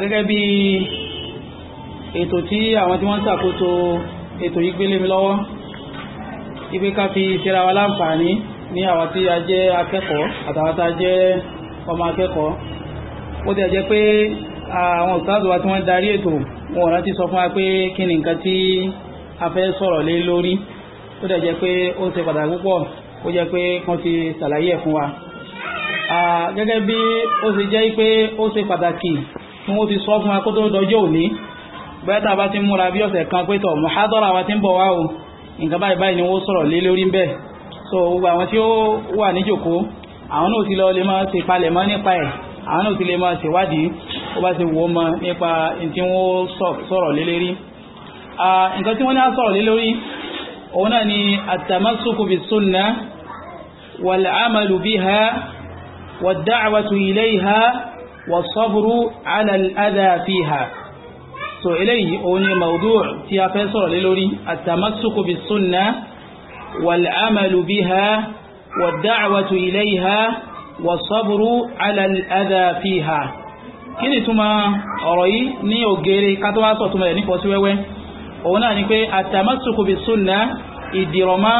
gẹ́gẹ́ bí ètò tí àwọn tí wọ́n ń ṣàkóso ètò yìí gbélé mi lọ́wọ́ ibi ká fi ṣera wa láǹfààní ní àwọn tí a jẹ́ akẹ́kọ̀ọ́ àtàwọn tá a jẹ́ ọmọ akẹ́kọ̀ọ́ ó tẹ̀ jẹ́ pé àwọn òṣìṣẹ́ wa tí wọ́n darí ètò wọn rántí sọ fún wa pé kí ni nǹkan tí a fẹ́ sọ̀rọ̀ lé lórí ó dẹ̀ jẹ́ pé ó ṣe pàtàkì púpọ̀ ó jẹ́ pé kan ti ṣàlàyé ẹ̀ fún wa gẹ́gẹ́ bí ó ṣe jẹ́ pé ó ṣe pàtàkì tí wọ́n ti sọ fún akótó dọjọ́ òní bẹ́ẹ̀ tá a bá ti múra bí ọ̀sẹ̀ kan pé tọ̀ muhadara wa ti ń bọ̀ wá o nǹkan báyìí báyìí ni wọ́n sọ̀rọ̀ lé lórí bẹ́ẹ̀ so gbogbo àwọn tí ó wà níjòkó àwọn náà ti lọ lè máa ṣe palẹ̀mọ́ nípa ẹ̀ àwọn náà ti lè máa ṣèwádìí ó bá ti wò mọ nípa tí wọ́n sọ̀rọ̀ lé lérí nǹkan tí wọ́n ní wàsọ́bùrú alàládàáfíhà so eléyìí òun ni maudu tí a fẹ́ sọ̀rọ̀ lé lórí àtàmásùkù bí súnna wàl'amalu biha wàdáwàtú iléyìí wàsọ́bùrú alàládàáfíhà kí ni túnmà ọ̀rọ̀ yìí ní ògèrè kátọ́wásọ̀ túnmà rẹ̀ ní pọ̀ sí wẹ́wẹ́ òun náà ni pé àtàmásùkù bí súnna ìdìrọ̀má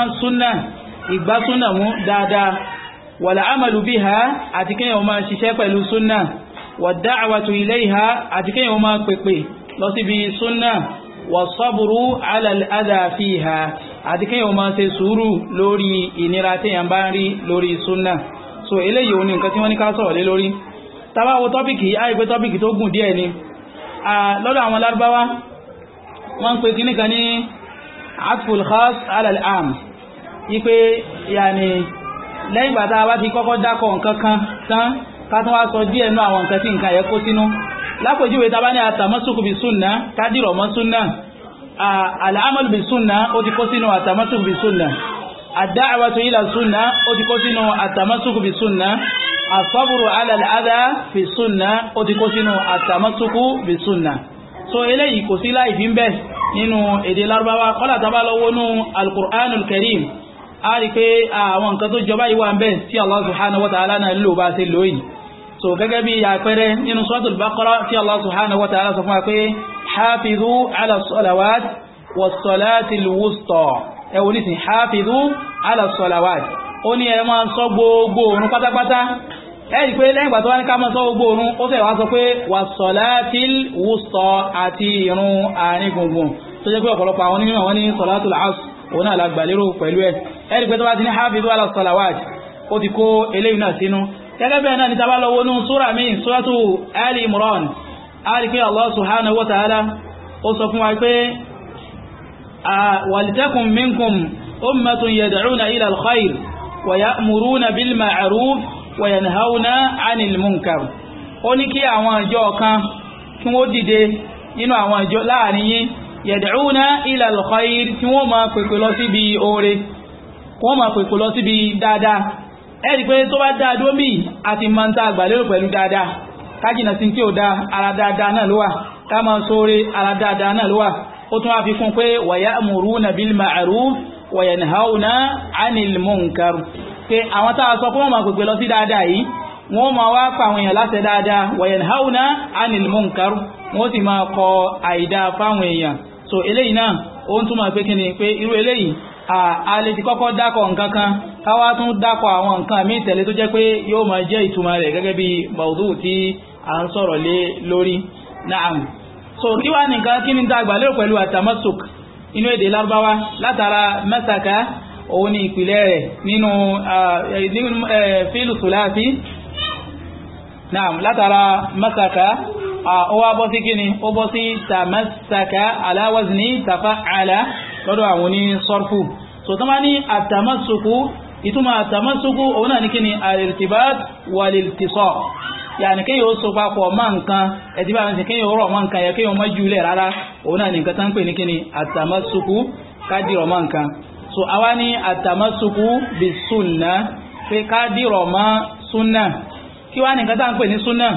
wàdáàwàtù ilayha àti kéèyàn máa pèpè lọ síbi súnà wàsọ́bùrú alàládáfíhà àti kéèyàn máa ṣe sùúrù lórí ìnira téèyàn bá ń rí lórí súnà so eléyìí òun ni nǹkan tí wọ́n ní ká sọ̀rọ̀ lé lórí tabawo tọ́pìkì àìpé tọ́pìkì tó gùn díẹ̀ ni lọ́dọ̀ àwọn lárúbáwá wọ́n ń pè kí nìkan ní kátọ́ wá sọ díẹ̀ nú àwọn nǹkan tí nǹkan yẹ kó sínú lápòjúwe tá a bá ní àtàmọ́sùkù bí súnà kádìrọ̀ mọ́ súnà àlàámọ́lù bí súnà ó ti kó sínú àtàmọ́sùkù bí súnà àdáàwàtò ìlà súnà ó ti kó sínú àtàmọ́sùkù bí súnà àsọ́bùrù alàlàádá bí súnà ó ti kó sínú àtàmọ́sùkù bí súnà so eléyìí kò sí láì fi ń bẹ nínú èdè lárúbáwá kọ́lá tá a bá lọ wọnú alukur'anul karim a rí pé àwọn nǹkan tó jọba yìí wà ń bẹ tí Allah subhanahu wa ta'ala náà lò bá ṣe lóyìí so gẹ́gẹ́ bí àpẹẹrẹ nínú suratul baqara tí Allah subhanahu wa ta'ala sọ fún wa pé hafizu ala salawat wa salatil wusta ẹ wò nísìn hafizu ala salawat ó ní ẹ máa ṣọ́ gbogbo òrun pátápátá ẹ̀rì pé lẹ́yìn ìgbàtọ́wà ní ká máa ṣọ́ gbogbo òrun ó fẹ́ sọ pé wa salatil wusta àti ìrun àárín gbùngbùn tó jẹ́ pé ọ̀pọ̀lọpọ̀ àwọn onímọ̀ wọn ní salatul asr òun náà lágbàlérò pẹ̀lú ẹ̀ ẹ̀rì pé tó bá ti ní hafizu ala salawat ó ti kó eléyìí náà sínú gẹ́gẹ́ bẹ́ẹ̀ náà ni tàbá lọ wọnú súra mi súratù Ali Imran a rí pé Allah subhanahu wa ta'ala ó sọ fún wa pé walitakun minkum ummatun yad'una ila alkhair wa ya'muruna bil ma'ruf wa yanhauna 'anil munkar ó ní kí àwọn ìjọ kan kí wọ́n dìde nínú àwọn ìjọ láàrin yín yad'una ila alkhair tí wọ́n máa pèpè lọ síbi oore wọ́n máa pèpè lọ síbi dáadáa ẹ̀rì pé tó bá dáa dómì àti máa ń ta àgbàlérò pẹ̀lú dáadáa kájìnà sí tí ò da ara dáadáa náà ló wà ká máa sóore ara dáadáa náà ló wà ó tún wá fi kún pé wa ya'muruna bil ma'ruf wa yanhauna 'anil munkar pé àwọn tá a sọ pé wọ́n máa pèpè lọ sí dáadáa yìí wọ́n máa wá pa àwọn èèyàn láṣẹ dáadáa wa yanhauna 'anil munkar wọ́n sì máa kọ àìdá fáwọn èèyàn so eléyìí náà ó ń túmọ̀ pé kí ni pé irú eléyìí a lè ti kọ́kọ́ dákọ̀ nǹkan kan káwá tún dákọ̀ àwọn nǹkan mí tẹ̀lé tó jẹ́ pé yóò máa jẹ́ ìtumọ̀ rẹ̀ gẹ́gẹ́ bí mawdu tí a ń sọ̀rọ̀ lé lórí naam so kí wá nìkan kí ni dàgbà lérò pẹ̀lú atamasuk inú èdè lárúbáwá látara masaka òun ni ìpìlẹ̀ rẹ̀ nínú fílù sùláàfí naam látara masaka ó wá bọ́ sí kíni ó bọ́ sí tamasaka ala wazni tafa'ala lọ́dọ̀ àwọn oní sọ́rfù so tán bá ní àtàmásùkú ìtumọ̀ àtàmásùkú òun náà ní kí ni al-irtibat wal-iltisaq yàní kéèyàn ó so papọ̀ mọ́ nǹkan ẹ̀dí bá ti kéèyàn ó rọ̀ mọ́ nǹkan yẹ kéèyàn mọ́ jùlẹ̀ rárá òun náà ní nǹkan tán pè ní kí ni àtàmásùkú kádìrọ̀ mọ́ nǹkan so àwa ní àtàmásùkú bí súnà pé kádìrọ̀ mọ́ súnà kí wá ní nǹkan tán pè ní súnà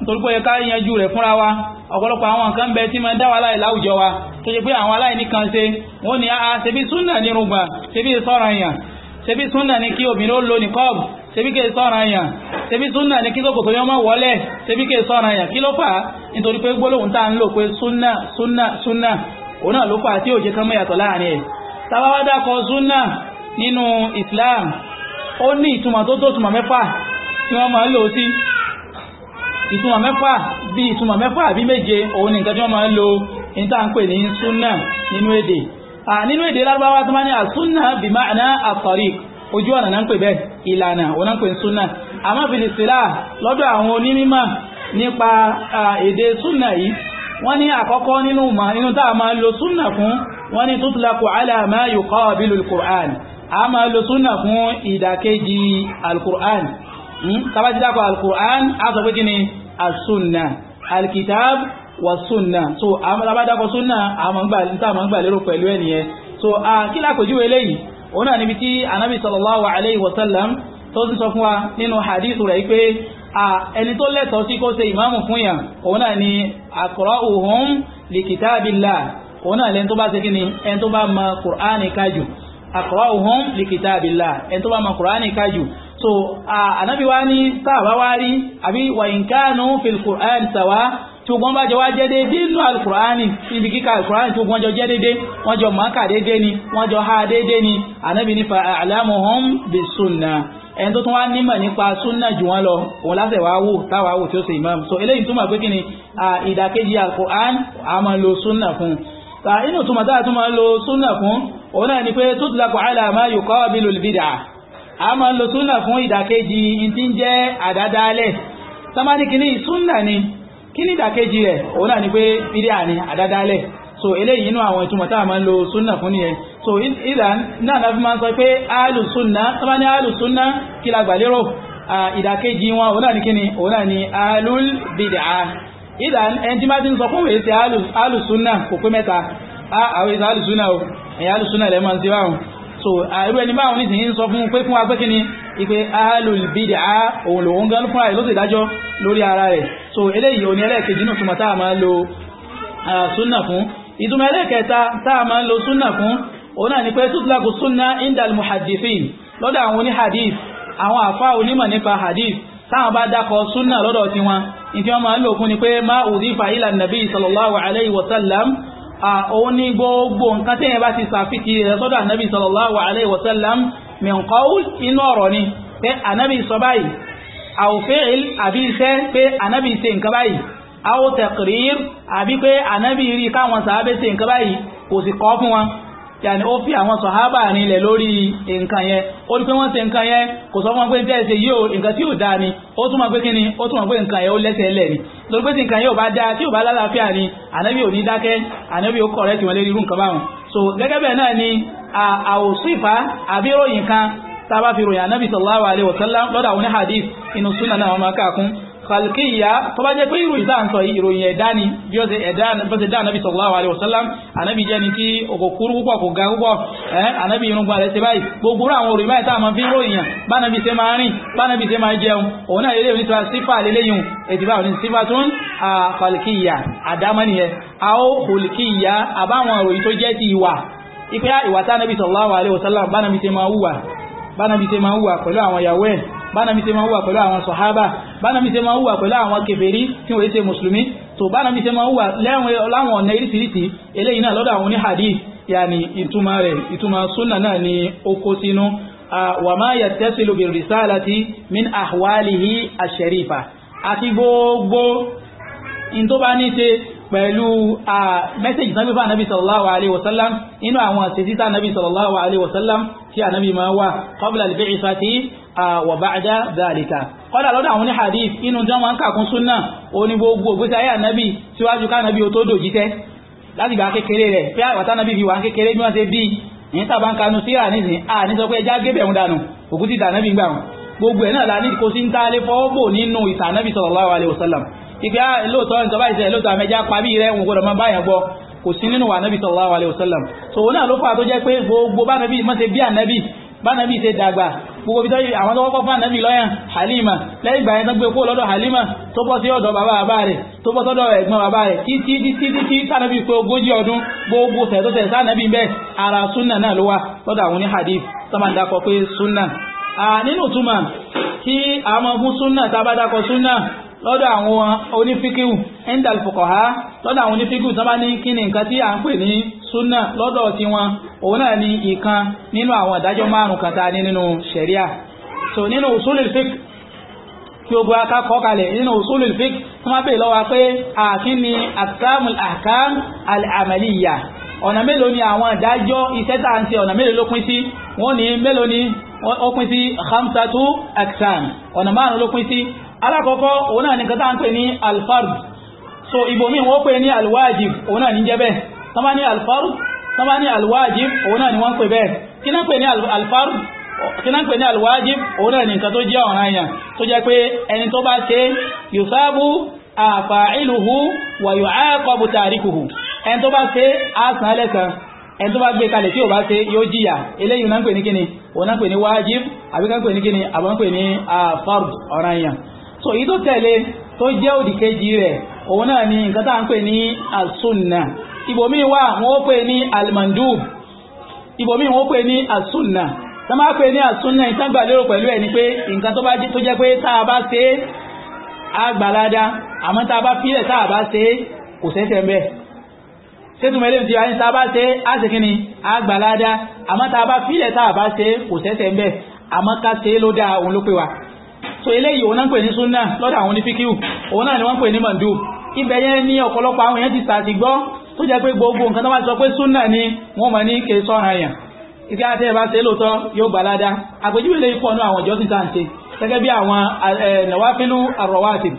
nítorí pé ká yanjú rẹ̀ fúnra wa ọ̀pọ̀lọpọ̀ àwọn nǹkan bẹ tí ma dá wa láì láwùjọ wa tó ṣe pé àwọn aláìní kan ṣe wọ́n ní a ah, ṣebí súnà ní rúgbà ṣebí sọ́ra èèyàn ṣebí súnà ní kí obìnrin ó lo ní kọ́ọ̀bù ṣebí kí sọ́ra èèyàn ṣebí súnà ní kí kòkòtò yọ mọ́ wọlé ṣebí kí sọ́ra èèyàn kí ló fà á nítorí pé gbólóhùn tá à ń lò pé súnà súnà súnà òun náà ló fà á tí ò ṣe kán mẹ́yàtọ̀ láàrin ẹ̀ tábàwá dákọ̀ súnà nínú Islam ó ní ìtumọ̀ tó tó ìtumọ̀ mẹ́fà tí wọ́n máa ń lò sí ìtumọ̀ mẹ́fà bí ìtumọ̀ mẹ́fà àbí méje òun ni nǹkan tí wọ́n máa ń lo ìtànpè ní súnà nínú èdè nínú èdè lárúbáwá tó máa ní àsúnà bí máa ná àtọ̀rí ojú ọ̀nà náà ń pè bẹ́ẹ̀ ìlànà òun ń pè súnà àmọ́ fìlìsílà lọ́dọ̀ àwọn onímọ̀ nípa èdè súnà yìí wọ́n ní àkọ́kọ́ nínú ma nínú tàà máa lo súnnà fún wọ́n ní tutlaku Hmm? tabajidako al-Qur'an a sọ pé kí ni as-sunna al-kitab was so tabajidako sunna tá a máa ń gbà lérò pẹ̀lú ẹnìyẹn so kí lápèjúwe eléyìí òun náà níbi tí anabi sallallahu alayhi wa sallam tó ti sọ fún wa nínú hadith rẹ̀ pé ẹni tó lẹ́tọ̀ọ́ sí kó ṣe ìmáàmù fún yàn òun náà ni aqra'uhum li kitabillah òun náà lẹ́ni tó bá ṣe kí ni ẹni Qur'ani kájù aqra'uhum li kitabillah ẹni tó bá Qur'ani kájù so ànábì wá ní sáàbá wá rí àbí wàyínkánú fìlkùrán sàwá tí ó gbọ́n bá jọ wá jẹ́dé dínú alkùránì níbi kíkà alkùránì tí ó gbọ́n jọ jẹ́dédé wọ́n jọ mọ́kà dédé ni wọ́n jọ ha dédé ni ànábì ní fa àlámùhún bí súnà ẹni tó tún wá nímọ̀ nípa súnà jù wọ́n lọ òun lásẹ̀ wá wò táwà wò tí ó ṣe imam so eléyìí túmọ̀ pé kí ni ìdàkejì alkùrán a máa lo súnà fún inú túmọ̀ táà tún máa lo súnà fún òun náà ni pé tó tilakọ̀ àlàmà yòkọ́ bí lòlùbídà a máa ń lo súnà fún ìdàkejì tí ń jẹ́ àdádálẹ̀ sọmọ́ni kìíní súnà ni kíní ìdàkejì rẹ̀ òun náà ni pé bídíà ni àdádálẹ̀ so eléyìí inú àwọn ìtumọ̀ tá a máa ń lo súnà fún nìyẹn so ìlà náà náà fi máa ń sọ pé áàlù súnà sọmọ́ni áàlù súnà kí ìdàkejì wọn òun náà ni kíní òun náà ni áàlù bídíà ìlà ẹni tí máa ti ń sọ fún wèé sí áàlù súnà kò so àìrú ah, ẹni báwọn nìsìn ń sọ fún pé fún wa pé kí ni ipe alùbídà òun lòun gan fún àìlóṣè ìdájọ́ lórí ara rẹ̀ so eléyìí òní ẹlẹ́ẹ̀kejì náà túnmọ̀ táà máa lo ah, súnà fún ìtumọ̀ ẹlẹ́ẹ̀kẹta táà máa lo súnà fún òun náà ni pé tútùlákù súnà indal muhadifin lọ́dọ̀ àwọn oní hadith àwọn àfá onímọ̀ nípa hadith táwọn bá dákọ̀ súnà lọ́dọ̀ tiwọn ìfi wọn máa ń lò fún ni pé má udifa ila nabi sallallahu alaihi wasallam òun ní gbogbo nǹkan tí yẹn bá ti sàfitì rẹ̀ sọ́dọ̀ ànábì sallallahu alaihi wasallam min qawl inú ọ̀rọ̀ ni pé ànábì sọ báyìí aw fi'l àbí iṣẹ́ pé ànábì ṣe nǹkan báyìí aw taqrir àbí pé ànábì rí káwọn sàábẹ́ ṣe nǹkan báyìí kò sì kọ́ fún wọn yàní ó fi àwọn sọ̀hábà rinlẹ̀ lórí nǹkan yẹn ó ní pé wọ́n ṣe nǹkan yẹn kò sọ fún wọn pé tẹ́ ẹ ṣe yìí nǹkan tí ò dáa ni ó tún mọ̀ pé kí ni ó tún mọ̀ pé nǹkan yẹn ó lẹ́sẹ̀ lẹ̀ ni lórí pé tí nǹkan yẹn ò bá dáa tí ò bá lálàáfíà ni ànábì ò ní dákẹ́ ànábì ó kọ̀rẹ́ tiwọn lérí irú nǹkan báwọn so gẹ́gẹ́ bẹ́ẹ̀ náà ni àwòsífà àbí ròyìn kan tá a bá fi ròyìn ànábì sallallahu alaihi wasallam lọ́dọ̀ àwọn oníhadith inú súnà náà wọn máa káàkún khalqiyya tó bá jẹ́ pé irú ìta ń sọ ìròyìn ẹ̀dá ni bí ó ṣe ẹ̀dá bó ṣe dá ànábì sallallahu alaihi wasallam ànábì jẹ́ ni tí òkò kúrú púpọ̀ kò ga púpọ̀ ẹ́ ànábì irun gbalẹ̀ ṣe báyìí gbogbo àwọn òròyìn báyìí táà máa fi ròyìn bánabi ṣe máa rìn bánabi ṣe máa jẹun òun náà lélẹ́yìn nípa sífà lélẹ́yìn ètìbá òní sífà tó ń khalqiyya àdámọ́nìyẹ a ó khalqiyya àbáwọn òròyìn tó jẹ́ ti ìwà ìpẹ́ ìwà táà ànábì sallallahu alaihi bánabi ṣe máa wùwà pẹ̀lú àwọn ìyàwó ẹ̀ bánàbí ṣe máa wà pẹ̀lú àwọn sọ̀hábà bánàbí ṣe máa wà pẹ̀lú àwọn kèfèrí tí wọ́n ṣe mùsùlùmí tó bánàbí ṣe máa wà láwọn ọ̀nà irisirisi eléyìí náà lọ́dọ̀ àwọn oníhàdí yàní ìtumọ̀ rẹ̀ ìtumọ̀ súnà náà ni ó kó sínú wa ma yattasilu bi risalati pẹ̀lú mẹ́sẹ̀jì tán gbífà anábì sallallahu alaihi wasallam inú àwọn àtẹ̀síta anábì sallallahu alaihi wasallam tí anábì máa wà qabla al-bi'sati wa ba'da dhalika kọ́dà lọ́dọ̀ àwọn ní hadith inú jọ máa ń kàkún súnnà oní gbogbo ògbésí ayé anábì ìgbé ah, lóòótọ́ nǹkan báyìí sẹ́yìn lóòótọ́ àmẹ́já pàbí rẹ̀ ń gbọ́dọ̀ máa báyàn gbọ́ kò sí nínú wà nábì sallallahu alaihi so òun náà ló fà tó jẹ́ pé gbogbo bá nábì mọ́ ṣe bí ànábì bá nábì ṣe dàgbà gbogbo bí tọ́jú àwọn tọ́kọ́ fún ànábì lọ́yàn Halima lẹ́yìn ìgbà yẹn tó gbé kó lọ́dọ̀ Halima tó bọ́ sí ọ̀dọ̀ bàbá bàbá rẹ̀ tó bọ́ sọ́dọ̀ ẹ̀gbọ́n bàbá rẹ̀ títí títí títí sànábì pé ogójì ọdún gbogbo sẹ̀ tó sẹ̀ sànábì bẹ́ẹ̀ ara súnà náà ló wà nínú túmọ̀ kí àwọn fún súnà tá a lọ́dọ̀ àwọn onífíkíwù endal fuqaha lọ́dọ̀ àwọn onífíkíwù tó bá ní kí ni nǹkan tí a ń pè ní súnà lọ́dọ̀ tiwọn òun náà ni ìkan nínú àwọn ìdájọ́ márùn kan tá ní nínú ṣẹ̀ríà so nínú usulul fiqh kí o gba ká kọ́ kalẹ̀ nínú usulul fiqh tó má pè lọ́wọ́ pé àkí ni akamul akam al-amaliya ọ̀nà mélòó ni àwọn ìdájọ́ iṣẹ́ tá à ń ṣe ọ̀nà mélòó ló pín sí wọ́n ní mélòó ni ó pín sí khamsatu aksam ọ̀nà márùn ló pín sí alákọ̀ọ́kọ́ òun náà nìkan tá ń pè ní alfard so ibòmí wọ́n pè ní alwajib òun náà ní jẹ́ bẹ́ẹ̀ tán ní alfard tán ní alwajib òun náà ni wọ́n pè bẹ́ẹ̀ kí náà pè ní alfard kí náà ní alwajib òun náà nìkan tó jẹ́ ọ̀ràn yàn tó jẹ́ pé ẹni tó bá ṣe yusabu àfàìlùhù wa yu'aqabu tarikuhu ẹni tó bá ṣe àsán lẹ́sàn ẹni tó bá gbé kalẹ̀ tí ò bá ṣe yóò jìyà eléyìí náà pè ní kíni òun náà pè ní wájib àbíkà pè so èyí tó tẹ̀lé tó jẹ́ òdì kejì rẹ̀ òun náà ni nǹkan tá à ń pè ní asunna ibòmí wà wọ́n ó pè ní almandub ibòmí wọ́n ó pè ní asunna tá máa pè ní asunna ìtàgbà lérò pẹ̀lú ẹ̀ ni pé nǹkan tó bá tó jẹ́ pé tá a bá ṣe é àgbàlada àmọ́ tá a bá fílẹ̀ tá a bá ṣe é kò sẹ́sẹ̀ mbẹ́ sétùmọ̀ ilé ìdíwá ní tá a bá ṣe é á sì kí ni àgbàlada àmọ́ tá a bá fílẹ̀ tá a bá ṣe é kò sẹ́sẹ̀ mbẹ́ àmọ́ ká ṣe é ló dáa òun ló pè wá so eléyìí òun náà pè ní súnà lọ́dọ̀ àwọn onífíkíù òun náà ni wọ́n pè ní mọ̀ndú ibẹ̀ yẹn ní ọ̀pọ̀lọpọ̀ àwọn èèyàn ti sàti gbọ́ tó jẹ́ pé gbogbo nǹkan tó bá sọ pé súnà ni wọ́n mọ̀ ní kè sọ́ra yàn ìgbà àti ẹ̀bá ṣe lóòótọ́ yóò gbà ládá àpèjúwe lè pọ̀ nú àwọn ìjọsìn tá à ń ṣe gẹ́gẹ́ bí àwọn nàwáfílú àrọ̀wáàtì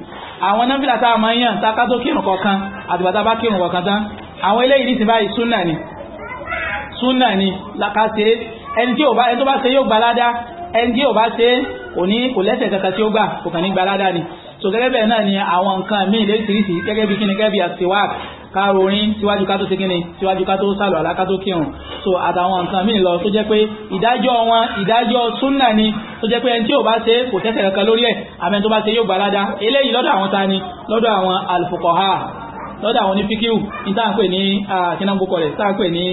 àwọn náfìlà tá a máa ń yàn tá a ká tó kírun kọ̀ọ̀kan àtìgbà tá a bá kírun kọ̀ọ̀kan tán àwọn eléyìí ní ti báyìí súnà ni súnà ni lákàṣe ẹni tí ò bá ṣe yóò gbà ládá ẹni tí ò bá ṣe òní kò lẹ́sẹ̀ kankan tí ó gbà kò kàn ní gbalada ni so gẹ́gẹ́ bẹ́ẹ̀ náà ni àwọn nǹkan míì lẹ́sìrìsì gẹ́gẹ́ bí kíni gẹ́gẹ́ bí àtiwák káàrò orin síwájú ká tó ṣe kíni síwájú ká tó sàlọ̀ àlá ká tó kírun so àtàwọn nǹkan míì lọ tó jẹ́ pé ìdájọ́ wọn ìdájọ́ súnà ni tó jẹ́ pé ẹni tí ò bá ṣe kò tẹ́sẹ̀ kankan lórí ẹ̀ àmẹ́ni tó bá ṣe yóò gbalada eléyìí lọ́dọ̀ àwọn ta ni lọ́dọ̀ àwọn alfuqaha lọ́dọ̀ àwọn onífíkíù ní táǹpè ní kínáǹgbókọ̀ rẹ̀ táǹpè ní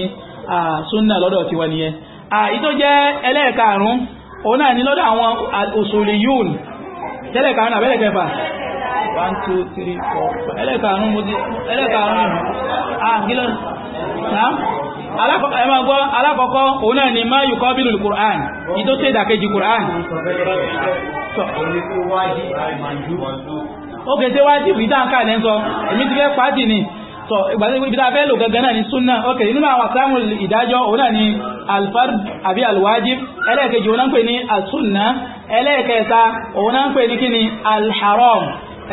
súnà lọ́dọ̀ tiwọn nìyẹn ìtó jẹ́ ẹlẹ́ẹ̀karùn-ún òun náà ní lọ́dọ̀ àwọn òṣòlè yóòn tẹ́lẹ̀ karùn-ún àbẹ́lẹ̀ kẹfà 1 2 3 4 ẹlẹ́ karùn-ún mo ti ẹlẹ́ karùn-ún àgílọ́ ẹmọ́gbọ́ alákọ̀ọ́kọ́ òun náà ni ma yù kọ́ bílù kùrán ìtó tẹ́ ìdàkejì kùrán ókè tí wájí ìdáǹkà lẹ́ńsọ èmi ti fẹ́ pàtì ni tọ̀ ìgbàdá fẹ́ lò gẹ́gẹ́ náà ni súnnà ókè nínú àwọn sáàmù ìdájọ́ òun náà ni alfard àbí alwájib ẹlẹ́ẹ̀kejì òun náà ń pè ní àtúnnà ẹlẹ́ẹ̀kẹta òun náà ń pè ní kíni alharam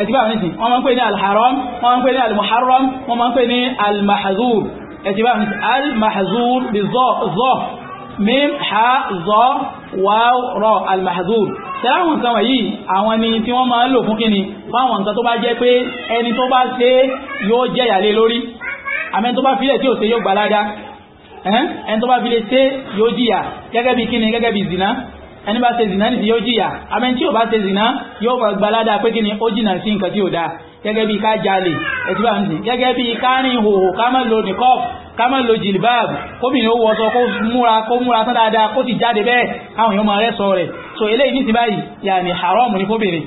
ẹ̀tìbá àwọn ìsìn wọ́n máa ń pè ní alharam wọ́n máa ń pè ní almuharram wọ́n máa ń pè ní almahazur ẹ̀tìbá àwọn ìsìn almahazur bí zọ́ mim ha zọ́ wáw almahazur tẹ́láwọn nǹkan wọ̀nyí àwọn ni tí wọ́n máa ń lò fún kíni fáwọn nǹkan tó bá jẹ́ pé ẹni tó bá ṣe yóò jẹ́ yàlé lórí àmẹ́ tó bá fílẹ̀ tí ò ṣe yóò gbalada ẹni tó bá fi lè ṣe yóò jìyà gẹ́gẹ́ bí gẹ́gẹ́ bí zina ẹni bá ṣe zina yóò jìyà abẹ́ni tí bá ṣe zina yóò gbalada pé kíni ó jìnà sí nǹkan tí gẹ́gẹ́ bí ká jalè ẹ̀tí bá ń sìn gẹ́gẹ́ bí lo nìkọ́f lo ó kó múra kó múra tán dáadáa kó jáde bẹ́ẹ̀ káwọn sọ rẹ̀ so eléyìí yani haram kóbìnrin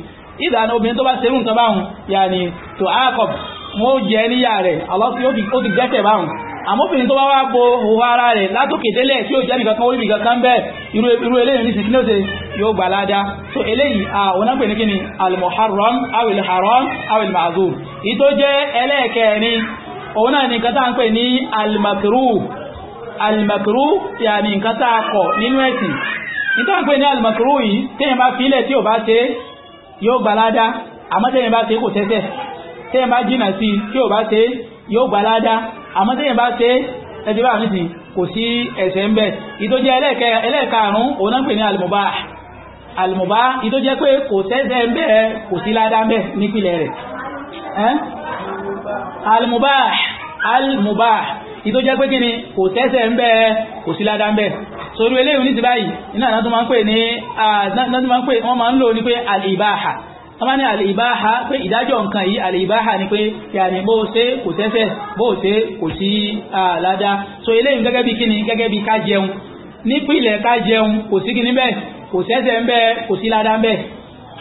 obìnrin tó bá ṣerú nǹkan báhùn yani to akọb wọn ó jẹ níyà rẹ̀ ó ti gẹ́tẹ̀ báhùn àmóbìnrin tó bá wá bo òwò ara rẹ̀ látòkè délẹ̀ tí ó jẹ́ nìkan kan oríbi bẹ́ẹ̀ irú eléyìí ní sísí lóde yóò gbà ládá so eléyìí àwọn pè ní kí ni al-muharram awil haram awil ma'zur ìtó jẹ́ ẹlẹ́ẹ̀kẹrin òun náà ni nǹkan tá à ń pè ní al-makru al-makru yàní nǹkan tá a kọ̀ nínú ẹ̀sìn ìtá al-makru yìí téèyàn bá filẹ̀ tí ò bá ṣe yóò gbà ládá àmọ́ téèyàn bá yóò gbà ládá àmọ́ tẹ́yìn bá ṣe ẹjẹ́ bá mi sì kò sí ẹ̀ṣẹ̀ ń bẹ̀ ìtọ́jẹ́ ẹlẹ́ẹ̀karùn-ún òun náà pè ní àlùmọ̀bá àlùmọ̀bá ìtọ́jẹ́ pé kò sẹ́ṣẹ̀ ń bẹ̀ kò sí ládá ń bẹ̀ nípìnlẹ̀ rẹ̀ àlùmọ̀bá àlùmọ̀bá ìtọ́jẹ́ pé kí ni kò sẹ́ṣẹ̀ ń bẹ̀ kò sí ládá ń bẹ̀ sórí eléyìí ní ti báyìí iná àná máa ń pè ní wọ́n máa ń lò ní pé àlìbáhà tọ́bá ní àlèbáha pé ìdájọ́ nǹkan yìí àlèbáha ni pé yàní bó ṣe kò tẹ́fẹ́ bó ṣe kò sí àládá so eléyìn gẹ́gẹ́ bí kíni gẹ́gẹ́ bí ká jẹun nípìnlẹ̀ ká jẹun kò sí kíní bẹ́ẹ̀ kò tẹ́sẹ̀ ń bẹ́ẹ̀ kò sí ládá ń bẹ́ẹ̀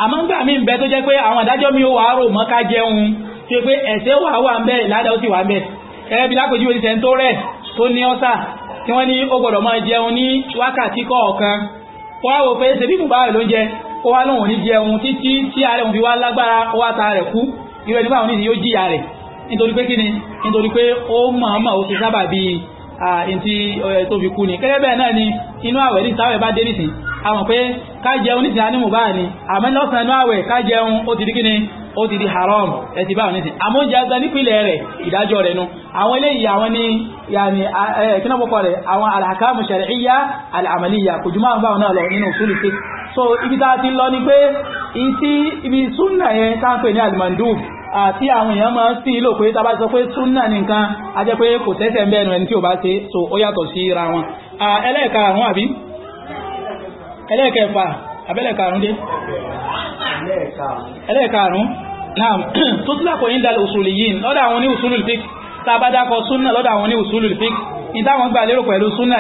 àmọ́ tó jẹ́ pé àwọn ìdájọ́ mi wà wá rò mọ́ ká jẹun ṣe pé wà wà ń bẹ́ẹ̀ ládá ó sì wà ń bẹ́ẹ̀ gẹ́gẹ́ ó wá lóhun ní jẹun títí tí ààrẹ òun fi wá lágbára ó wá ta rẹ̀ kú irú ẹni báwọn nídìí yóò jìyà rẹ̀ nítorí pé kíni nítorí pé ó mọ̀ọ́mọ̀ ó ti sábà bí ẹntì tó fi kú ni kẹ́kẹ́ bẹ́ẹ̀ náà ni inú àwẹ̀ ní ìtawẹ̀ bá dé nìsín a mọ̀ pé ká jẹun nìsín anímù báà ni àmọ́ lọ́sàn inú àwẹ̀ ká jẹun ó ti di kíni ó ti di haram ẹ̀sì báwọn nìsín àmọ́ oúnjẹ agbá nípìnlẹ̀ rẹ̀ ìdájọ́ rẹ̀ nu àwọn eléyìí àwọn ni yàní kíná rẹ̀ àwọn alhakamu shar'iyya al'amaliya kò jùmọ̀ àwọn báwọn náà lọ nínú òṣùlù so ibi tá a ti lọ ni pé ìtí ibi súnà yẹn tá ń pè ní alimandub àti àwọn èèyàn máa ń sí ìlò pé tá a bá sọ pé súnà nìkan a jẹ́ pé kò tẹ́sẹ̀ ń bẹ́ẹ̀nu ẹni tí ò bá ṣe so ó yàtọ̀ sí ra wọn ẹlẹ́ẹ̀ka àrùn àbí ẹlẹ́ẹ̀kẹfà abẹ́lẹ̀ka àrùn dé ẹlẹ́ẹ̀ka àrùn naam tó tí lápò yín dalẹ̀ òṣùlù yìí lọ́dọ̀ àwọn ní usulul fiqh tá a bá dákọ̀ súnà lọ́dọ̀ àwọn ní usulul fiqh ìtàwọn gbà lérò pẹ̀lú súnà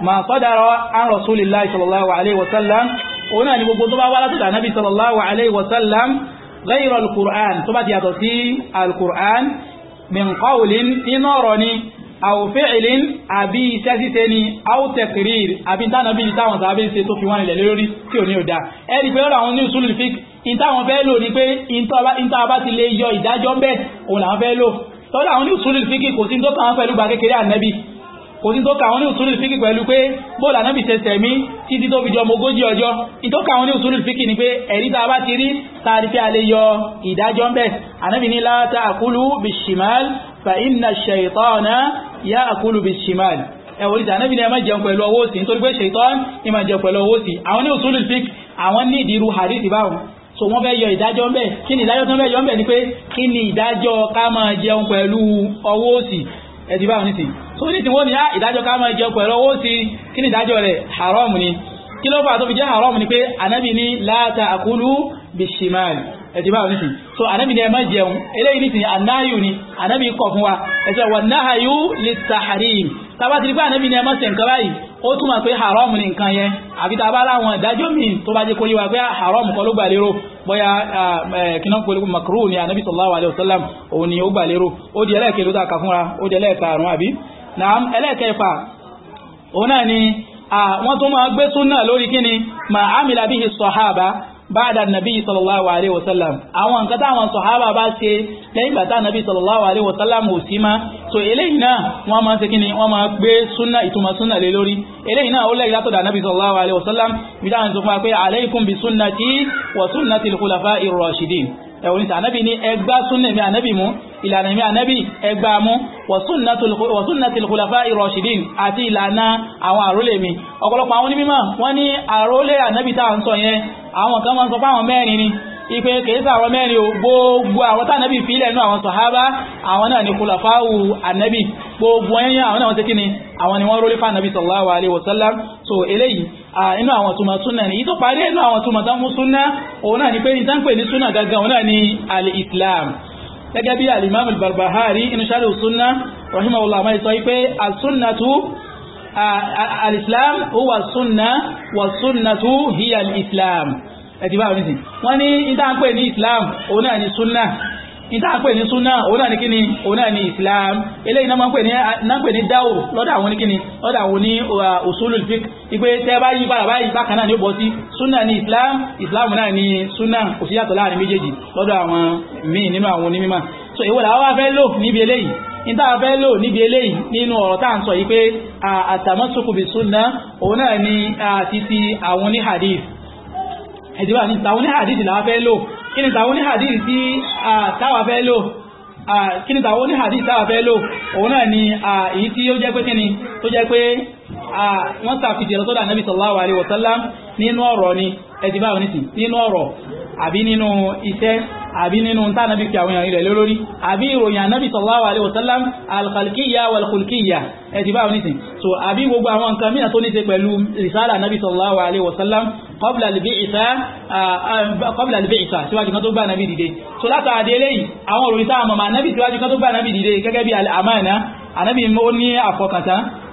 ma sadara an rasulillahi sallallahu alaihi wasallam òun náà ni gbogbo tó bá wá látọ̀dọ̀ ànábì sallallahu alaihi wasallam ghayra al-Qur'an tó bá ti yàtọ̀ sí al-Qur'an min qawlin iná ọ̀rọ̀ ni aw fi'lin àbí iṣẹ́ ṣíṣe ni aw taqrir àbí tánàbí táwọn sàábé ṣe tó fi wọ́n ilẹ̀ lórí tí ò ní òdá ẹni pé ọ̀rọ̀ àwọn ní usul fiqh ìtàwọn fẹ́ lò ní pé ìtàwọn bá ti lè yọ ìdájọ́ bẹ́ẹ̀ òun làwọn fẹ́ lò tọ́lá àwọn ní usul fiqh kò sí tó kàn án pẹ̀lú gbà kékeré ànábì kò sí tó kà wọ́n ní òsúrù ìfíkì pẹ̀lú pé bóòlù ànábì tẹsẹ̀ mí títí tó fi jọ ogójì ọjọ́ ìtọ́ka àwọn ní òsúrù ìfíkì ni pé ẹ̀rí tá a bá ti rí tá a rí pé a lè yọ ìdájọ́ ń bẹ̀ ànábì ní la ta'kulu bishimal fa inna ash-shaytana ya'kulu bishimal ẹ̀wọ̀n ìjà anábì ni ẹ má jẹun pẹ̀lú ọwọ́ òsì nítorí pé ṣètọ́n ni má jẹun pẹ̀lú ọwọ́ òsì àwọn ní òsúlù fík àwọn ní ìdírú hadithi báwọn so wọ́n fẹ́ yọ ìdájọ́ ń bẹ̀ kí ni ìdájọ́ tó ń bẹ̀ yọ ń bẹ̀ ni pé kí ni ìdájọ́ ká máa jẹun pẹ̀lú ọwọ́ òsì ẹ̀dí nìsín so ní ìsìnwó ni á ìdájọ́ ká máa jẹun pẹ̀lú owó sí kí ni ìdájọ́ rẹ̀ haram ni kí ló fà tó fi jẹ́ haram ni pé ànábì ní la ta'kulu bishimal ẹ̀dìbá oníṣìn so ànábì ní ẹ má jẹun eléyìí nìsìn anáyù ni ànábì kọ̀ fún wa ẹ̀sẹ̀ wà náhàyù lit-tahrim tàbá ti rí pé ànábì ní ẹ má ṣe nǹkan báyìí ó túmọ̀ pé haram ni nǹkan yẹn àbí tàbá láwọn ìdájọ́ míì tó bá jẹ́ kó yíwa pé ah, haram kọ́ ló gbà lérò bóyá kìnnà pẹ̀lú makruh ni ànábì sallallahu alaihi wasallam òun ni ó gbà lérò ó di ẹlẹ́ẹ̀kẹ́ ló ta kà fúnra ó di ẹlẹ́ẹ̀karùn-ún àbí naam ẹlẹ́ẹ̀kẹfà òun náà ni wọ́n tún máa gbé súnà lórí kíni ma amila bihi sọ̀háàbá báadà nàbí sallallahu alaihi wasallam àwọn nǹkan táwọn sọ̀háàbá bá ṣe lẹ́yìn bàtà nàbí sallallahu alaihi wasallam ò sí má so eléyìí ìlànà ìmí ànábì ẹgbàmú wa sunnatil khulafa'ir rashidin àti ìlànà àwọn àrólé mi ọ̀pọ̀lọpọ̀ àwọn onímọ̀ wọ́n ní àrólé ànábì tá à ń sọ yẹn àwọn kan máa ń sọ fáwọn mẹ́rin ni ipe kèésà àwọn mẹ́rin o gbogbo àwọn tánàbì fílẹ̀ inú àwọn sọ̀hábà àwọn náà ni khulafa'u ànábì gbogbo ẹ̀yìn àwọn náà wọ́n ti kí ni àwọn ni wọ́n rólé fánàbì sallallahu alaihi wasallam so eléyìí inú àwọn túnmọ̀ súnà ní ìtò parí inú àwọn túnmọ̀ tán mú súnà òun náà ni pé ní tán pè ní súnà gangan òun náà ni al gẹ́gẹ́ bí alimami barbahari inú sáré sunna rahimahullah máa sọ pé asunnatu alislam huwa sunna wa sunnatu hiya alislam ẹ̀tì báwọn nìsín wọ́n ní ìta ń pè ní islam òun náà ni sunna ìta pè ní súnà òun náà ní kíni òun ní islam eléyìí náà pè ní nápè ní dáwò lọ́dọ̀ àwọn ní kíni lọ́dọ̀ àwọn ní usulul fiqh ìpé tẹ́ bá yí padà báyìí bákan náà ní ó bọ́ sí súnà ní islam islam náà ní súnà kò sí yàtọ̀ láàrin méjèèjì lọ́dọ̀ àwọn míì nínú àwọn onímọ̀ so èwo làwọn wá fẹ́ lò níbi eléyìí ìta fẹ́ lò níbi eléyìí nínú ọ̀rọ̀ tá à ń sọ yìí pé àtàmọ́sùkùbì súnà ẹ̀jẹ̀bá ní tàwọn ní hadith fẹ́ lò kí ni tàwọn ní hadith tí táwa fẹ́ lò kí ni tàwọn ní hadith táwa fẹ́ lò òun náà ni èyí tí ó jẹ́ pé kí tó jẹ́ pé wọ́n sàfihàn lọ́sọ́dọ̀ anábì sallallahu alaihi wasallam nínú ọ̀rọ̀ ni ẹ̀dì báwọn nìsín nínú ọ̀rọ̀ àbí nínú iṣẹ́ àbí nínú tá anábì fi àwọn èèyàn ilẹ̀ lórí àbí ìròyìn anábì sallallahu alaihi wasallam alkhalkiya walkhulkiya ẹ̀dì báwọn so àbí gbogbo àwọn nǹkan mìíràn tó ní ṣe pẹ̀lú risala anábì sallallahu alaihi wasallam qabla al-bi'sa qabla al-bi'sa síwájú kan tó so látàdé eléyìí àwọn òròyìn tá àmọ̀mọ̀ anábì síwájú kan tó gbà anábì dìde gẹ́gẹ́ bí al-amana anábì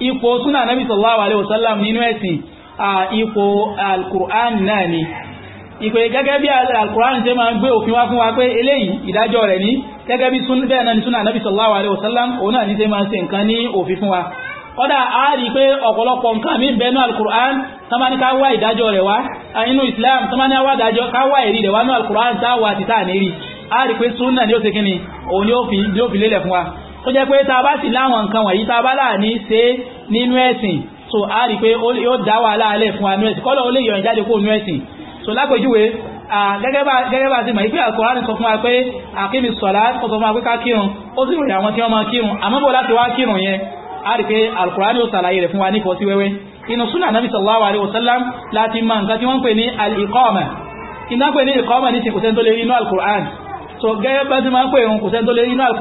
ipò súnà nábì sallallahu alaihi wasallam nínú ẹ̀sìn ipò alkùrán náà ni ìpè gẹ́gẹ́ bí alkùrán ṣe máa ń gbé òfin wá fún wa pé eléyìí ìdájọ́ rẹ̀ ní gẹ́gẹ́ bí bẹ́ẹ̀ náà ni súnà nábì sallallahu alaihi wasallam òun náà ní ṣe máa ń ṣe nǹkan ní òfin fún wa kọ́dà a rí islam tánmání ká wá ìrí rẹ̀ wá ní alkùrán táwà títà ní rí a rí pé ni ó ṣe kíni òun ni tó jẹ́ pé tá a bá sì láwọn nǹkan wọ̀nyí tá bá láà ní ṣe nínú ẹ̀sìn so a rí pé yóò dá wàhálà alẹ́ fún wa nú ẹ̀sìn kọ́lọ̀ ó lè yọ̀n jáde kó nú ẹ̀sìn so lápèjúwe gẹ́gẹ́ bá ti mọ̀ pé àkùránì sọ fún wa pé àkíní sọ̀lá ó sọ fún wa pé ká kírun ó sì ròyìn àwọn tí wọ́n máa kírun àmọ́ bó láti wá kírun yẹn a rí pé àkùránì ó sàlàyé rẹ̀ fún wa ní fọ́sí wẹ́wẹ́ inú súnà nàbì sallallahu alaihi wasallam láti mọ nǹkan tí wọ́n pè ní al iná pè ní iqama ní ti kò sẹ́ni inú al so gẹ́gẹ́ bá ti máa ń pè ń kò sẹ́ni inú al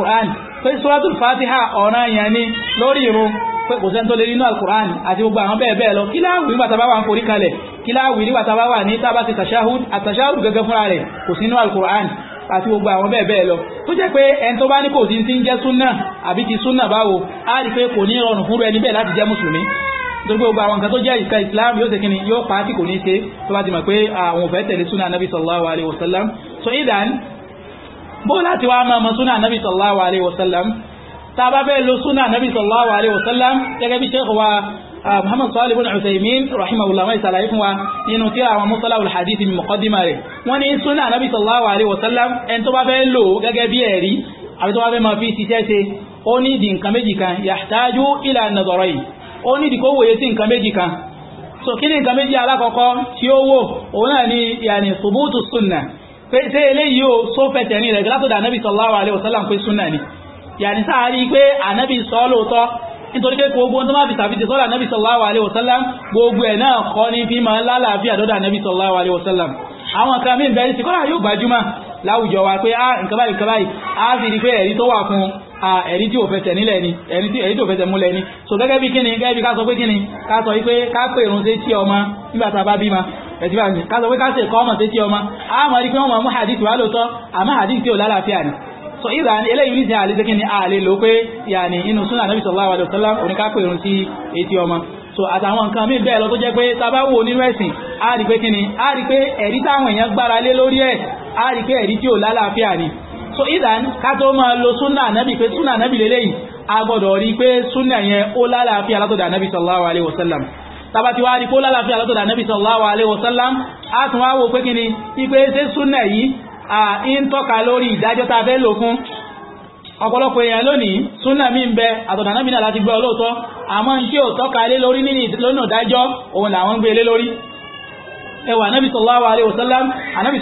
pé suratul fatiha ọ̀ràn àyàn ni lórí irun pé kò sẹ́ni tó lè nínú alukur'an àti gbogbo àwọn bẹ́ẹ̀ bẹ́ẹ̀ lọ kí láàwì nígbà tábà wà ń forí kalẹ̀ kí láàwì nígbà tábà wà ní tábà ti torí gbogbo àwọn nǹkan tó jẹ́ ìka islam yóò tẹ́kíní yóò pa tí kò ní ṣe tó bá ti mọ̀ pé àwọn òfẹ́ tẹ̀lé súnà nabi sallallahu so idan bó láti wá máa mọ súnà nàbì sallallahu alaihi wasallam tá a bá fẹ́ lo súnà nàbì sallallahu alaihi wasallam gẹ́gẹ́ bí sheikh wa ah, muhammad salih ibn usaymin rahimahullah wa isalaye fún wa nínú tí àwọn musala alhadith mi muqaddima rẹ̀ wọ́n ní súnà nàbì sallallahu alaihi wasallam ẹni tó bá fẹ́ lò gẹ́gẹ́ bí ẹ̀rí àbí tó bá fẹ́ máa fi ṣiṣẹ́ ṣe ó ní ìdí nǹkan méjì kan yahtaju ila an-nazarayn ó ní ìdí kó wòye sí nǹkan méjì kan so kí ni nǹkan méjì alákọ̀ọ́kọ́ tí ó wò òun náà ni yàní ṣubútù súnà pé ṣé eléyìí ó só fẹsẹ̀ rìn rẹ̀ látọ̀dọ̀ ànábì sallallahu alaihi wasallam pé súnà ni yàní sáàrí pé ànábì sọ lóòótọ́ nítorí pé gbogbo tó máa fi tàbí sọ́dọ̀ ànábì sallallahu alaihi wasallam gbogbo ẹ̀ náà kọ́ ní fi máa lálàáfíà dọ́dọ̀ ànábì sallallahu alaihi wasallam àwọn kan mí bẹ̀rẹ̀ sí kọ́lá yóò gbajúmọ̀ láwùjọ wa pé ah nǹkan báyìí nǹkan báyìí ẹ̀tí bá mi kásọ̀ pé káṣẹ̀ kọ́ ọmọ sétí ọmọ àmọ́ rí pé wọ́n mọ̀ mú hadith wá lóòótọ́ àmọ́ hadith tí ò lálàáfíà ni so ìdá ni eléyìí ní ti àlejò kí ni àlè ló pé yàní inú súnà nàbì sallallahu alaihi wasallam so àtàwọn nǹkan míì bẹ́ẹ̀ lọ tó jẹ́ pé tábà wò nínú ẹ̀sìn á rí pé kí ni á rí so ìdá ká tó máa lo súnà nàbì pé súnà nàbì lélẹ́yìn a gbọ́dọ̀ rí pé súnà yẹn ó lálàáfíà tabati wa rikó lálàáfíà látọ̀dà nẹ́bí sallallahu alaihi wasallam a tún wá wò pé kí ni ipé ṣe súnà yìí à ń tọ́ka lórí ìdájọ́ ta fẹ́ lò fún ọ̀pọ̀lọpọ̀ èèyàn lónìí súnà mi ń bẹ àtọ̀dà nẹ́bí náà láti gbọ́ olóòtọ́ àmọ́ n tí ò tọ́ka lé lórí lónà dájọ́ òun làwọn gbé lé lórí ẹwà nẹ́bí sallallahu alaihi wasallam ànẹ́bí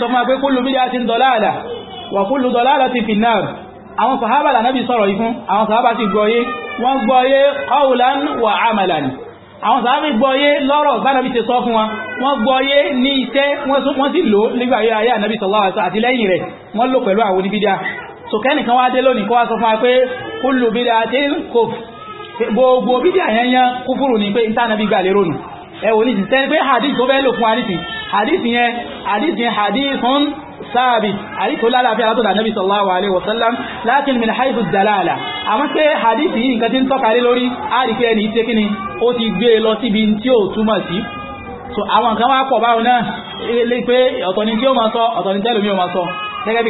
wa pé àwọn sàhábà lànẹ́bí sọ̀rọ̀ yìí àwọn sàhábà sì gbọ́ yé wọ́n gbọ́ yé qawlan wa amalan àwọn sàábì gbọ́yé lọ́rọ̀ bánàbí ti sọ fún wa wọ́n gbọ́yé ní iṣẹ́ wọ́n sì lò nígbà yóò ayé ànábì sallallahu alaihi wasallam àti lẹ́yìn rẹ̀ wọ́n lò pẹ̀lú àwọn oníbídá so kẹ́nìkan wá dé lónìí kó wá sọ fún wa pé kullu bídá tí kò ẹwọ ní ìsìnkẹ́ pé hadith tó fẹ́ lò fún hadith hadith yẹn hadith yẹn hadithun sáàbì hadith tó lálàáfíà látọ̀dà nabi sallallahu alaihi wasallam lakin min haythu dalala àmọ́ pé hadith yìí nǹkan tí ń tọ́ka lé lórí àríkẹ́ ní ìṣe kíni ó ti gbé e lọ síbi tí ó túmọ̀ sí so àwọn nǹkan wá pọ̀ báwọn náà lè pé ọ̀tọ̀ ni tí ó máa sọ ọ̀tọ̀ ni tẹ́lòmí ó máa sọ gẹ́gẹ́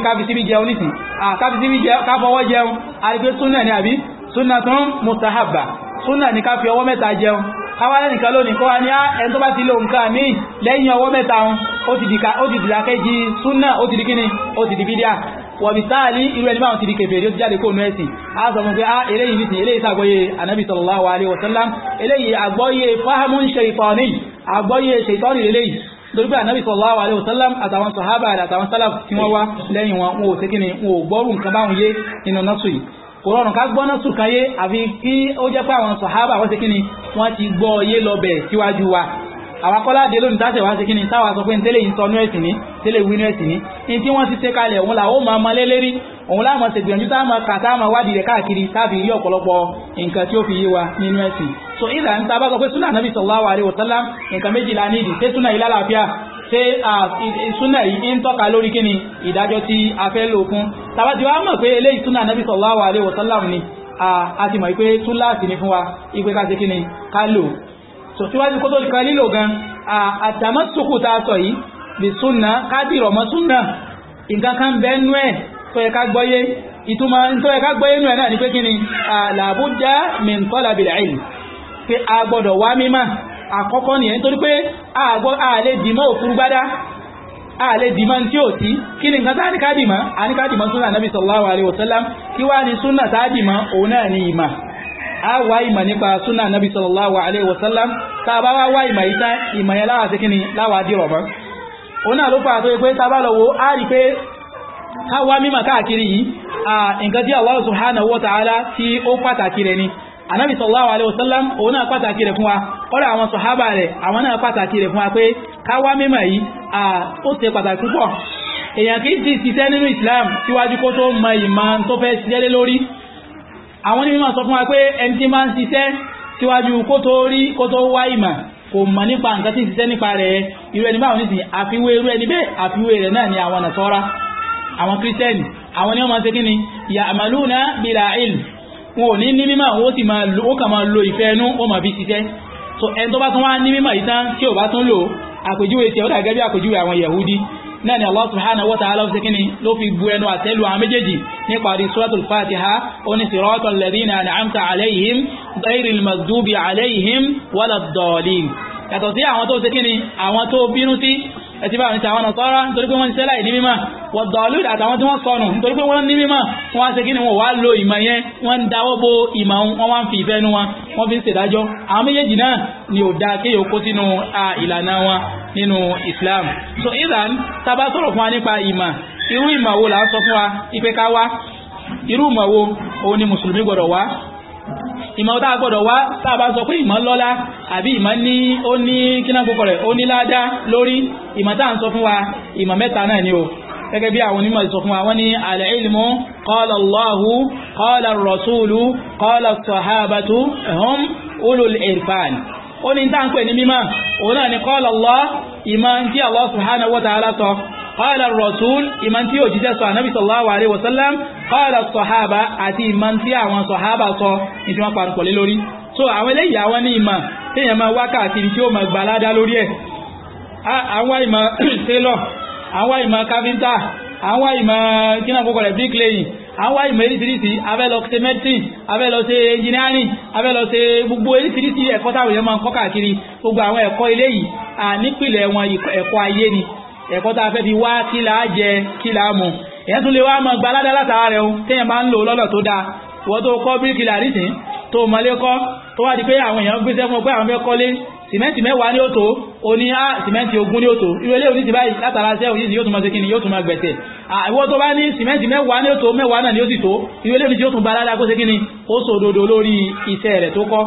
bí káwálẹ̀ nìkan lónìí kọ́ wá ní ah, ẹni tó bá ti lo nǹkan míì lẹ́yìn ọwọ́ mẹ́ta wọn ó ti dìdákẹ́jì súnà ó ti di kíni ó ti di bídíà wọ̀bí sáàlì irú ẹni báwọn ti di kèfèrí ó ti jáde kó nú ẹ̀sìn a sọ fún pé a ah, eléyìí nìsìn eléyìí sàgbọ́yé anábì sallallahu alaihi wasallam shaitani àgbọ́yé shaitani lélẹ́yìí torí pé ànábì sallallahu alaihi wasallam àtàwọn sàhábà àtàwọn sálàf tí ni wọn ò gbọ́rù nǹkan báwọn yé kò rọrùn ká gbọ́ná sùkáyé àfi kí ó jẹ́ pé àwọn sàhábà wọ́n ti kí ni wọ́n ti gbọ́ yé lọ bẹ̀ síwájú wa àwakọ́lá dé lónìí tásẹ̀ wá sí kíni táwà sọ pé ní tẹ́lẹ̀ ìsọnú ẹ̀sìn ní tẹ́lẹ̀ ìwínú ẹ̀sìn ní in tí wọ́n ti ṣe kalẹ̀ òun làwọn máa ma lélẹ́rí òun láàmọ̀ ṣe gbìyànjú táàmà kàtàmà wádìí rẹ̀ káàkiri tàbí rí ọ̀pọ̀lọpọ̀ nǹkan tí ó fi yé wa nínú ẹ̀sìn so ìlà ń tàbá sọ pé súnà nàbì sallallahu alaihi wasallam nǹkan méjìlá nídìí ṣé súnà ilá làáfíà ṣé súnà yìí ń tọ́ka lórí kíni ìdájọ́ tí a fẹ́ lò fún tàbá ti alaihi wasallam ni a ti mọ̀ pé ni fún wa ìpè ká ṣe so síwájú kó tó kan lílò gan àtàmọ́sùkù tá a sọ yìí bí súnà kádìrọ̀ mọ́ súnà nǹkan kan bẹ́ẹ̀ nú ẹ̀ tó yẹ ká gbọ́yé ìtumọ̀ tó yẹ ká gbọ́yé nú ẹ̀ náà ni pé kí ni àlàbújá min talabil pé a gbọ́dọ̀ wá mímọ̀ àkọ́kọ́ nìyẹn nítorí pé ààlè dìmọ́ òfúrúgbádá ààlè dìmọ́ tí ó tí kí ni nǹkan tá a ní ká dìmọ́ Nabi sallallahu alaihi wasallam kí wá ní súnà tá dìmọ́ a wá ìmọ̀ nípa súnà nabi sallallahu alaihi wasallam tá a bá wá wá ìmọ̀ ìta ìmọ̀ yẹn láwà sí kíni láwà dìrọ̀ mọ́ òun náà ló fàá tó yẹ pé tá a bá lọ wo a rí pé ká wá mímọ̀ káàkiri yìí a nǹkan tí Allah subhanahu wa ta'ala tí ó pàtàkì rẹ̀ ni anábì sallallahu alaihi wasallam òun náà pàtàkì rẹ̀ fún wa kọ́lá àwọn sọ̀hábà rẹ̀ àwọn náà pàtàkì rẹ̀ fún wa pé ká wá mímọ̀ yìí a ó ṣe pàtàkì púpọ̀ èèyàn kì ti ṣiṣẹ́ nínú Islam síwájú kó tó mọ ìmọ̀ tó fẹ́ ṣiṣẹ́ lórí àwọn ní mímọ̀ sọ fún wa pé ẹni tí máa ń ṣiṣẹ́ síwájú kó tó rí kó tó wá ìmọ̀ kò mọ̀ nípa nǹkan tí ń ṣiṣẹ́ nípa rẹ̀ irú ẹni báwọn nísìnyí àfiwé irú ẹni bẹ́ẹ̀ àfiwé rẹ̀ náà ni àwọn nàṣọ́ra àwọn kírísítẹ́nì àwọn ni wọ́n máa ṣe kí ni ya'maluna bila ilm wọn ò ní ní mímọ̀ wọn ó sì máa máa lo ìfẹ́ inú ó máa fi ṣiṣẹ́ so ẹni tó bá tún wá ní mímọ̀ yìí tán tí ò bá tún lò àpèjúwe tiẹ̀ ó dà bí àpèjúwe àwọn Yahudi náà ni Allah subhanahu wa ta'ala fi kíni ló fi bu ẹnu àtẹ́lu àwọn méjèèjì nípa rí suratul fatiha ó ní siratal ladhina an'amta alayhim ghayril maghdubi alayhim walad dalin yàtọ̀ sí àwọn tó ṣe kíni àwọn tó bínú sí ẹ̀tí bá ní tàwọn ọ̀sọ́rá nítorí pé wọ́n ṣẹlá ìní mímá wọ̀dọ̀lú àtàwọn tí wọ́n sọnù nítorí pé wọ́n ní mímá wọ́n wá ṣe kí ni wọ́n wá lo ìmọ̀ yẹn wọ́n ń dáwọ́ bo ìmọ̀ wọn wá ń fi ìfẹ́nu wọn wọ́n fi ń ṣèdájọ́ àwọn méjèèjì náà ni ò dáa kéèyàn kó sínú ìlànà wọn nínú Islam so iran tàbá sọ̀rọ̀ fún wa nípa ìmọ̀ irú ìmọ̀ wo là ń sọ fún wa ipe ká wá irú ìmọ̀ wo òun ni mùsùlùmí gbọ́dọ̀ wá ìmọ̀ tá a gbọ́dọ̀ wá tá a bá sọ pé ìmọ̀ lọ́lá àbí ìmọ̀ ní ó ní kíná kókó rẹ̀ ó ní ládá lórí ìmọ̀ tá à ń sọ fún wa ìmọ̀ mẹ́ta náà ni o gẹ́gẹ́ bí àwọn onímọ̀ ìsọ fún wa wọ́n ní al-ilmu qala Allahu qala ar-rasulu ó ní tá ní mímọ̀ òun náà ni qala ìmọ̀ tí Allah subhanahu wa ta'ala قال الرسول إمان تيو جيجا النبي صلى الله عليه وسلم قال الصحابة أتي إمان تيا وان صحابة صو إنتي ما قارن قولي لوري so àwọn eléyìí àwọn ní ìmọ̀ tí èèyàn máa wákàtí tí ó máa gbàládá lórí ẹ̀ àwọn ìmọ̀ tailor àwọn ìmọ̀ carpenter àwọn ìmọ̀ kíná fún kọ̀rẹ̀ bricklaying àwọn ìmọ̀ eríṣiríṣi abẹ́lọ ṣe medicine abẹ́lọ ṣe engineering abẹ́lọ ṣe gbogbo eríṣiríṣi ẹ̀kọ́ táwọn èèyàn máa ń kọ́ káàkiri gbogbo àwọn ẹ̀kọ́ eléyìí nípìnlẹ̀ wọn ẹ̀kọ́ ayé ni ẹ̀kọ́ tá a fẹ́ fi wá kí là á jẹ kí là á mu èyàn tún lè wá mọ gba aládàá látara rẹ o téèyàn máa ń lò lọ́nà tó dáa ìwọ́n tó kọ́ bíríkì làrísìn tó mọlé kọ́ tó wá di pé àwọn èèyàn gbéṣẹ́ fún pé àwọn fẹ́ kọ́lé sìmẹ́ǹtì mẹ́wàá ní òtò oní á sìmẹ́ǹtì ogún ní òtò ìwé ilé oníṣìí báyìí látara ṣẹ́ òyìnbí yóò tún máa ṣe kí ni yóò tún máa gbẹ̀tẹ̀ àwọn ah, tó bá ní sìmẹ́ǹtì mẹ́wàá ní òtò mẹ́wàá náà ni ó sì tó ìwé ilé oníṣìí yóò tún balada kó ṣe kí ni ó sọ òdodo lórí iṣẹ́ rẹ̀ tó kọ́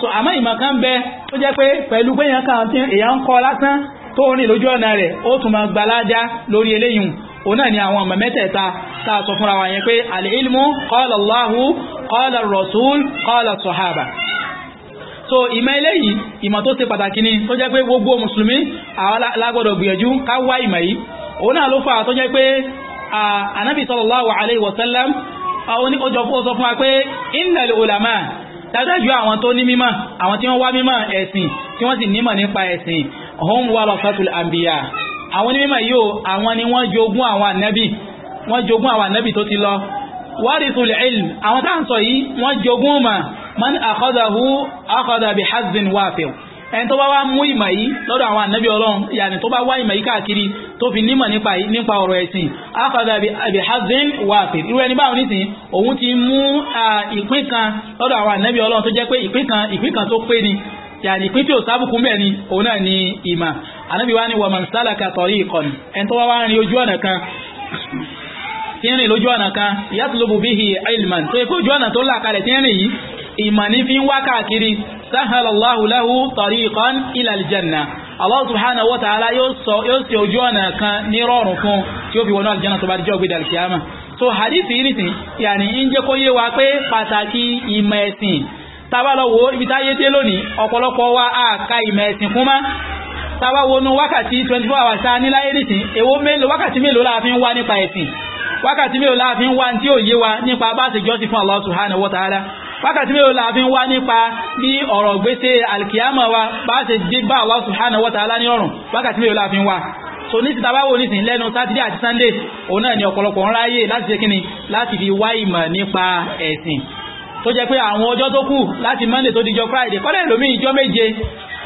so àmọ́ ìmọ̀ kan bẹ tó jẹ́ pé pẹ̀lú pé èèyàn kan tí èèyàn ń kọ́ lásán tó rìn lójú ọ̀nà rẹ̀ ó tún máa gbalájá lórí eléyìí o náà ni àwọn ọmọ mẹ́tẹ̀ẹ̀ta tá a sọ fúnra wa yẹn pé al-ilmu qala Allahu qala ar-rasul so ìmọ̀ eléyìí ìmọ̀ tó ṣe pàtàkì ni tó jẹ́ pé gbogbo mùsùlùmí àwọn lágbọ́dọ̀ gbìyànjú ká wá ìmọ̀ yìí òun náà ló fà tó jẹ́ pé àwọn fún fún wa pé àwọn tó ní mímọ̀ àwọn tí wọ́n wá mímọ̀ ẹ̀sìn tí wọ́n sì nímọ̀ nípa ẹ̀sìn hum warasatul anbiya àwọn ní mímọ̀ yóò àwọn ni wọ́n jogún àwọn ànábì wọ́n jogún àwọn ànábì tó ti lọ warithul ilm àwọn tá à ń sọ yìí wọ́n jogún mà man akhadahu akhadha bi hazzin wafir ẹni tó bá wá mú ìmọ̀ yìí lọ́dọ̀ àwọn ànábì ọlọ́run yàní to bá wá ìmọ̀ yìí káàkiri tó fi nímọ̀ nípa ọ̀rọ̀ ẹ̀sìn akọ̀dà àbí hazin wàfẹ̀ irú ẹni báwọn nísìn òun ti mú ìpín kan lọ́dọ̀ àwọn ànábì ọlọ́run tó jẹ́ pé ìpín kan ìpín kan tó pé ni yàní pín tí ò sábùkún bẹ́ẹ̀ ni òun náà ni ìmà anábì wá ní wa man salaka tariqan ẹni tó wá wá rin ojú ọ̀nà kan tí ń rìn lójú ọ̀nà kan yatlubu bihi ilman tó yẹ kó ojú ọ̀nà tó là kalẹ̀ tí ń rìn yìí ìmà ní fi ń wá káàkiri sahalallahu lahu tariqan ila aljanna Allah subhanahu wa ta'ala yóò ṣe ojú ọ̀nà kan ní rọrùn fún tí ó fi wọnú aljanna tó bá dijọ́ gbé dàlùkìyàmà so hadith yìí nìsín yàní ń jẹ́ kó yé wa pé pàtàkì ìmọ̀ ẹ̀sìn tàbá lọ wo ó ibi táyé dé lónìí ọ̀pọ̀lọpọ̀ wa àka ìmọ̀ ẹ̀sìn kún mọ́ tàbá wọnú wákàtí 24 hours ta ní láyé nìsín èwo mélòó wákàtí mélòó la fi ń wá nípa ẹ̀sìn wákàtí mélòó la fi ń wá tí ò yé wa nípa bá ṣe jọ́sìn fún Allah subhanahu wa ta'ala wákàtí mélòó la fi ń wá nípa bí ọ̀rọ̀ gbèsè alkiyama wa bá ṣe dé bá Allah subhanahu wa ta'ala ní ọ̀rùn wákàtí mélòó la fi ń wá so ní títà bá wò nísìn lẹ́nu sátidé àti sunday òun náà ni ọ̀pọ̀lọpọ̀ ń ráyè láti ṣe kíni láti fi wá ìmọ̀ nípa tó jẹ́ pé àwọn ọjọ́ tó kù láti monday tó dijọ́ friday kọ́lẹ̀ ìlòmí ìjọ́ méje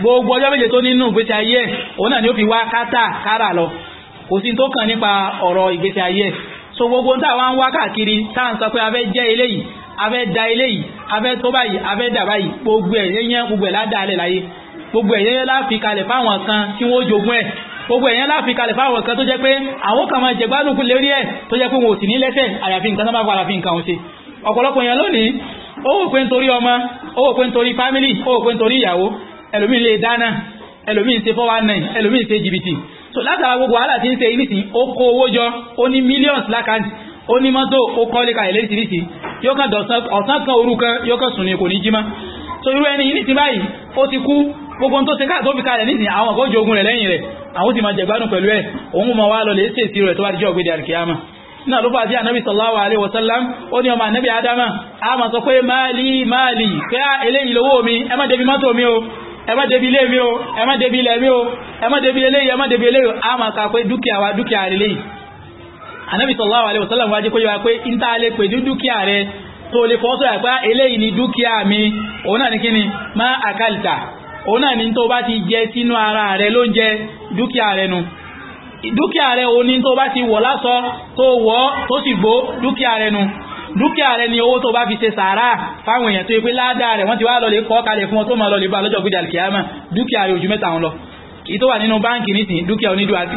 gbogbo ọjọ́ méje tó nínú ìgbésí ayé ẹ̀ òun náà ni ó fi wá kátà kárà lọ kò sí tó kàn nípa ọ̀rọ̀ ìgbésí ayé ẹ̀ so gbogbo tá wá ń wá káàkiri tá à ń sọ pé a fẹ́ jẹ́ eléyìí a fẹ́ da eléyìí a fẹ́ tó báyìí a fẹ́ dà báyìí gbogbo ẹ̀ yẹ́yẹ́ gbogbo ẹ̀ ládàá fáwọn kan tí wọ́n jogún ẹ̀ gbogbo ẹ̀yẹn láàfin fáwọn kan tó jẹ́ pé àwọn kan máa jẹgbádùn ọ̀pọ̀lọpọ̀ èèyàn lónìí ó wò pé nítorí ọmọ ó wò pé nítorí fámílì ó wò pé nítorí ìyàwó ẹlòmí lè dáná ẹlòmí ṣe 419 ẹlòmí ṣe jìbìtì so látara gbogbo wàhálà tí ń ṣe nísìn ó kó owó jọ ó ní millions lákàntì ó ní mọ́tò ó kọ́ lé kalẹ̀ lẹ́sìrìsì yóò kàn ọ̀sán kan òru kan yóò kàn sùn ní kò ní jímá so irú ẹni yìí nísìn báyìí ó ti kú gbogbo tó ṣe káà tó fi kalẹ̀ nísìn àwọn ọ̀gọ́jọ ogun rẹ̀ lẹ́yìn rẹ̀ àwọn ti máa jẹ̀gbádùn na ló bá jẹ́ ànábì sallallahu alaihi wasallam ó ní ọmọ ànábì adama a ma sọ mali máàlì máàlì pé á ah, eléyìí lówó mi ẹ má débi mọ́tò mi o ẹ má débi ilé mi o ẹ má débi ilẹ̀ mi o ẹ má débi eléyìí ẹ má débi eléyìí a ma kà pé dúkìá wa dukia rẹ̀ léyìí ànábì sallallahu alaihi wasallam wájú kó yẹ wa pé ń tá a lè pè ní dúkìá rẹ̀ tó lè fọ́sọ̀ àpá ah, ni dúkìá mi òun náà ní kí ni má àkàlìtà òun náà ní tó ti jẹ sínú ara rẹ̀ ló ń jẹ dúkìá rẹ̀ nu dúkìá rẹ̀ o ní tó bá ti wọ̀ lásọ tó wọ́ tó sì gbó dúkìá rẹ̀ nù dúkìá rẹ̀ ni owó tó bá fi ṣe sàárà fáwọn èèyàn tó yẹ pé ládàá rẹ̀ wọ́n ti wá lọ lè kọ́ kalẹ̀ fún ọ tó máa lọ lè bá lọ́jọ́ gbídà kìámà dúkìá rẹ̀ ojú mẹ́ta wọn lọ kì tó wà nínú báǹkì nísìn dúkìá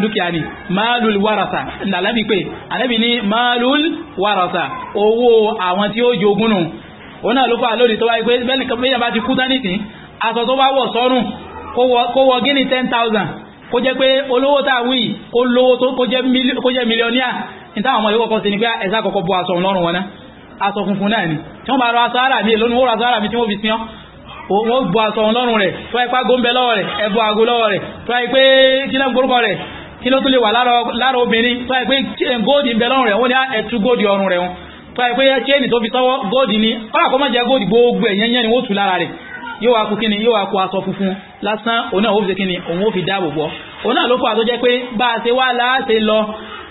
dúkìá ni máàlùl wàràsà làlábì pé àlábì ní máàlùl wàràsà owó àwọn tí ó jogún nù òun náà ló fà lórí tó wáyé pé bẹ́ẹ̀ ni bá ti kú tán nísìn aṣọ tó bá wọ̀ sọ́rùn kó wọ gíní ten thousand kó jẹ́ pé olówó tá wí olówó tó kó jẹ́ mílíọ̀níà ní táwọn ọmọ ìwọ́kọ́ sí ni pé ah, ẹ̀sà kọ̀kọ́ bọ́ aṣọ lọ́rùn wọn náà aṣọ funfun náà ni tí wọ́n bá rọ aṣọ ara mi lónìí wọ́n rọ aṣọ ara mi tí wọ́n fi sin ọ́ wọ́n bọ́ aṣọ lọ́rùn rẹ̀ tó ipá góńbẹ lọ́wọ́ rẹ̀ ẹbọ ago lọ́wọ́ rẹ̀ tó ipé kílẹ̀ gbórúkọ rẹ̀ kí ló tún lè wà lára obìnrin tó ipé góòdì ń bẹ lọ́rùn rẹ̀ wọ́n ní ah, ẹ̀tú góòdì ọrùn rẹ̀ fi sọ́wọ́ góòdì ni ọ̀rọ̀ àkọ́mọ́jẹ́ góòdì gbogbo ẹ̀yẹnyẹ́ ni wọ́n tù lára rẹ̀ yóò wá kú kíni yóò wá kú aṣọ funfun lásán òun náà ó fi kíni òun ó fi dáàbò bọ́ òun náà ló fà tó jẹ́ pé bá a ṣe wá láàṣẹ lọ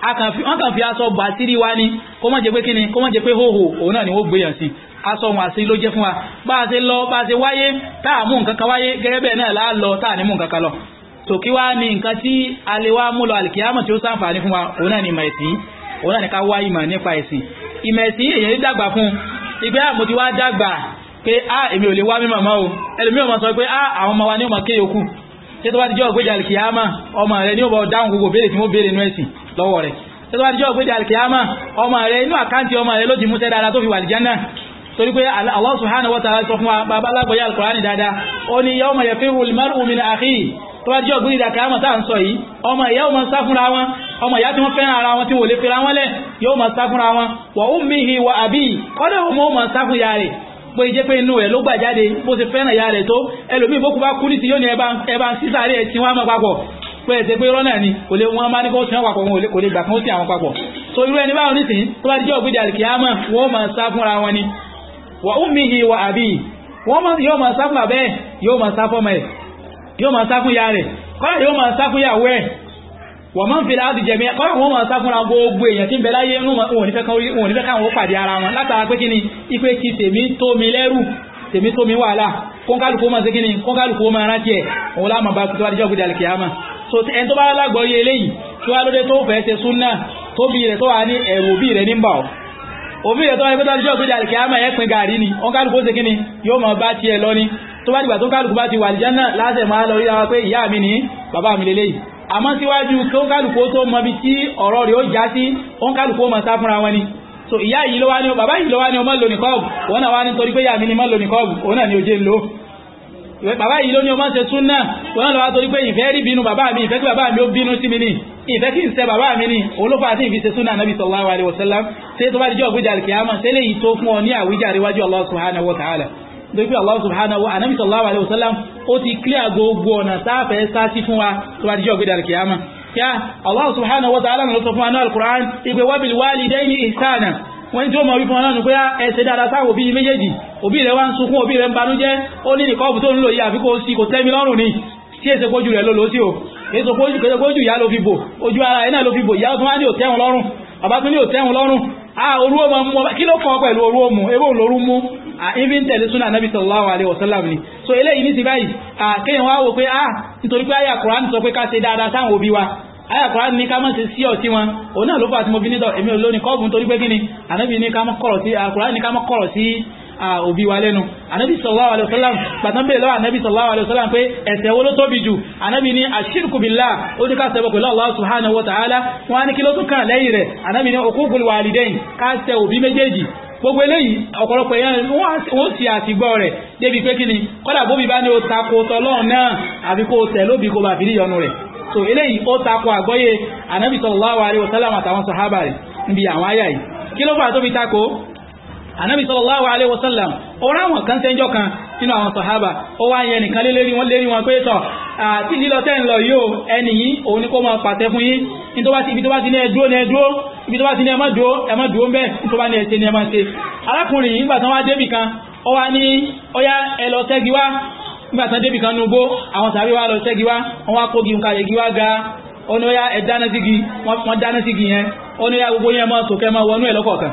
wọ́n kàn fi aṣọ bàtírí wá ní kó pé kíni kó pé hóhò òun náà ni ó gbéyàn sí aṣọ wọn àti ló jẹ́ fún wa bá a ṣe lọ bá a ṣe wáyé táà mú nǹkan kan wáyé gẹ́gẹ́ bẹ́ẹ̀ náà láà lọ táà ní mú nǹkan kan ni ìmọ̀ ẹ̀sìn ni ká wá ìmọ̀ nípa ẹ̀sìn ìmọ̀ ẹ̀sìn èyàn dàgbà fún ìgbé pé á ah, èmi ò lè wá mímọ̀ máa o ẹlùmí ọmọ sọ pé á ah, àwọn ọmọ wa ní ọmọ kí yòókù tí tó bá ti jọ ògbéjà alìkìyàmá ọmọ rẹ̀ ní ọmọ dáhùn gbogbo béèrè tí mo béèrè inú ẹ̀sìn lọ́wọ́ rẹ̀ tí tó bá ti jọ ògbéjà alìkìyàmá ọmọ rẹ̀ inú àkáǹtì ọmọ rẹ̀ ló ti múṣẹ́ tó fi wà lìjánà torí pé Allah subhanahu wa ta'ala sọ fún wa bàbá al-mar'u min akhihi tó bá jẹ́ ọ̀gbìn ìdàkà àmọ̀ táà ń sọ yìí ọmọ ìyá ọmọ sáfúnra wọn ọmọ ìyá tí wọ́n fẹ́ràn ara wọn tí wò lè fẹ́ra wọn lẹ̀ yóò mọ̀ sáfúnra wọn wa ummihi wa kọ́dọ̀ ọmọ ọmọ sáfún ya rẹ̀ bó jẹ́ pé inú ẹ̀ ló gbà jáde bó ṣe fẹ́ràn ìyá rẹ̀ tó ẹlòmíì bó kú bá kú ti yóò ní ẹba ń sísàárẹ̀ ẹ̀ tí wọ́n á mọ̀ papọ̀ pé ẹ̀sẹ̀ pé rọ́nà ni kò lè wọ́n máa ní kó sí wọn papọ̀ kò lè gbà sí àwọn papọ̀ so irú ẹni báwọn nìsín tó bá jẹ́ ògbìdì àlìkìyàmọ̀ wọ́n máa sá fúnra wọn ni ó mi ìwà àbí yóò sá fún wọ́n máa ń fi láti jẹ̀mí ẹ̀kọ́ wọn máa sá fúnra gbogbo èèyàn tí ń bẹ láyé wọn ní fẹ́ káwọn pàdé ara wọn látara pé kíni ipe ti tèmi tó mi lẹ́rù tèmi tó mi wàhálà kọ́nkálùkù máa ṣe kíni kọ́nkálùkù máa rántí ẹ̀ òun láàmà bá tó adíjọ́ gbé dàlùkì so ẹni tó bá lágbọ́ yé eléyìí tí wàá lóde tó fẹ́ ṣe súnà tó bí rẹ̀ tó wà ní ẹ̀rù òbí rẹ̀ ní mbà òbí rẹ̀ tó wà ní adíjọ́ gbé dàlùkì àmà ẹ̀ pin gàrí ni kọ́nkálùkù ṣe kíni yóò máa bá tiẹ̀ lọ ni tó bá dìgbà tó kálùkù bá ti wà ní jẹ́nà láti máa lọ rí ara pé ìyá mi ní bàbá mi lélẹ́yìí àmọ́ síwájú kí ó kálùkú tó mọ bí tí ọ̀rọ̀ rẹ̀ ó já sí ó ń kálùkú mọ̀ sá fúnra wọn ni so ìyá yìí ló wá ní bàbá yìí ló wá ní ọmọ lò ní kọ́ọ̀bù òun náà wá ní torí pé yà mí ni mọ́ lò ní kọ́ọ̀bù òun náà ni ó jẹ́ lò bàbá yìí ló ní ọmọ ṣe tún náà òun náà lọ́wọ́ torí pé ìfẹ́ rí bínú bàbá mi ìfẹ́ kí bàbá mi ó bínú sí mi ni ìfẹ́ kí n ṣe bàbá mi ni olófà àti ìfi tún náà nàbí sallallahu alaihi wasallam ṣé tó bá dijọ́ ògbéjà kìámà ṣé lè yìí tó fún ọ ní àwíjàre wájú Allah subhanahu wa ta'ala nítorí Allah subhanahu wa anabi sallallahu alayhi wa sallam ó ti clear gbogbo ọ̀nà sáfẹ́ sáti fún wa tó bá dijọ́ gbéra kìyàmá yá Allah subhanahu wa ta'ala ló sọ fún wa náà al-Qur'an ìpè wa bil walidayni ihsana wọ́n tí ó mọ̀ wípé ọlọ́run pé ẹsẹ̀ dáadáa sáwọn òbí méjèèjì òbí rẹ̀ wá ń sunkún òbí rẹ̀ ń banújẹ́ ó ní nìkọ́ọ̀bù tó ń lò yìí àfikò sí kò tẹ́mi lọ́rùn ni tí èsè pójú rẹ̀ ló lò sí o èsè pójú ìyá ló fi bò ojú ara ẹ̀ náà ló fi bò ìyá tó wá ní òtẹ́hun lọ́rùn bàbá tó ní òtẹ́hun lọ́rùn ah orú ọmọ kí ló kọ́ pẹ̀lú orú ọmọ ewé òlórú mú àìbí ah, ń tẹ̀lé súnà nábi sallallahu alaihi wasallam ni so eléyìí ní ti báyìí àkéyàn ah, wá wò pé ah nítorí pé àyà Kùránì sọ pé ká ṣe dáadáa sáwọn òbí wa àyà Kùránì ní ká mọ́ sí sí ọ̀tí wọn òun náà ló fà tí mo fi ní èmi olóni kọ́ọ̀bù nítorí pé kíni ànábì ní ká mọ́ kọ̀rọ̀ sí ah, Kùránì ní ká mọ́ kọ̀rọ̀ sí òbí wa lẹ́nu ànábì sallallahu alaihi wasallam pàtàkì bèèrè lọ́wọ́ ànábì sallallahu alaihi wasallam pé ẹ̀ṣẹ̀ wo ló tóbi jù ànábì ní ashirku billah ó ní ká ṣẹbọ Allah subhanahu wa ta'ala wọn á ní kí ló tún kàn lẹ́yìn rẹ̀ ànábì ní uququl walidain ká ṣẹ gbogbo eléyìí ọ̀pọ̀lọpọ̀ èèyàn wọ́n sì àtìgbọ́ rẹ̀ débi pé kí ni kọ́dà bóbi bá ní ó tako tọlọ́run náà àbí kó tẹ̀ lóbi kó bàbí níyọnu rẹ̀ so eléyìí ó tako àgbọ́yé ànábì sallallahu alaihi wasallam àtàwọn sàhábà rẹ̀ níbi àwọn àyà yìí kí ló fà tó fi tako anabi sallallahu alaihi wasallam ọ̀rọ̀ àwọn kan tẹ́jọ́ kan nínú àwọn sàhábà ó wá yẹ nìkan lélérí wọn lérí wọn pé tọ̀ àti lílọ tẹ́ ń lọ yóò ẹni yìí òun ní kó máa pàtẹ fún yín ibi tó bá ti ní ẹdúró ní ẹdúró ibi tó bá ti ní ẹmọ́ dúró ẹmọ́ dúró ń bẹ́ tó bá ní ẹsẹ ní ẹmọ́ ṣe ó wá ní ọyá ẹ lọ ga ó ní ọyá ẹ dáná sígi wọn dáná sígi yẹn ó ní ọyá gbogbo yẹn mọ́ sòkẹ́ mọ́ wọnú ẹ̀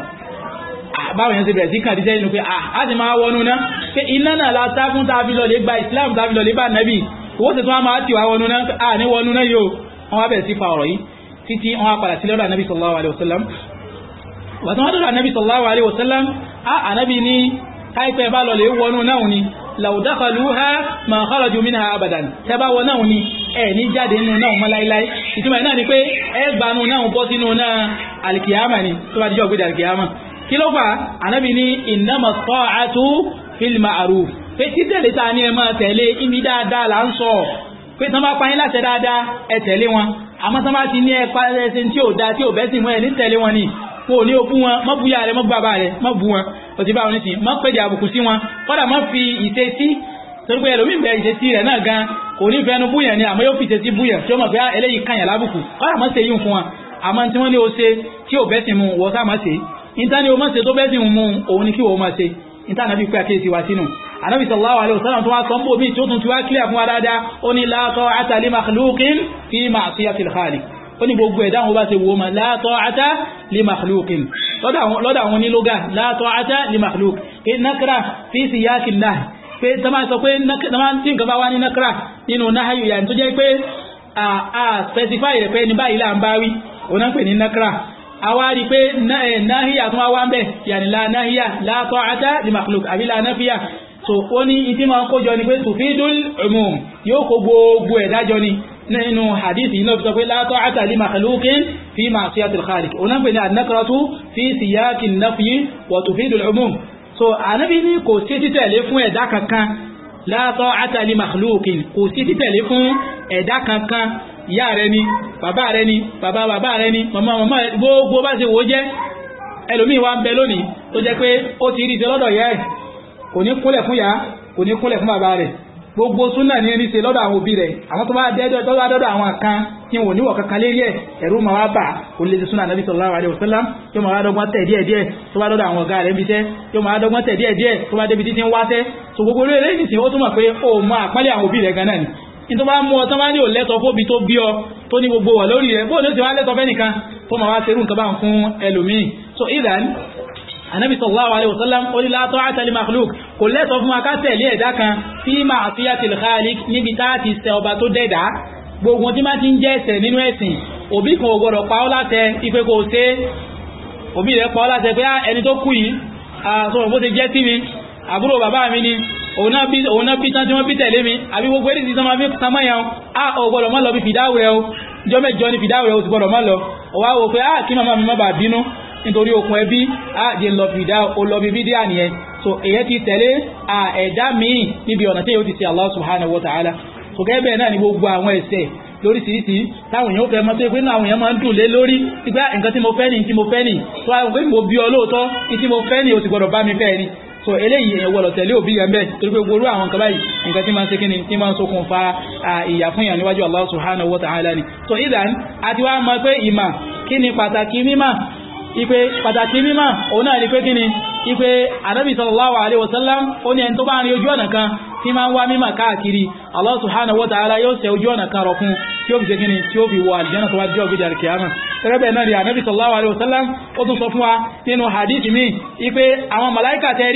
báwọn yẹn ti bẹ̀rẹ̀ sí kàdí sẹ́yìn ló pé a ti máa wọnú náà pé iná náà la sá fún tàbí lọ lè gba Islam tàbí lọ lè bá nẹ́bì owó tẹ̀tún wọn máa ti wá wọnú náà a ní wọnú náà yóò wọn wá bẹ̀rẹ̀ sí fa ọ̀rọ̀ yìí títí wọn padà sí lọ́dọ̀ anábì sallallahu alaihi wasallam wàtí wọn dọ̀dọ̀ anábì sallallahu alaihi wasallam a anábì ní káìpẹ́ bá lọ lè wọnú náà ni law dakhaluha ma kharaju minha kí ló fà ànábì ní innama ta'atu fil ma'ruf pé títẹ̀lé ta ní ẹ máa tẹ̀lé ibi dáadáa là ń sọ pé tán bá payín láti dáadáa ẹ tẹ̀lé wọn àmọ́ tán bá ti ní ẹpa ẹsẹ̀ tí ò da tí ò bẹ́sìn wọn ẹ̀ ní tẹ̀lé wọn ni kò ní o bú wọn mọ́ búyà rẹ mọ́ bàbá rẹ mọ́ bú wọn o ti bá wọn nísìn mọ́ pèjì àbùkù sí wọn kọ́dà mọ́ fi ìṣe sí torí pé ẹlòmíì bẹ ìṣe sí rẹ̀ náà gan kò ní fẹnu búyàn ni àmọ́ yóò fi ìṣe sí búyàn tí ó mọ̀ pé ah, eléyìí kàyàn lábùkù kọ́dà mọ́ ṣe yìí fún wọn àmọ́ tí wọ́n ní o ṣe tí ò bẹ́sìn mu wọ́n sá mọ́ ṣe ìtàní o máa ṣe tó bẹ́ẹ̀ sì ń mú òun ní kí wọ́n máa ṣe ìtàní àbí pé àkíyèsí wa sínú anábì sallallahu alaihi wasallam tó wá sọ ń bò mí tó tún ti wá kílẹ̀ fún wa dáadáa ó ní la ta'ata li makhluqin fi ma'siyatil khaliq ó ní gbogbo ẹ̀dá wọn bá ṣe wo ma la ta'ata li makhluqin lọ́dà wọn ní lóga la nakra àwa rí pé náhíyà tó wá ń bẹ̀ yànlá náhíyà látọ́ àtà di makluk àbí lánàfíà so ó ní ìdí máa ń kójọ ni pé tùfídùl umum yóò kó gbogbo ẹ̀dájọ ni nínú hadith yìí náà fi sọ pé látọ́ àtà di maklukin fi khaliq òun náà pè ní àdínákọ́rọ́tú fi síyáàkì náfí wà tùfídùl umum so ànábì ní kò sí títẹ̀lé fún ẹ̀dá kankan látọ́ àtà di maklukin kò sí títẹ̀lé fún ẹ̀dá kankan ìyá rẹ ni bàbá rẹ ni bàbá bàbá rẹ ni màmá màmá gbogbo bá ṣe wò jẹ́ ẹlòmíì wá ń bẹ lónìí tó jẹ́ pé ó ti rí ṣe lọ́dọ̀ ìyá ẹ̀ kò ní kúnlẹ̀ fún ìyá kò ní kúnlẹ̀ fún bàbá gbogbo súnà ní ẹni ṣe lọ́dọ̀ àwọn òbí rẹ̀ àwọn tó bá dẹ́dọ̀ tó bá dọ́dọ̀ àwọn kan tí wọn ò níwọ̀ kankan lérí ẹ̀ ẹ̀rú ma wá bà kò lè ṣe súnà nàbí yóò máa dọ́gbọ́n tẹ̀ díẹ̀ díẹ̀ tó bá dọ́dọ̀ àwọn ọ̀gá rẹ̀ níbi yóò máa dọ́gbọ́n tẹ̀ gbogbo eré ìsìn ó tó bá mú ọ tán bá ní òlẹ́tọ̀ fóbi tó bí ọ tó ní gbogbo wà lórí rẹ̀ bóòlù tí wá lẹ́tọ̀ fẹ́nìkan tó ma wá serú nǹkan bá ń fún ẹlòmíì so idan anabi sallallahu alaihi wasallam ó ní la ta'ata li makhluq kò lẹ́tọ̀ fún wa ká tẹ̀lé ẹ̀dá kan fi ma'siyatil khaliq níbi tá ti ṣe ọba tó dẹ́dà gbogbo tí má ti ń jẹ́ ẹ̀ṣẹ̀ nínú ẹ̀sìn òbí kan ò gbọdọ̀ pa ọ́ látẹ ipe kò òun náà pítán tí wọ́n pí tẹ̀lé mi àbí gbogbo èdè ìsọ́mọ́ fi samọ́ yẹn a ò gbọ́dọ̀ má lọ bí fìdáwò rẹ̀ o jọ mẹ́jọ ni fìdáwò o sì gbọ́dọ̀ má lọ ọwá wò pé a kí màmá mi má bàa bínú nítorí okùn ẹbí a jẹ lọ fìdáwò o lọ bí fídíà nìyẹn so èyẹ ti tẹ̀lé a ẹ̀dá míì níbi ọ̀nà tí yóò ti ṣe Allah subhanahu wa ta'ala so gẹ́gẹ́ bẹ́ẹ̀ náà ni gbogbo àwọn ẹ̀ṣẹ̀ lóríṣiríṣi táwọn èèyàn fẹ́ mọ́ tó pé náà àwọn èèyàn máa ń dùn lé lórí ìgbà nǹkan tí mo fẹ́ ni tí mo fẹ́ ni tó àwọn pé mo bí ọ lóòótọ́ tí mo fẹ́ ni o sì gbọ́dọ̀ bá mi fẹ́ ni so eléyìí ẹ̀wọ́ lọ tẹ̀lé òbí yẹn bẹ́ẹ̀ torí pé gbogbo àwọn nǹkan báyìí nǹkan tí máa ń ṣe kíni tí máa ń ṣokùnfà ìyà fún yàn níwájú Allah subhanahu wa ta'ala ni so idan àti wá mọ̀ pé ìmà kí ni pàtàkì mímà ipe pàtàkì mímà òun náà ni pé kíni ipe Ànábì sallallahu alaihi wasallam ó ní ẹni tó bá rin ojú ọ̀nà kan tí máa ń wá mímọ̀ káàkiri Allah subhanahu wa ta'ala yóò ṣe ojú ọ̀nà kan rọ̀ fún tí ó fi ṣe kíni tí ó fi wọ àlìjẹ́nà tó wá jẹ́ ògbéjà kìámà tẹ́rẹ́bẹ̀ náà ni ànábì sallallahu alaihi wasallam ó tún sọ fún wa nínú hadith mi ipe àwọn màláìkà tẹ́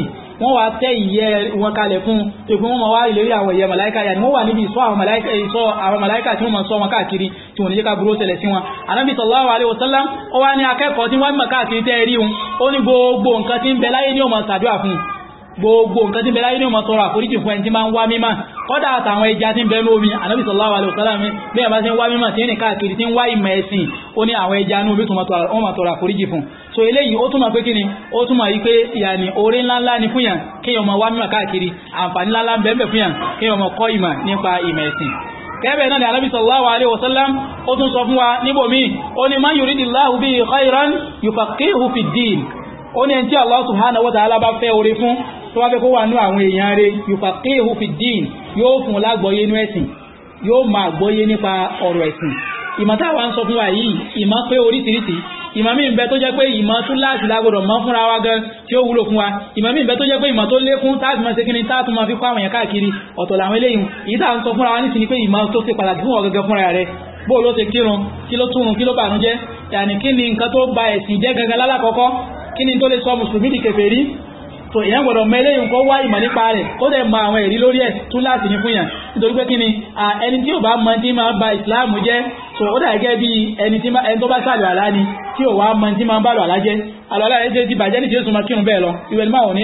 rí wọ́n wá tẹ́ ìyẹ́ wọn kalẹ̀ fún tó pé wọ́n máa wá ìlérí àwọn ìyẹ́ màláìka yà ni wọ́n wà níbi ìsọ́ àwọn màláìka ìsọ́ àwọn màláìka tí wọ́n máa sọ wọn káàkiri tí wọ́n ní jẹ́ ká burú ṣẹlẹ̀ sí wọn anábì sallallahu alaihi wasallam ó wá ní akẹ́kọ̀ọ́ tí wọ́n mọ̀ káàkiri tẹ́ rí wọn ó ní gbogbo nǹkan tí ń bẹ láyé ní ọmọ sàdúrà fún gbogbo nǹkan tí ń bẹ láyé ní ọmọ tọrọ àforíjì fún so eléyìí ó túnmọ̀ pé kí ni ó túnmọ̀ yí pé yàní orí ńláńlá ni fúnyàn kéèyàn máa wá mímọ̀ káàkiri àǹfààní ńláńlá bẹ́ẹ̀ fúnyàn kéèyàn máa kọ́ ìmọ̀ nípa ìmọ̀ ẹ̀sìn kẹ́bẹ̀ẹ́ náà ni alábi sallallahu alaihi wasallam ó tún sọ fún wa níbòmí ó ní man yuridillahu bihi khairan yufaqihu fid din ó ní ẹni tí Allah subhanahu wa ta'ala bá fẹ́ orí fún tó wá fẹ́ kó wà ní àwọn èèyàn rẹ̀ yufaqihu fid din yóò fún lágbọ́yé inú ẹ̀sìn yóò máa gbọ́yé nípa ọ̀rọ̀ ẹ̀sìn ìmọ̀ táwa ń sọ fún wa yìí ìmọ̀ pé oríṣiríṣi ìmọ̀ mi ń bẹ tó jẹ́ pé ìmọ̀ tún láti lágbọ́dọ̀ mọ̀ fúnra wa gan tí ó wúlò fún wa ìmọ̀ mi ń bẹ tó jẹ́ pé ìmọ̀ tó lékún táàtì máa ṣe kí ni táàtì máa fi kọ́ àwọn èèyàn káàkiri ọ̀tọ̀ làwọn eléyìí ìyí tá à ń sọ fúnra wa ní sinmi pé ìmọ̀ tó ṣe pàtàkì fún ọ̀gẹ́gẹ́ fúnra rẹ bó ló ṣe kírun kí ló túrun kí ló bànújẹ́ yàní kí ni nǹkan tó ba ẹ̀sìn jẹ́ gangan lálàkọ́kọ́ kí ni tó lè sọ mùsùlùmí di kèfèrí so ìyẹn gbọ́dọ̀ mọ eléyìí kó wá ìmọ̀ nípa rẹ̀ kó dẹ̀ mọ àwọn ẹ̀rí lórí ẹ̀ tún láti ní fún nítorí pé kí ni ẹni tí ò bá mọ tí máa ba Islam jẹ́ so ó dà gẹ́gẹ́ bí ẹni tó bá sàlù àlá ni tí ò wá mọ tí máa bá lù àlá jẹ́ àlọ́lá rẹ̀ ti bàjẹ́ ní jésù máa kírun bẹ́ẹ̀ lọ ìwẹ̀ máa ò ní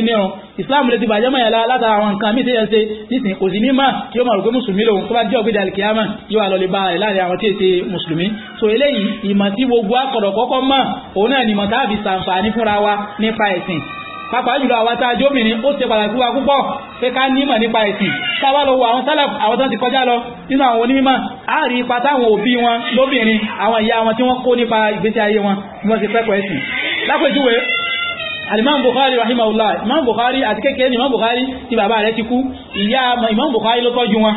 islam lè ti bàjẹ́ mọ̀ yàrá látara àwọn nǹkan mí tẹ́yẹ ṣe nísìn kò sí ní mà tí ó máa rò pé mùsùlùmí lòun tó bá jẹ́ ògbé dàlì kìámà yóò àlọ́ lè ba rẹ̀ láàrin àwọn tí èsè mùsùlùmí so eléyìí ìmọ̀ tí gbogbo akọ̀dọ̀ kọ́kọ́ mọ̀ òun náà ni mọ̀ táàbì sàǹfààní fúnra wa nípa ẹ̀sìn pàápàá jùlọ àwọn tá a jó mìíní ó ṣe pàtàkì wa púpọ̀ pé ká nímọ̀ nípa ẹ̀sìn táwa lọ wo àwọn sálàf àwọn tó ti kọjá lọ nínú àwọn onímọ̀ á rí ipa táwọn òbí wọn lóbìnrin àwọn ìyá wọn tí wọ́n kó nípa ìgbésí ayé wọn bí wọ́n ti kẹ́kọ̀ọ́ ẹ̀sìn lápèjúwe alimam bukhari rahimahullah imam bukhari àti kékeré ni imam bukhari tí bàbá rẹ̀ ti kú ìyá imam bukhari ló tọ́jú wọn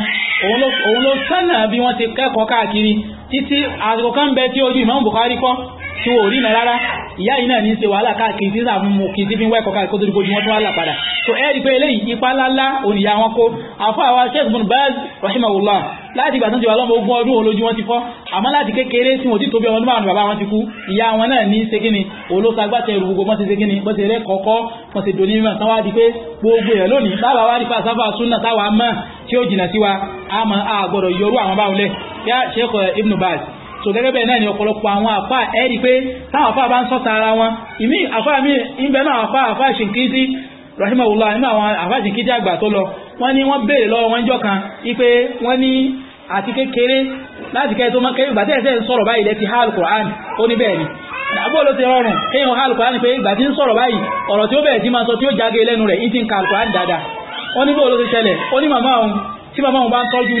òun ló sánà bí wọ́n ti kẹ́kọ̀ọ́ káàkiri títí àsìkò tí ojú imam bukhari kọ́ tí wọ́n rí náà rárá ìyá yìí náà ní ṣe wàhálà káàkiri tí sàmú mú kí tí fi ń wẹ́kọ̀ káàkiri tó dìbò jùmọ́ tó wà lápadà so ẹ rí pé eléyìí ipa ńláńlá òníyà wọn kó àfáàwà sheikh bin baz rahimahullah láti ìgbà tó ti wà lọ́mọ ogún ọdún olójú wọn ti fọ́ àmọ́ láti kékeré tí wọn ò ti tóbi ọmọdún márùn bàbá wọn ti kú ìyá wọn náà ní ṣekíni olóṣagbátẹrù gbogbo wọn ti ṣe rẹ kọ́kọ́ gbogbo ẹ̀ so gẹ́gẹ́ bẹ́ẹ̀ náà ni ọ̀pọ̀lọpọ̀ àwọn àfá ẹ̀rí pé táwọn àfá bá ń sọ́ta ara wọn ìmí afọ mi ìbẹ̀ náà àfá afọ ṣìnkìtì rahimahullah nínú àwọn àgbà tó lọ wọ́n ní wọ́n béèrè lọ́wọ́ wọn jọ kan wípé wọ́n ní àti kékeré láti kẹ́ tó mọ́ kẹ́ ìgbà tẹ́ẹ̀sẹ̀ ń sọ̀rọ̀ báyìí lẹ́ti hal Qur'an ó ní bẹ́ẹ̀ ni àbúrò ti rọrùn hal Qur'an pé ìgbà tí ń sọ̀rọ̀ báyìí ọ̀rọ̀ tí ó tí máa sọ tí ó jáde lẹ́nu rẹ̀ ìtì ń ka Qur'an dáadáa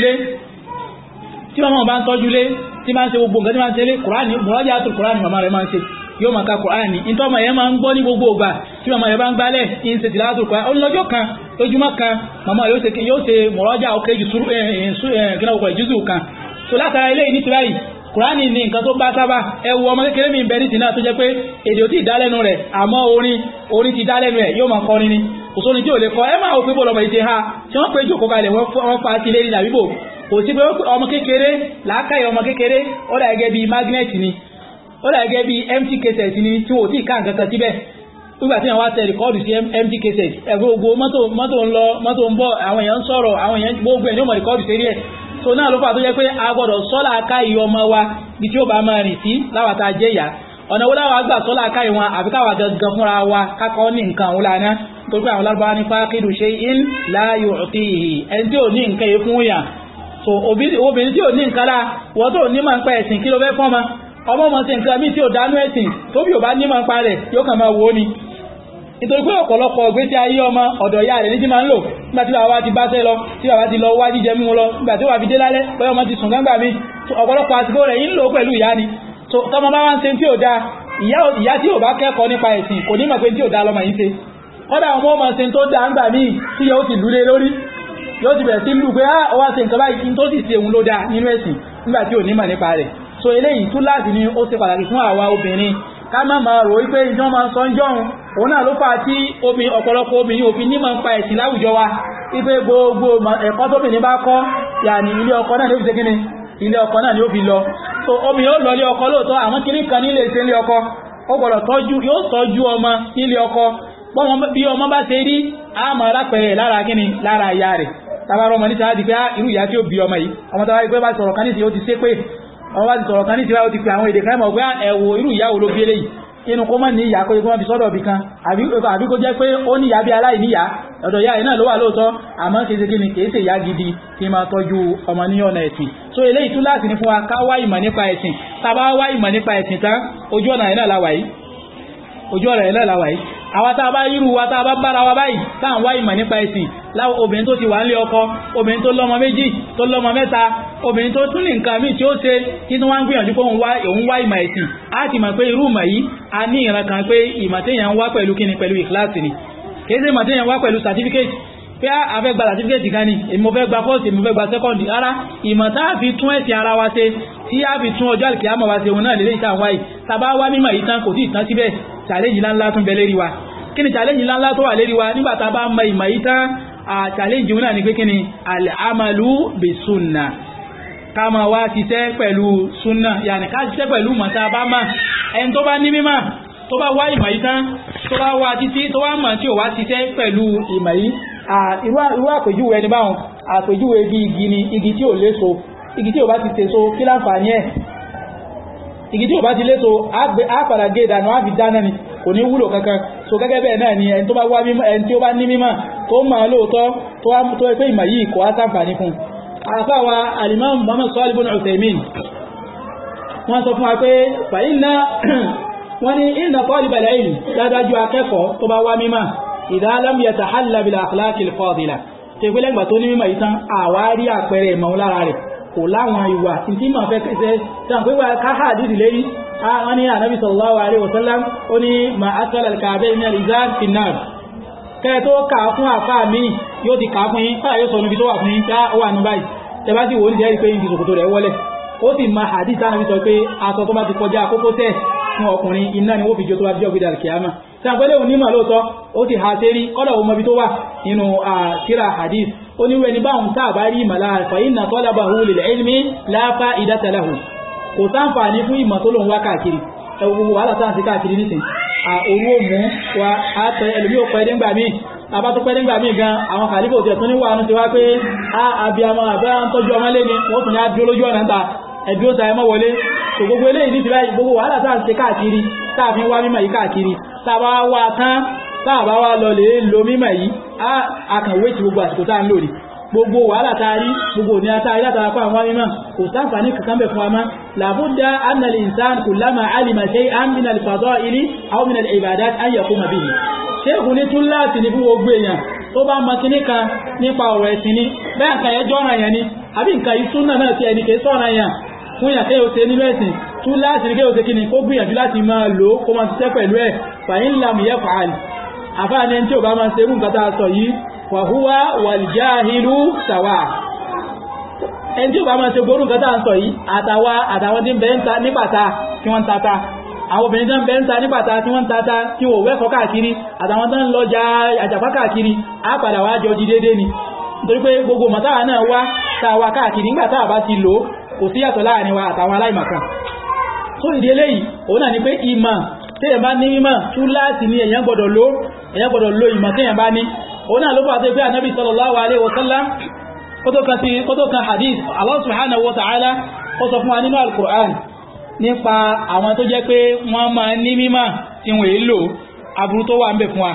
tí màmá bá ń tọ́jú lé tí máa ń ṣe gbogbo nǹkan tí máa ń ṣe lé kùránì mùrọ́jà tó kùránì màmá rẹ̀ máa ń ṣe yóò máa ka kùránì nítorí ọmọ yẹn máa ń gbọ́ ní gbogbo ògbà tí màmá yẹn bá ń gbálẹ̀ ń ṣe tìlátò kùránì olùlọ́jọ́ kan lójúmọ́ kan màmá yóò ṣe mùrọ́jà ó kéjì sùúrù gínáwó ìjúzù kan so látara ilé ní tìráyì kùránì ní nǹkan tó bá sábà ẹwu ọmọ kékeré mi bẹ ní tìǹda tó jẹ́ pé èdè ò tí ì dálẹ́nu rẹ̀ àmọ́ orin orin ti dálẹ́nu ẹ̀ yóò máa kọrin ni òṣòrin tí ò lè kọ ẹ máa wò pé bọ́ọ̀lù ọmọ ìdè ha tí wọ́n pé jòkó kalẹ̀ wọ́n fa sílé ní àbíbò kò ọmọ kékeré laaka ọmọ kékeré ó dà gẹ́gẹ́ bí magnet ni ó dà gẹ́gẹ́ bí empty cassette ni tí wò tí ká nǹkan kan síbẹ̀ nígbà tí wọ́n wá tẹ rìkọ́ọ̀dù sí empty cassette ẹ̀gbọ́n gbogbo mọ́tò mọ́tò ń lọ mọ́tò ń bọ̀ àwọn gbogbo ọmọ rìkọ́ọ̀dù so náà ló fà tó jẹ́ pé a gbọ́dọ̀ ọmọ wa tí ó bá máa rìn sí láwàtà ọ̀nà wo gbà aká gangan fúnra wa kákọ́ ní nǹkan òun pé àwọn lábára ní fákìdù ṣe so obìnrin tí ò ní nǹkan láà wọ́n tó ní máa ń pa ẹ̀sìn kí ló fẹ́ fọ́n ma ọmọ mọ̀ sí nǹkan mí tí ò dánú ẹ̀sìn tó bí ò bá ní máa ń pa rẹ̀ yóò kàn máa wò ó ni nítorí pé ọ̀pọ̀lọpọ̀ ayé ọmọ ọ̀dọ̀ ìyá rẹ̀ ní ti máa ń lò nígbà ti bá sẹ́ lọ tí bàbá ti lọ wá jíjẹ lọ nígbà tí wà fi ti sùn mi ọ̀pọ̀lọpọ̀ àsìkò rẹ̀ ń lò pẹ̀lú ni so tọmọ bá ṣe tí ò ìyá tí ò bá kẹ́kọ̀ọ́ nípa ẹ̀sìn kò ní mọ̀ pé tí ò lọmọ yìí ṣe kọ́dà ọmọ ọmọ ṣe tó yóò ti bẹ̀rẹ̀ sí lù pé ah, ó wá ṣe nǹkan báyìí tó sì ṣe òun ló dáa nínú ẹ̀sìn nígbà ò ní mà nípa rẹ̀ so eléyìí tún láti ní ó ṣe pàtàkì fún àwa obìnrin ká má máa rò wípé ìjọ máa ń sọ ń jọun òun náà ló fà á tí ọ̀pọ̀lọpọ̀ obìnrin òfin ní máa ń pa ẹ̀sìn láwùjọ wa wípé gbogbo ẹ̀kọ́ tóbìnrin bá kọ́ yàní ilé ọkọ náà ló fi kíni ilé ọkọ náà ni ó lọ so obìnrin ó lọ ilé ọkọ lóòótọ́ àwọn kiri kan nílé ṣe ilé ọkọ ó gbọ́dọ̀ tọ́jú yóò tọ́jú ọmọ nílé ọkọ bí ọmọ bá ṣe rí àmọ́ lápẹẹrẹ lára kíni lára ìyá rẹ̀ tàbárọ̀ ọmọ níta di pé ah, irú ìyá tí ó bí ọmọ yìí ọmọ tàbárí pé bá sọ̀rọ̀ kan níṣe ó ti sé pé ọmọ bá ti sọ̀rọ̀ kan níṣe ó ti pè àwọn èdè kan mọ̀ pé ah, ẹ̀wò irú ìyá wo ló bí eléyìí inú kó mọ̀ ní ìyá kó ikú wọn fi sọ́dọ̀ bì kan àbí kó jẹ́ pé ó ní ìyá bí ọ̀dọ̀ ìyá yìí ló wà lóòótọ́ àmọ́ kése kí ni kìí ṣe ìyá gidi tí máa tọ́jú ọmọ ní ọ̀nà ẹ̀sìn so eléyìí tún láti ní fún wa ká wá ìmọ̀ nípa ẹ̀sìn tá wá ìmọ̀ nípa ẹ̀sìn tán ojú ọ̀nà yìí náà la wà yìí àwa tá a bá irú wa tá a bá bára wa báyìí tá à ń wá ìmọ̀ nípa ẹ̀sìn láwọn obìnrin tó ti wà nílé ọkọ obìnrin tó lọ́mọ méjì tó lọ́mọ mẹ́ta obìnrin tó tún ní nǹkan míì tí ó ṣe kí tí wọ́n ń gbìyànjú pé òun wá ìmọ̀ ẹ̀sìn á ti mọ̀ pé irú ìmọ̀ yìí a ní ìran kan pé ìmọ̀ téèyàn ń wá pẹ̀lú kíni pẹ̀lú ìkíláàsì ni kì í ìmọ̀ téèyàn wá pẹ̀lú certificate pé a fẹ́ gba certificate kan ni èmi fẹ́ gba first èmi fẹ́ gba second rárá ìmọ̀ tá a fi tún ẹ̀sìn ara wa ṣe tí a fi tún ọjọ́ àlùkí àmọ̀ wa ṣe òun náà lè lè ìtàn wáyé tàbá wá mímọ̀ yìí tán kò tí ì síbẹ̀ challenge ńláńlá tún bẹ lérí wa kí ni challenge ńláńlá tó wà lérí wa nígbà tá a bá mọ ìmọ̀ yìí tán a challenge òun náà ni pé kí ni al-amalu bis-sunnah ká máa wá ṣiṣẹ́ pẹ̀lú súnà yàní ká ṣiṣẹ́ pẹ̀lú mọ̀ta bá mà ẹni tó bá ní mímọ̀ tó bá wá ìmọ̀ yìí tán tó bá wá títí tó wá mọ̀ tí ò wá ṣiṣẹ́ pẹ̀lú ìmọ̀ yìí irú àpèjúwe ẹni báhùn àpèjúwe bí igi ni igi tí ò léso igi tí ò bá ti tèso kí láǹfààní ẹ̀ igi tí ò bá ti léso àpàdà gé ìdànà àfi dáná ni kò ní wúlò kankan so gẹ́gẹ́ bẹ́ẹ̀ náà ni ẹni tó bá wá mímọ̀ ẹni tí ó bá ní mímọ̀ tó mọ̀ lóòótọ́ tó ẹgbẹ́ alimam muhammad sọ́ọ́lì bọ́nà ọ̀sẹ̀mìn wọ́n sọ fún wa pé fàyínà wọ́n ní ìnà tọ́lì bàlẹ̀ yìí dájú akẹ́kọ̀ọ́ tó bá wá mímọ̀ idha lam yatahalla bil akhlaqil fadila tí ìpínlẹ̀ ìgbà tó ní mímọ̀ ìtàn àwárí àpẹẹrẹ ìmọ̀ lára rẹ̀ kò láwọn ìwà tí ma fẹ́ kẹsẹ̀ tàn pé wà káhà dìdì lérí wọ́n ní ànábì sallallahu alaihi wasallam ó ní ma asal alkaabe ní alizar finnar kẹ́ tó kà fún àfá mi yóò ti kà fún yín fáà yóò sàgbẹ́lẹ̀ onímọ̀ lóòtọ́ ó ti ha sí rí kọ́lọ̀ ọmọbi tó wà nínú àkíra hadith ó níwẹ̀ ní báhùn tàà bá rí ìmọ̀ láàrín fa inna talabahu lil ilmi la fa'idata lahu kò sáǹfààní fún ìmọ̀ tó lòun wá káàkiri ẹgbogbo wàhálà sáà sí wa àtẹ ẹlòmí ò pẹ́ẹ́dẹ́ ńgbà míì tàbá tó pẹ́ẹ́dẹ́ ńgbà míì a àbí àmọ́ àbẹ́ à ń tọ́jú ọmọ lé ni wọ́n tún ní á ta ẹmọ́ wọlé so gbogbo eléyìí ní ti báyìí gbogbo wàhálà tá à ń ṣe káàkiri tá a fi wá mímọ̀ yìí káàkiri tá a bá wá tán tá a bá wá lọ lè lo mímọ̀ yìí a kàn wéètì gbogbo àsìkò tá à ń lò ní gbogbo wàhálà tá a rí gbogbo òní àtàrí látara pa àwọn mímọ̀ kò sáǹfààní kankan bẹ̀ fún wa mọ́ làbúdá annal insan kullama alima shay'an min al-fadaili aw min al-ibadat an yaquma ṣéèkùn ní tún láti ní fún gbogbo èèyàn tó bá mọ kíní kan nípa ọ̀rọ̀ ẹ̀sìn ni bẹ́ẹ̀ nǹkan yẹn jọ́ràn yẹn ni àbí nǹkan yìí náà ti ẹnì kìí sọ̀ràn yẹn fún ìyàtẹ́ òṣè nílẹ̀ ẹ̀sìn tú láti rí kéòṣe kíni kó gbìyànjú láti máa lò ó kó máa ṣiṣẹ́ pẹ̀lú ẹ̀ fàyín lam yẹ fàálì àfáàní tí ò bá máa ṣe mú nǹkan tá a sọ yìí wàhúwá wàlìjáhìlú sàwà ta nípàtà kí wọ́n ń tata àwọn obìnrin tán bẹ́ ń ta nípàtà tí wọ́n ń tata tí wọ́n wẹ́kọ́ káàkiri àtàwọn tán lọ ja àjàfá káàkiri á padà wá jọ jí dédé ni nítorí pé gbogbo mọ̀táwà náà wá táwa káàkiri nígbà bá ti lò kò sí yàtọ̀ láàrin wa àtàwọn aláìmọ̀kan tó ìdí eléyìí òun náà ni pé ìmọ̀ téèyàn bá ní mímọ̀ tú láti ní èèyàn gbọ́dọ̀ lò èèyàn gbọ́dọ̀ lò ìmọ̀ téèyàn bá ní òun náà ló pé sallallahu hadith ta'ala fún wa al-Qur'an nípa àwọn pé wọ́n máa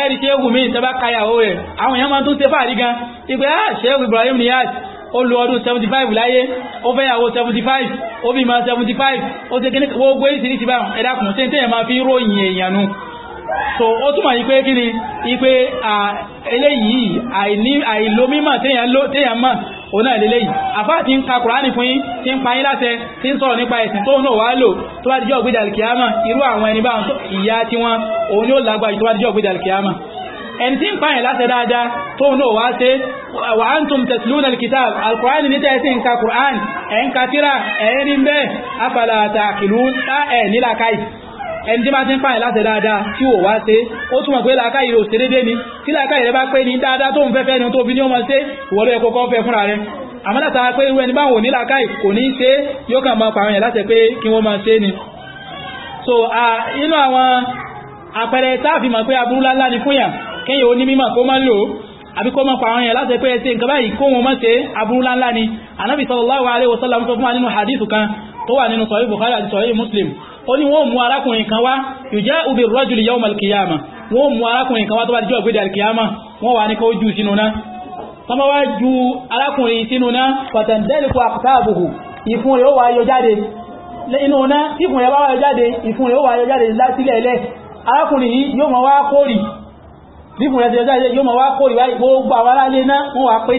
ẹ̀rí ṣéèkù míì tẹ́ bá káyàwó rẹ̀ àwọn èèyàn máa tún ṣe fàárí gan ìgbé ah ṣéèkù Ibrahim Niyas ó lo ọdún 75 láyé ó fẹ́yàwó 75 ó bímọ 75 ó ṣe kíní gbogbo èsì ní ti bá ẹ̀dàkùn tí ń tẹ́yẹ̀ máa fi ròyìn èèyàn nù so ó túmọ̀ yí pé kí ni yí pé eléyìí àìní àìlómímọ̀ téèyàn mọ̀ òun náà lélẹ́yìí àfá ti ń ka kùránì fún yín tí ń pa yín láṣẹ tí ń sọ̀rọ̀ nípa ẹ̀sìn tó náà wá lò tó bá dijọ́ ògbédà kìámà irú àwọn ẹni bá ìyá tí wọ́n òun yóò lágbàáyì tó bá dijọ́ ògbédà kìámà ẹni tí ń pa yín láṣẹ dáadáa tó náà wá ṣe wa antum tatluna alkitab alkur'ani ní tẹ́ẹ̀sí ń ka kùránì ẹ̀ ń ka tíra ẹ̀ ń rí bẹ́ẹ̀ afala taqilun ẹ̀ nílàkàì ẹni tí bá ti ń pààyàn láti dáadáa tí ò wá ṣe ó túnmọ̀ pé làákàyè ò ṣe dédé ni tí làákàyè rẹ bá pé ní dáadáa tó ń fẹ́fẹ́ ni tó fi ní ọmọ ṣe ìwọlé ẹ̀kọ́ kọ́ fẹ́ fúnra rẹ àmọ́ látara pé irú ẹni báwọn ò ní làákàyè kò ní ṣe yóò kàn máa pààyàn láti pé kí wọ́n máa ṣe ni so inú àwọn àpẹẹrẹ táàfin mọ̀ pé aburú lálá ni fún yàn kéèyàn ó ní mímọ̀ kó máa lò àbí kó mọ́ pàwọn èèyàn láti pé ẹsẹ́ nǹkan báyìí kó wọn mọ́ sí abúrúlá ńlá ni anábì sallallahu alaihi wasallam sọ fún wa nínú hadithu kan tó wà nínú sahih bukhari àti sahih muslim ó ní wọ́n mú arákùnrin kan wá ìjá ubi rọ́jùlì yawm al-qiyama wọ́n mú arákùnrin kan wá tó bá jọ gbédà al-qiyama wọ́n wà ní kó jù sínú náà tọ́mọ́ wá ju arákùnrin sínú náà pàtàndẹ́lìkù àkùtàbùhù ìfún rẹ̀ ó wà yọ jáde inú náà ìfún rẹ̀ wá yọ jáde ìfún rẹ̀ ó wà yọ jáde sílẹ̀ẹ́lẹ̀ arákùnrin yìí yóò mọ̀ wá kórì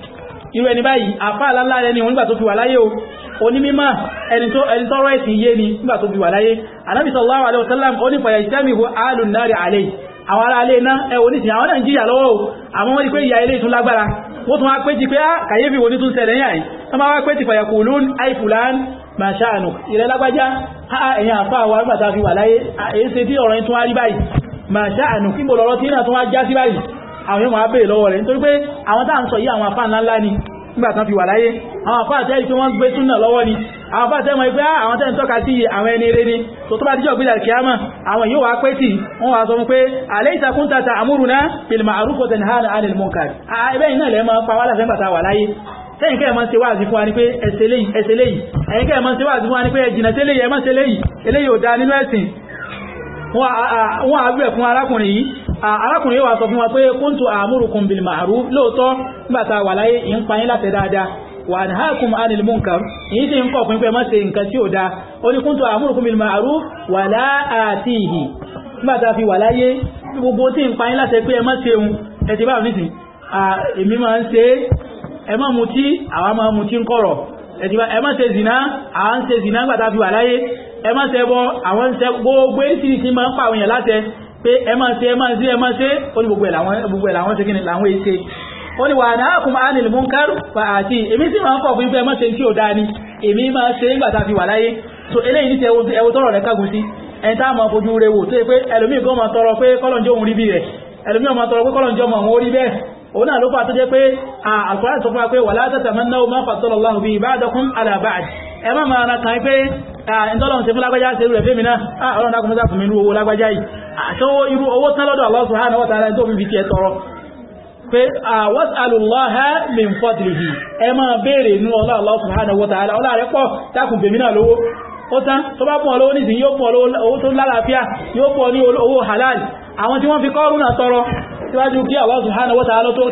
irú ẹni báyìí àfá àlálá rẹ ni òun nígbà tó fi wà láyé o onímímà ẹni tọ́rọ ẹ̀sìn yé ni nígbà tó fi wà láyé Ànábì sallallahu alaihi wasallam ó ní fàyà ìsẹ́mìhù alùnárì àlè àwọn ará alé iná ẹwọ nísìnyí àwọn náà ń jíyà lọ́wọ́ àwọn wọ́n di pé ìyà ilé ìtún lágbára wọ́n tún wá pé ti pé á ah, kàyéfì wo ní tún ṣẹlẹ̀ yà yìí wọ́n máa wá pé ti fàyà kùlún àìfùlán màṣáànù ilẹ̀ lágbájá ẹ̀yìn àwọn èèyàn máa bèèrè lọ́wọ́ rẹ̀ nítorí pé àwọn tá à ń sọ yí àwọn afá ńláńlá ni nígbàtán fi wà láyé àwọn afá àtẹ́ ìpé wọ́n gbé súnà lọ́wọ́ ni àwọn afá àtẹ́ mọ̀ ipé ah, àwọn tẹ́ ń tọ́ka sí àwọn ẹni eré ni tó tó bá díjọ́ gbílẹ̀ kíámà àwọn yóò wá pé tí wọ́n wá sọ fún pé alaysa kunta ta'muruna bil ma'ruf wa tanhana 'anil munkar ẹbẹ́ iná lẹ́ máa pa wá láti ẹgbàta wà láyé sẹ́yìn kẹ́ ẹ̀mọ́ ṣe wà sí fún wa ní pé ẹsẹ̀ léyìí ẹsẹ̀ léyìí ẹ̀yìn kẹ́ ẹ̀mọ́ ṣe wà sí fún wa ní pé ẹjìnà sí léyìí ẹmọ́ ṣe léyìí eléyìí ò dá nínú ẹ̀sìn wọ́n àgbẹ̀ fún arákùnrin yìí arákùnrin wa sọ fún wa pé kúntù àmúrùkùn bil ma'ruf lóòótọ́ nígbàtà wà láyé ń pa yín láti dáadáa wà ní hákùn anil munkar yìí sì ń kọ̀ fún pé má ṣe nǹkan tí ò dáa ó ní kúntù àmúrùkùn bil ma'ruf wà láàtìhì nígbàtà fi wà láyé gbogbo tí ń pa yín láti pé ẹ má ṣe ohun ẹ ti báwọn nísìn èmi máa ń ṣe ẹ má mutí àwa máa mutí ń kọ̀rọ̀ ẹ ẹ má ṣe zìnà à ṣe zìnà nígbàtà fi wà láyé ẹ má ṣe bọ àwọn ṣe gbogbo èsì ti máa ń pàwọn yẹn láti pé ẹ máa ṣe ẹ máa ṣe ẹ máa ṣe ó ní gbogbo ẹ̀ làwọn ṣe kí ni làwọn èṣe ó ní wà náà kùn máa nílùú múnkárù àti èmi sì máa ń kọ̀ fún ibi ẹ máa ṣe tí ò dáa ni èmi máa ṣe nígbà tá a fi wà láyé so eléyìí ní ti ẹwọ tọrọ rẹ kágun sí ẹni tá a máa fojú rẹ wò tó yẹ pé ẹlòmíì gan máa tọrọ pé kọlọ̀njọ́ òun rí bí rẹ̀ ẹlòmíì máa tọrọ pé kọlọ̀njọ́ mọ̀ òun rí bẹ́ẹ̀ òun náà ló fà tó jẹ́ pé àkùrá sọ fún wa pé wà látàtà máa ń náwó máa fàtọ́lọ́láhùn ìbáàdọ́kún alàbáàdì ẹ má máa ra kan pé ìtọ́lọ̀n ah, ti fún lágbàjá ṣe rẹ̀ fẹ́mi náà ah, ọlọ́run dákùn mọ́sá fún mi owó lágbàjá yìí àtọwọ́ ah, irú owó tán lọ́dọ̀ Allah subhanahu alụlọ tọrọ min fadlihi ẹ máa béèrè inú ọlọ́ Allah subhanahu wa ta'ala àwọn tọrọ tó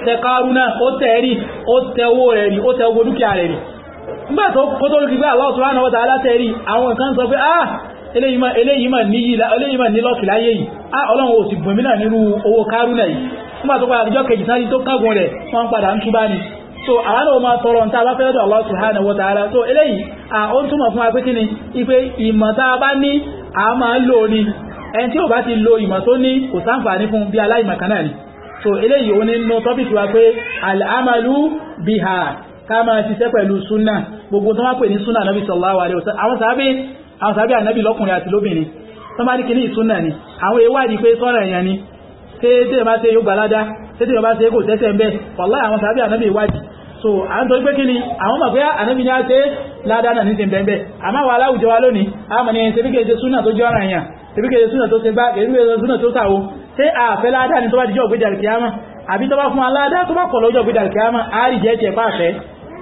tẹ náà nígbà tó kó tó rí pé Allah subhanahu wa ta'ala tẹ́rí àwọn kan sọ pé ah eléyìí mà ní lọ́kì láyé yìí ah ọlọ́run ò sì gbọ̀mí náà nírú owó kárúnà yìí nígbà tó padà so àwọn náà máa tọrọ so eléyìí à ó túnmọ̀ fún apẹ́tí ni ipe ìmọ̀ tá a bá ní a máa ń lò ní ẹni so eléyìí ó ní nú tọ́pìkì wa pé al-amalu ká máa ṣiṣẹ́ pẹ̀lú súnà gbogbo tó wá pè ní súnà náà bí sallallahu alaihi wasallam àwọn sàábé ànábì lọ́kùnrin àti lóbìnrin tó bá ní kí ní ìsúnà ni àwọn ìwádìí pé sọ́nà èèyàn ni tẹ́tẹ́ bá ṣe yóò gbàládá tẹ́tẹ́ bá ṣe kò tẹ́tẹ́ mbẹ́ wallahi àwọn sàábé ànábì ìwádìí so a ń torí pé kí ni àwọn mọ̀ pé ànábì ní a ṣe ládá náà ní ti bẹ̀ẹ̀bẹ̀ àmá wà láwùjọ wa lónìí a mọ̀ ni tó bá dijọ́ ògbéjà kìámà àbí tó bá fún aládá tó bá kọ̀ lọ́jọ́ ògbéjà kìámà á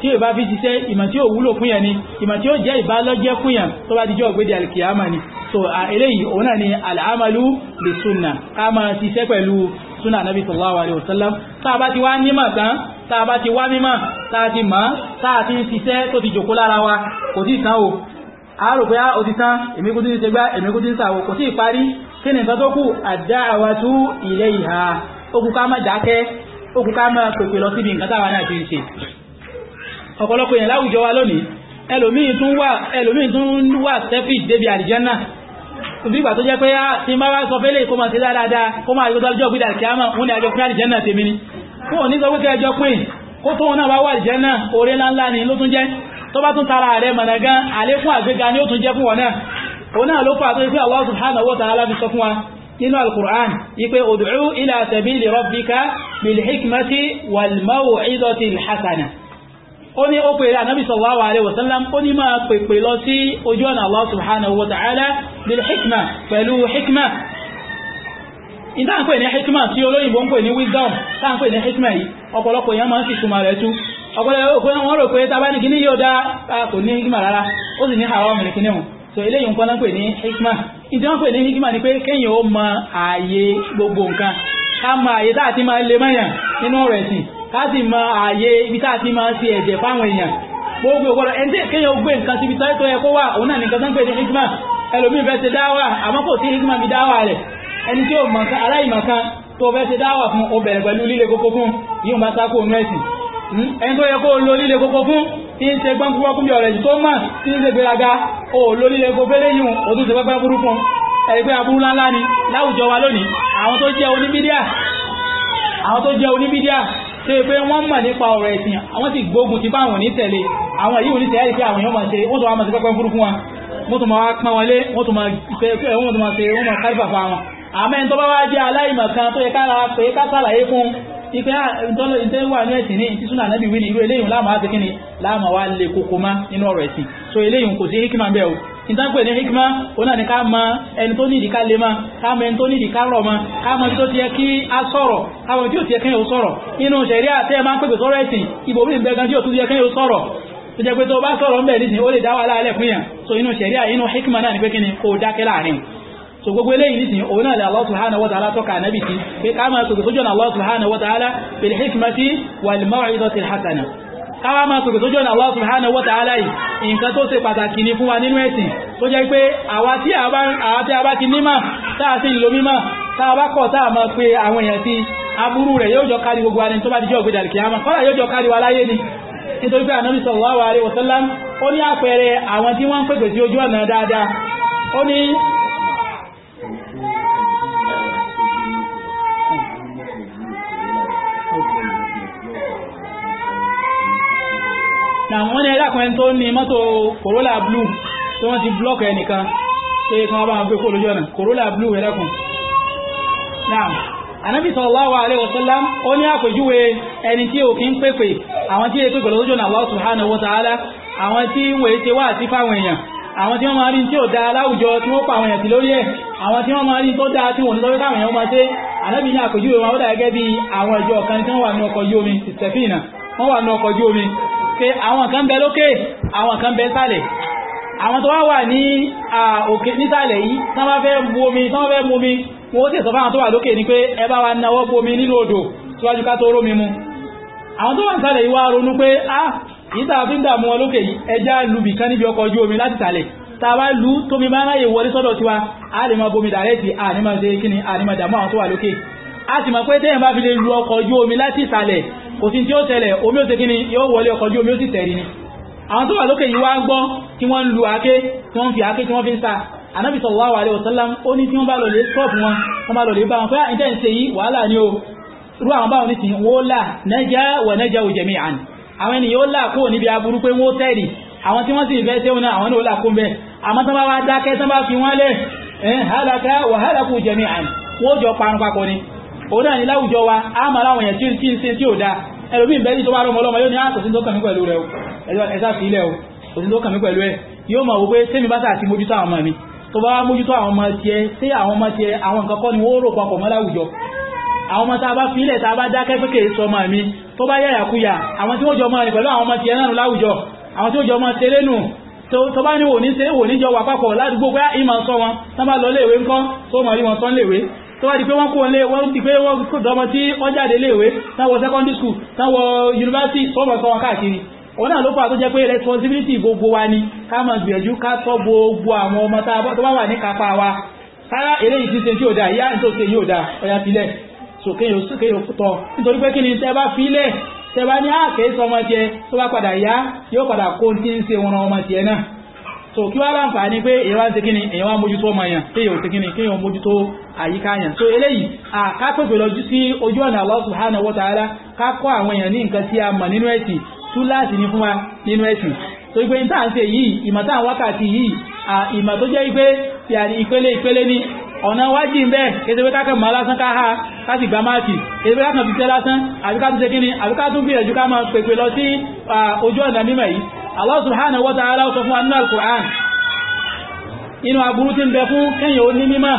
tí yóò bá fi ṣiṣẹ́ ìmọ̀ tí yóò wúlò fún yẹn ni ìmọ̀ tí yóò jẹ́ ìbálọ́jẹ́ fún yẹn tó bá dijọ́ ògbédè alkiyama ni so eléyìí òun náà ni al'amalu lè sunna ká máa ṣiṣẹ́ pẹ̀lú suna nabi sallallahu alaihi wasallam tá a bá ti wá nímọ̀ tán tá a bá ti wá mímọ̀ tá a ti wa kò tí ì tán o a ni nǹkan tó kù ad-da'watu ilayha ó kù ká má dákẹ́ ó kù ká má pèpè lọ síbi nǹkan táwa náà ti ń ṣe ọ̀pọ̀lọpọ̀ èèyàn láwùjọ wa lónìí ẹlòmíì tún wà ẹlòmíì tún wà selfish débi àlìjánà òbí ìgbà tó jẹ́ pé ah, tí n bá wá sọ fẹ́lẹ̀ kó máa ṣe dáadáa kó máa yọ tọ́jú ọ̀gbìn àti àmọ́ ni àjọ pé àlìjánà tèmi ni fún òní sọ pé ẹjọ́ pé kó tó wọn náà bá wà àlìjánà oore ńláńlá ni ló tún jẹ́ tó bá tún tara rẹ̀ mọ̀nà àlékún àgbéga ni ó tún jẹ́ fún wọn náà òun al-Qur'an ipe ud'u ila sabili rabbika bil hikmati wal maw'izati al hasana ó ní ó pèrè ànábì sallallahu alaihi wasallam ó ní máa pèpè lọ sí ojú ọ̀nà Allah subhanahu wa ala bil hikma pẹ̀lú hikma ìdáǹpẹ̀ ní hikma tí olóyìnbó ń pè ní wisdom táǹpẹ̀ ní hikma yìí ọ̀pọ̀lọpọ̀ èèyàn máa ń sì túmọ̀ rẹ̀ tú ọ̀pọ̀lọpọ̀ wọ́n rò pé tàbá hikma so ni pé gbogbo káàsì ma ààyè ibi tá a ti máa ń ṣe ẹ̀jẹ̀ fáwọn èèyàn gbogbo ògbọ́dọ̀ ẹni tí kéèyàn gbé nǹkan síbi tó yẹ kó wà òun náà nìkan tó ń pè ní hikma ẹlòmíì fẹ́ ṣe dáwà àmọ́ kò sí hikma fi dáwà rẹ̀ ẹni tí ó mọ̀ kan aláìmọ̀ kan tó fẹ́ ṣe dáwà fún ó bẹ̀rẹ̀ pẹ̀lú líle kókó fún yóò bá sáko òun ẹ̀sìn hmm? ẹni tó yẹ kó lo líle kókó fún tí ń ṣe gbọ́nkúwọ́kúnbí ọ̀rẹ́ ṣe pé wọ́n mọ̀ nípa ọ̀rọ̀ ẹ̀sìn àwọn ti gbógun ti bá àwọn ní tẹ̀lé àwọn yìí ní tẹ̀lé pé àwọn èèyàn máa ṣe wọ́n tó wá máa ṣe pẹ́pẹ́ burúkú wọn wọ́n tó máa pọ́n wọlé wọ́n tó máa ṣe wọ́n tó máa ṣe wọ́n máa kárí bàbá wọn àmọ́ ẹni tó bá wá jẹ́ aláìmọ̀ kan tó yẹ kára pé ká sàlàyé fún ipe ìtọ́lọ̀ ìtẹ́wà ní ẹ̀sìn ní ìtísúnà ànábì wí ní irú eléyìn láàmà á ti kíni láàmà wá lè kókó má nínú ọ̀rọ̀ ẹ̀sìn so eléyìn kò sí hikima bẹ́ẹ̀ o ìtàpẹ̀ ní hikma òun náà ni ká mọ ẹni tó nídìí ká lè mọ ká mọ ẹni tó nídìí ká rọ̀ mọ ká mọ ibi tó ti yẹ kí a sọ̀rọ̀ ká mọ ibi tí ò ti yẹ kẹ́yìn ó sọ̀rọ̀ inú ṣẹ̀rí àti ẹ̀ máa ń sọ́rọ̀ ẹ̀sìn ibò bí ìgbẹ́gan tí so inú ṣẹ̀rí inú hikma náà ni pé kí so gbogbo eléyìí nísìn òun náà lè Allah subhanahu wa ta'ala tọ́ka ànábì sí pé ká máa sọ̀rọ̀ sójú ọ̀nà Allah subhanahu wa ta'ala bil hikmati wal maw'izati káwá máa pèpè tó jọ́nà Allah subhanahu wa ta'ala yìí nǹkan tó ṣe pàtàkì ní fún wa nínú ẹ̀sìn tó jẹ́ pé àwa tí a bá ti nímọ̀ táà sí ìlò mímọ̀ táà bá kọ̀ táà máa pe àwọn èèyàn sí aburú rẹ̀ yóò jọ kárí gbogbo ẹni tó bá alaihi wasallam ó ní àpẹẹrẹ àwọn tí wọ́n ń àwọn ní ẹ̀dá kan ẹni tó ní mọ́tò Corolla blue tó wọ́n ti blọ́ọ̀kì ẹnìkan ṣe kan wọ́n bá wọn gbé Corolla blue ẹ̀dá kan náà ànábì sallallahu alaihi ó ní àpèjúwe ẹni tí òfin pèpè àwọn tí ètò ìgbàlódé Allah wa ta'ala àwọn tí wọ́n ti wá àti fáwọn èèyàn àwọn tí wọ́n máa rí tí ó dá aláwùjọ tí wọ́n pa àwọn èèyàn sí lórí ẹ̀ àwọn tí wọ́n máa rí tó dá tí wọ́n lọ́wọ́ táwọn èèyàn máa ṣe ànábì ní àpèjúwe wọn ó dà gẹ́gẹ́ bí àwọn ìjọ kan tí wà ní ọkọ̀ ojú omi pé àwọn kan bẹ lókè àwọn kan bẹ sálẹ̀ àwọn tó wá wà ní òkè nísàlẹ̀ yìí tán bá fẹ́ mu omi tán bá fẹ́ mu omi wọn ó sì sọ fáwọn tó wà lókè ní pé ẹ bá wa nawọ́ bu omi nínú odò síwájú ká tó rómi mu àwọn tó wà nísàlẹ̀ yìí wá ronú pé a ìta fi ń dààmú wọn lókè yìí ẹja lùbì kan níbi ọkọ̀ ojú omi láti sàlẹ̀ tá a bá lù ú tómi máa ráyè wọlé sọ́dọ̀ tiwa a lè máa bomi dàrẹ́ẹ̀tì àní máa ṣe kíni àní máa dààmú àwọn tó wà lókè a sì mọ̀ pé téèyàn bá fi lè lu ọkọ̀ ojú omi láti ìsàlẹ̀ kò sí tí ó tẹ̀lẹ̀ omi ó ṣe kíni yóò wọlé ọkọ̀ ojú omi ó sì tẹ̀rí ni àwọn tó wà lókè yìí wá gbọ́ tí wọ́n ń lu àáké tí wọ́n fi àáké tí wọ́n fi ń sa anábì ah, ni o rú àwọn báwọn ní ti wọ́n là nẹ́jà wà nẹ́jà ò jẹ̀mí àn àwọn ènìyàn ó là kúrò níbi aburú pé wọ́n tẹ̀lì àwọn tí wọ́n sì fẹ́ tẹ́wọn náà eh, parun papọ̀ ni òun náà ní láwùjọ wa a máa láwọn èèyàn tí ń sin tí da ẹlòmí ìbẹ́lí tó rọmọ ọlọ́mọ yóò ní ah, tó rẹ o fi ilẹ̀ o tó pẹ̀lú ẹ̀ yóò máa wò pé sẹ́mi bá sàti mójútó àwọn ọmọ mi tó bá mójútó àwọn ọmọ sí ni wọ́n rò papọ̀ mọ́ láwùjọ àwọn ọmọ tá a bá fi ilẹ̀ tá a bá dákẹ́ pé sọ ọmọ mi tó bá yàyà kúyà àwọn tí wọ́n jọ mọ́ ni pẹ̀lú àwọn ọmọ tiẹ̀ náà láwùjọ àwọn tí wọ́n jọ mọ́ tẹ́lẹ́nu tó bá ní wò ní jọ wà papọ̀ ládùúgbò pé ah, ìmọ̀ sọ wọn tó bá lọ ńkọ́ tó wá di pé wọ́n kó lé wọ́n ti pé wọ́n kó dọ́mọ tí wọ́n jáde léèwé táwọn secondary school táwọn university fọ́mọ̀ sọ wọn káàkiri òun náà ló fà tó jẹ́ pé responsibility gbogbo wa ni ká máa gbìyànjú ká tọ́ gbogbo àwọn ọmọ tó bá wà ní kápá wa kára eléyìí ti ṣe tí ò dáa ìyá ní ah, tó yóò so kí wá ní pé èyàn wá ń ṣe kíni èyàn wá mójútó ọmọ èyàn kí èyàn ò kí èyàn so eléyìí àkápẹ̀pẹ̀ lọ sí ojú ọ̀nà Allah subhanahu wa ta'ala ká kọ́ àwọn èyàn ní nǹkan tí a mọ̀ nínú ẹ̀sìn túláàsì ní fún wa nínú ẹ̀sìn so pé ní tàǹsẹ̀ yìí ìmọ̀ tàǹ wákàtí yìí ìmọ̀ tó jẹ́ pé ìpele ìpele ni ọ̀nà wájì ń bẹ́ lásán ká ha káti gbà máàkì kẹsẹ̀wé kákan fi tẹ́ lásán àbíká ṣe àbíká gbìyànjú ká lọ sí ojú ọ̀nà Allah subhanahu wa ta'ala sọ fún anú al-Qur'an inú aburú ti ń bẹ fún kéèyàn ó ní mímọ̀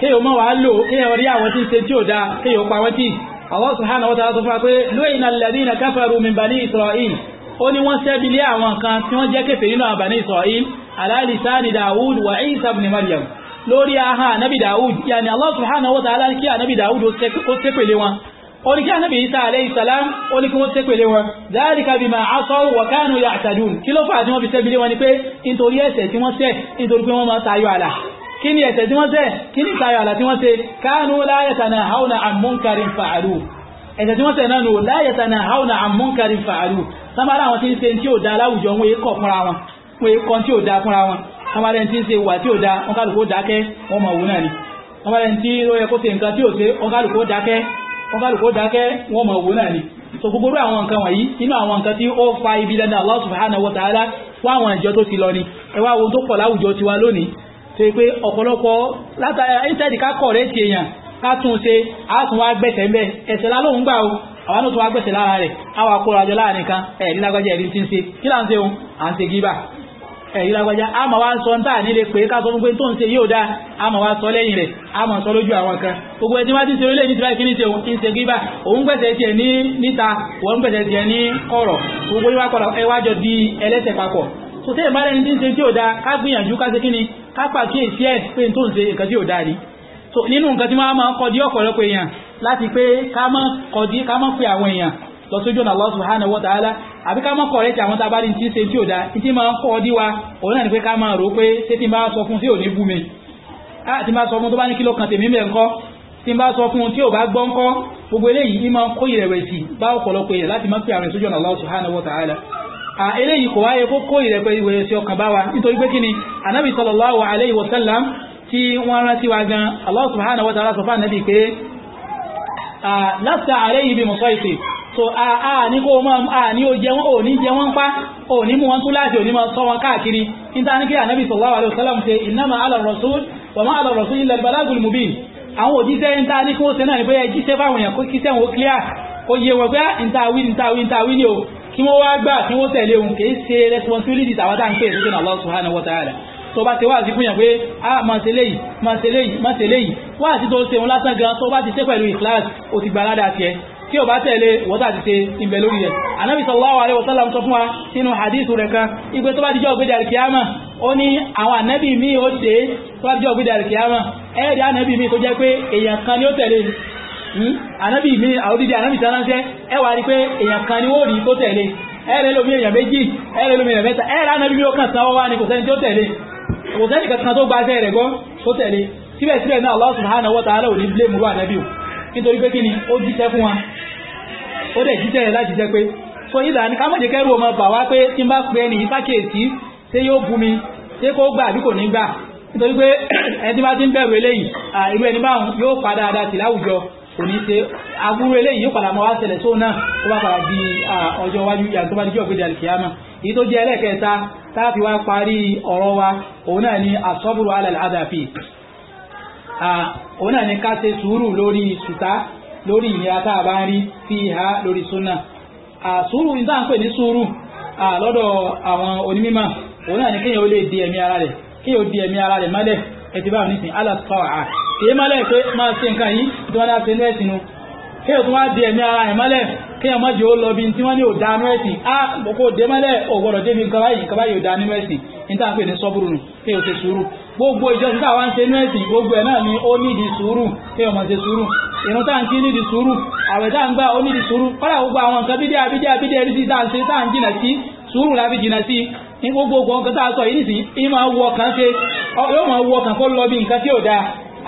kéèyàn ó mọ̀ wá lò kéèyàn rí àwọn tí ń ṣe tí ò dáa kéèyàn ó pa wọ́n tì Allah subhanahu wa ta'ala sọ fún wa pé lu'ina alladhina kafaru min bani Isra'il ó ní wọ́n sẹ́bílé àwọn kan tí wọ́n jẹ́ kèfèrí nínú bani Isra'il ala lisani Dawud wa Isa ibn Maryam lórí aha nabi Dawud yani Allah subhanahu wa ta'ala kí anabi Dawud ó sépèlé wọn oníkí ànábì Ìsá alayhi salam ó ní kí wọ́n ṣépèlé wọn zalika bima asaw wa kanu ya'tadun kí ló fà tí wọ́n fi ṣépèlé wọn ni pé nítorí ẹ̀ṣẹ̀ tí wọ́n ṣẹ̀ nítorí pé wọ́n máa tayọ àlà kí ni ẹ̀ṣẹ̀ tí wọ́n ṣẹ̀ kí ni tayọ àlà tí wọ́n ṣe kanu la yatanahawna an munkarin fa'alu ẹ̀ṣẹ̀ tí wọ́n ṣẹ̀ náà nù la yatanahawna an munkarin fa'alu ó yẹ kó ṣe nǹkan tí ò ṣe wọn dákẹ́ wọ́n kálukú ó dákẹ́ wọ́n mọ̀ wò náà ni so gbogbo àwọn nǹkan wọ̀nyí inú àwọn nǹkan tí ó fa ibi dandan Allah subhanahu wa ta'ala wọ́n àwọn ìjọ tó ti lọ ni ẹwà ohun tó pọ̀ láwùjọ tiwa lónìí tó ọ̀pọ̀lọpọ̀ látàrí eh, ká kọ̀ ẹ̀yí lágbàjá a ma wá ń sọ táà nílé pé ká sọ fún tó ń ṣe yóò dá a ma wá sọ lẹ́yìn rẹ̀ a ma sọ lójú àwọn kan gbogbo ẹni wá ti ṣe orílẹ̀ nítorí kí ní ṣe òun ṣe gíbà òun gbẹ̀sẹ̀ tiẹ̀ ní níta òun gbẹ̀sẹ̀ tiẹ̀ ní kọ̀rọ̀ gbogbo yíwá kọ̀rọ̀ ẹwájọ di ẹlẹ́sẹ̀ papọ̀ so tẹ́lẹ̀ bá lẹ́ni tí ń ṣe tí ò da ká gbìyànjú ká ṣe kí ni ká pàkíyèsí ẹ̀ pé tó ń nǹkan lọ sójú ọ̀nà Allah subhanahu wa ta'ala àbí ká mọ́ kọ̀rẹ́ tí àwọn tá a bá rí ti ṣe tí ò da tí máa ń kọ́ ọdí wa òun náà ni pé ká máa rò pé ṣé tí n bá sọ fún sí ò ní bú mi tí n bá sọ fún tó bá ní kí ló kan tèmi mẹ́ ńkọ́ tí n bá sọ fún tí ò bá gbọ́ ńkọ́ gbogbo eléyìí ní máa ń kó ìrẹ̀wẹ̀sì bá ọ̀pọ̀lọpọ̀ èèyàn láti máa ń pè àwọn ìsójú ọ̀nà Allah subhanahu wa ta'ala eléyìí kò wáyé kó kó ìrẹ̀wẹ̀sì ọkàn bá wa nítorí pé kí ni anábì sallallahu alaihi wa sallam tí wọ́n rántí wa gan Allah subhanahu wa ta'ala sọ fún anábì pé lásà àlẹ́ yìí bí mọ̀sọ́ ìpè so a ní kó mọ́ a ní ó jẹ wọ́n ò ní jẹ wọ́n pa ò ní mú wọn tú láti ò ní mọ́ sọ wọn káàkiri níta ní kí sallallahu alaihi wasallam ṣe innama ala rasul wa ma ala rasul illa al-balagul mubin àwọn òjíṣẹ́ níta ní kí wọ́n ṣe náà ní bóyá jíṣẹ́ fáwọn èèyàn kó kíṣẹ́ wọn ó clear ó yé wọn pé ah, níta wí níta wí níta wí ni o kí wọ́n wá gbà kí wọ́n tẹ̀lé òun kìí ṣe responsibility tàwọn tá ń pè ní Allah subhanahu wa ta'ala tó bá ti wá sí fúnyàn pé a ah, máa ṣe léyìí máa ṣe léyìí máa ṣe léyìí wá sí tó ṣe òun lásán gan tó bá ti ṣe pẹ̀lú ìkíláàsì ó ti gba aládàá tí ó bá tẹ̀lé wọ́tà ti ṣe ìbẹ̀ lórí rẹ̀ anábì sallallahu alaihi wasallam sọ fún wa nínú hadithu rẹ̀ kan ìgbé tó bá dijọ́ ògbédè alkiyama ó ní àwọn anábì mi ó dé tó bá dijọ́ ògbédè alkiyama ẹ̀ẹ́dì anábì mi tó jẹ́ pé èèyàn kan ni ó tẹ̀lé anábì hmm? mi àwòdìdí anábì tí wọ́n ránṣẹ́ ẹ wà rí pé èèyàn kan ni ó rí tó tẹ̀lé ẹ̀rẹ́ lómi èèyàn méjì ẹ̀rẹ́ lómi èèyàn mẹ́ta ẹ̀rẹ́ anábì mi ó kàn sanwó wá ni kò sẹ́ni tó tẹ̀lé kò sẹ́ni kankan tó gba ẹsẹ̀ rẹ̀ gbọ́ tó tẹ̀lé síbẹ̀síbẹ̀ náà Allah subhanahu wa ta'ala ò ní blé wà nábì o nítorí pé kí ni ó jíṣẹ́ fún wa ó dẹ̀ jíṣẹ́ rẹ̀ láti jẹ́ pé so ìlà ní kámọ̀jẹ́ kẹrù ọmọ bà wá pé tí bá pẹ́ ní ìsákèèsí tí yóò bú mi tí kó gbà bí kò ní gbà nítorí pé ẹni bá ti ń bẹ̀rù eléyìí irú ẹni báhùn yóò padà dáadáa sí láwùjọ kò ní ṣe agbúrú eléyìí yóò padà mọ́ wá tó náà tó di ọjọ́ iwájú bá jẹ́ òun náà ni ká ṣe sùúrù lórí sùtá lórí tá a bá ń rí fi ha lórí súnà sùúrù ní ń pè ní sùúrù lọ́dọ̀ àwọn onímọ̀ òun ni kéèyàn ó di ẹ̀mí ara rẹ̀ kéèyàn o di ẹ̀mí ara rẹ̀ mọ́lẹ̀ ẹ̀tì báwọn mọ́lẹ̀ pé máa ṣe nǹkan yìí tí wọ́n dá nu tún wá di ẹ̀mí ara rẹ̀ mọ́lẹ̀ kí ọmọ jẹ́ ó lọ bí tí wọ́n ní ò dánú ẹ̀sìn á gbogbo dé mẹ́lẹ̀ ọ̀gbọ̀dọ̀ débi nǹkan báyìí nǹkan báyìí ò dánú ẹ̀sìn ní tá ní sọ́bùrù nù kí o ṣe sùúrù gbogbo ìjọsìn táwa ń ṣe ní ẹ̀sìn gbogbo ẹ̀ náà ni ó nídi sùúrù kí ọmọ ṣe sùúrù ìrun tá à ń kí nídi sùúrù àwẹ̀ tá à ń gbà ó nídi sùúrù kọ́lá gbogbo àwọn nǹkan la fi jìnà sí ní gbogbo nǹkan tá a sọ yìí nìsí ìmọ̀ wọ kan ṣe yóò mọ̀ wọ kan kó lọ bí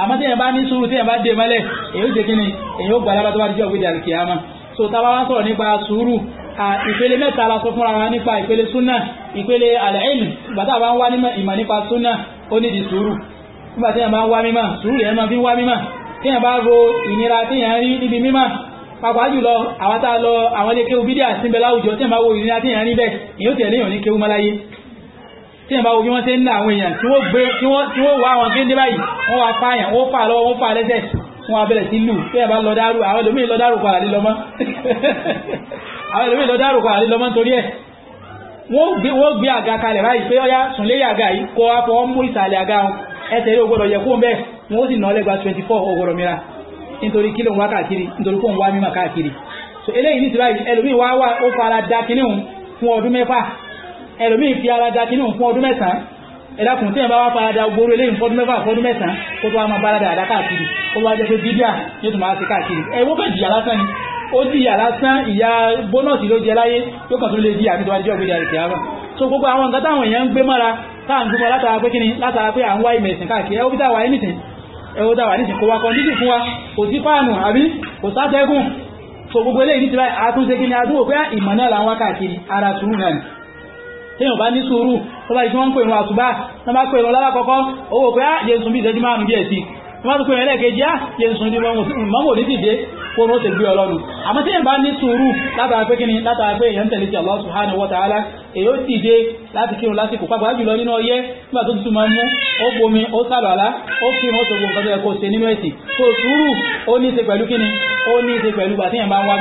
àmọ́ tí yẹn bá ní sùúrù tí yẹn bá dé mọ́lẹ̀ èyí ó ṣe kí ni èyí ó gbà lábàtọ́ bá ti jọ́ ògbéjà kìámà so tá a bá wá sọ̀rọ̀ nípa sùúrù ìpele mẹ́ta la sọ fúnra wa nípa ìpele súnà ìpele àlẹ́ìlì bàtà bá ń wá ìmọ̀ nípa súnà ó ní di sùúrù nígbà tí yàn bá ń wá mímọ̀ sùúrù yẹn máa fi ń wá mímọ̀ tí yàn bá ro ìnira tí yàn rí níbi mímọ̀ pàápàá jùlọ àwọn tá a lọ àwọn ilé kéwu bídíà sí ń bẹ láwùjọ àwọn èèyàn tí wọ́n wá àwọn kéńdé báyìí wọ́n wá pààyàn wọ́n fà lọ́wọ́ wọ́n fà lẹ́sẹ̀ wọn abẹ́rẹ̀ sí lù pé ẹ̀bá lọ dárú àwọn ẹlòmíì lọ dárú padà lílọ́mọ́ àwọn ẹlòmíì lọ dárú padà lílọ́mọ́ nítorí ẹ̀ wọ́n gbé àga kalẹ̀ báyìí pé ọyá sùn lérí àga yìí kọ́ afọ ọmú ìsàlẹ̀ àga wọn ẹsẹ̀ rí yẹ bẹ́ẹ̀ sì nà ọ́ mìíràn ẹ̀dàkùn tí ẹ̀ bá wá farada gbóró eléyìn fọdún mẹ́fà fọdún mẹ́sàn ó tó wá máa bára dáadáa káàkiri ó wá jẹ́ pé bídíà ní òtún máa ṣe káàkiri ẹ̀wọ́ kan jìyà lásán ni ó jìyà lásán ìyá bónọ́ọ̀sì ló jẹ láyé yóò kàn tún lè jìyà nítorí ọjọ́ so gbogbo àwọn nǹkan táwọn èèyàn ń gbé mọ́ra táà ń gbé mọ́ra látara pé kíni látara pé à ń wá ìmẹ̀sìn káàkiri ẹwọ́ bí táwa anything ẹwọ́ táwa anything so gbogbo eléyìí ní ti báyìí àtúnṣe kíni àdúgbò pé ìmọ̀ náà là ń wá téèyàn bá ní sùúrù tó bá di tí wọ́n ń pèrún àsùbá tó bá pèrún lálákọ̀ọ́kọ́ owó pé á ah, jẹ́ sùn bí ìṣẹ́jú márùn-ún díẹ̀ sí tó bá tún pèrún ẹlẹ́ẹ̀kejì á ah, jẹ́ sùn bí mọ́mọ́ ní dìde kó ní ó ti gbé ọlọ́run àmọ́ téèyàn bá ní sùúrù látara pé kíni látara pé èèyàn tẹ̀lé ti Allah subhanahu wa ta'ala èyí ó dìde láti kírun lásìkò pàápàá jùlọ nínú ọyẹ́ nígbà tó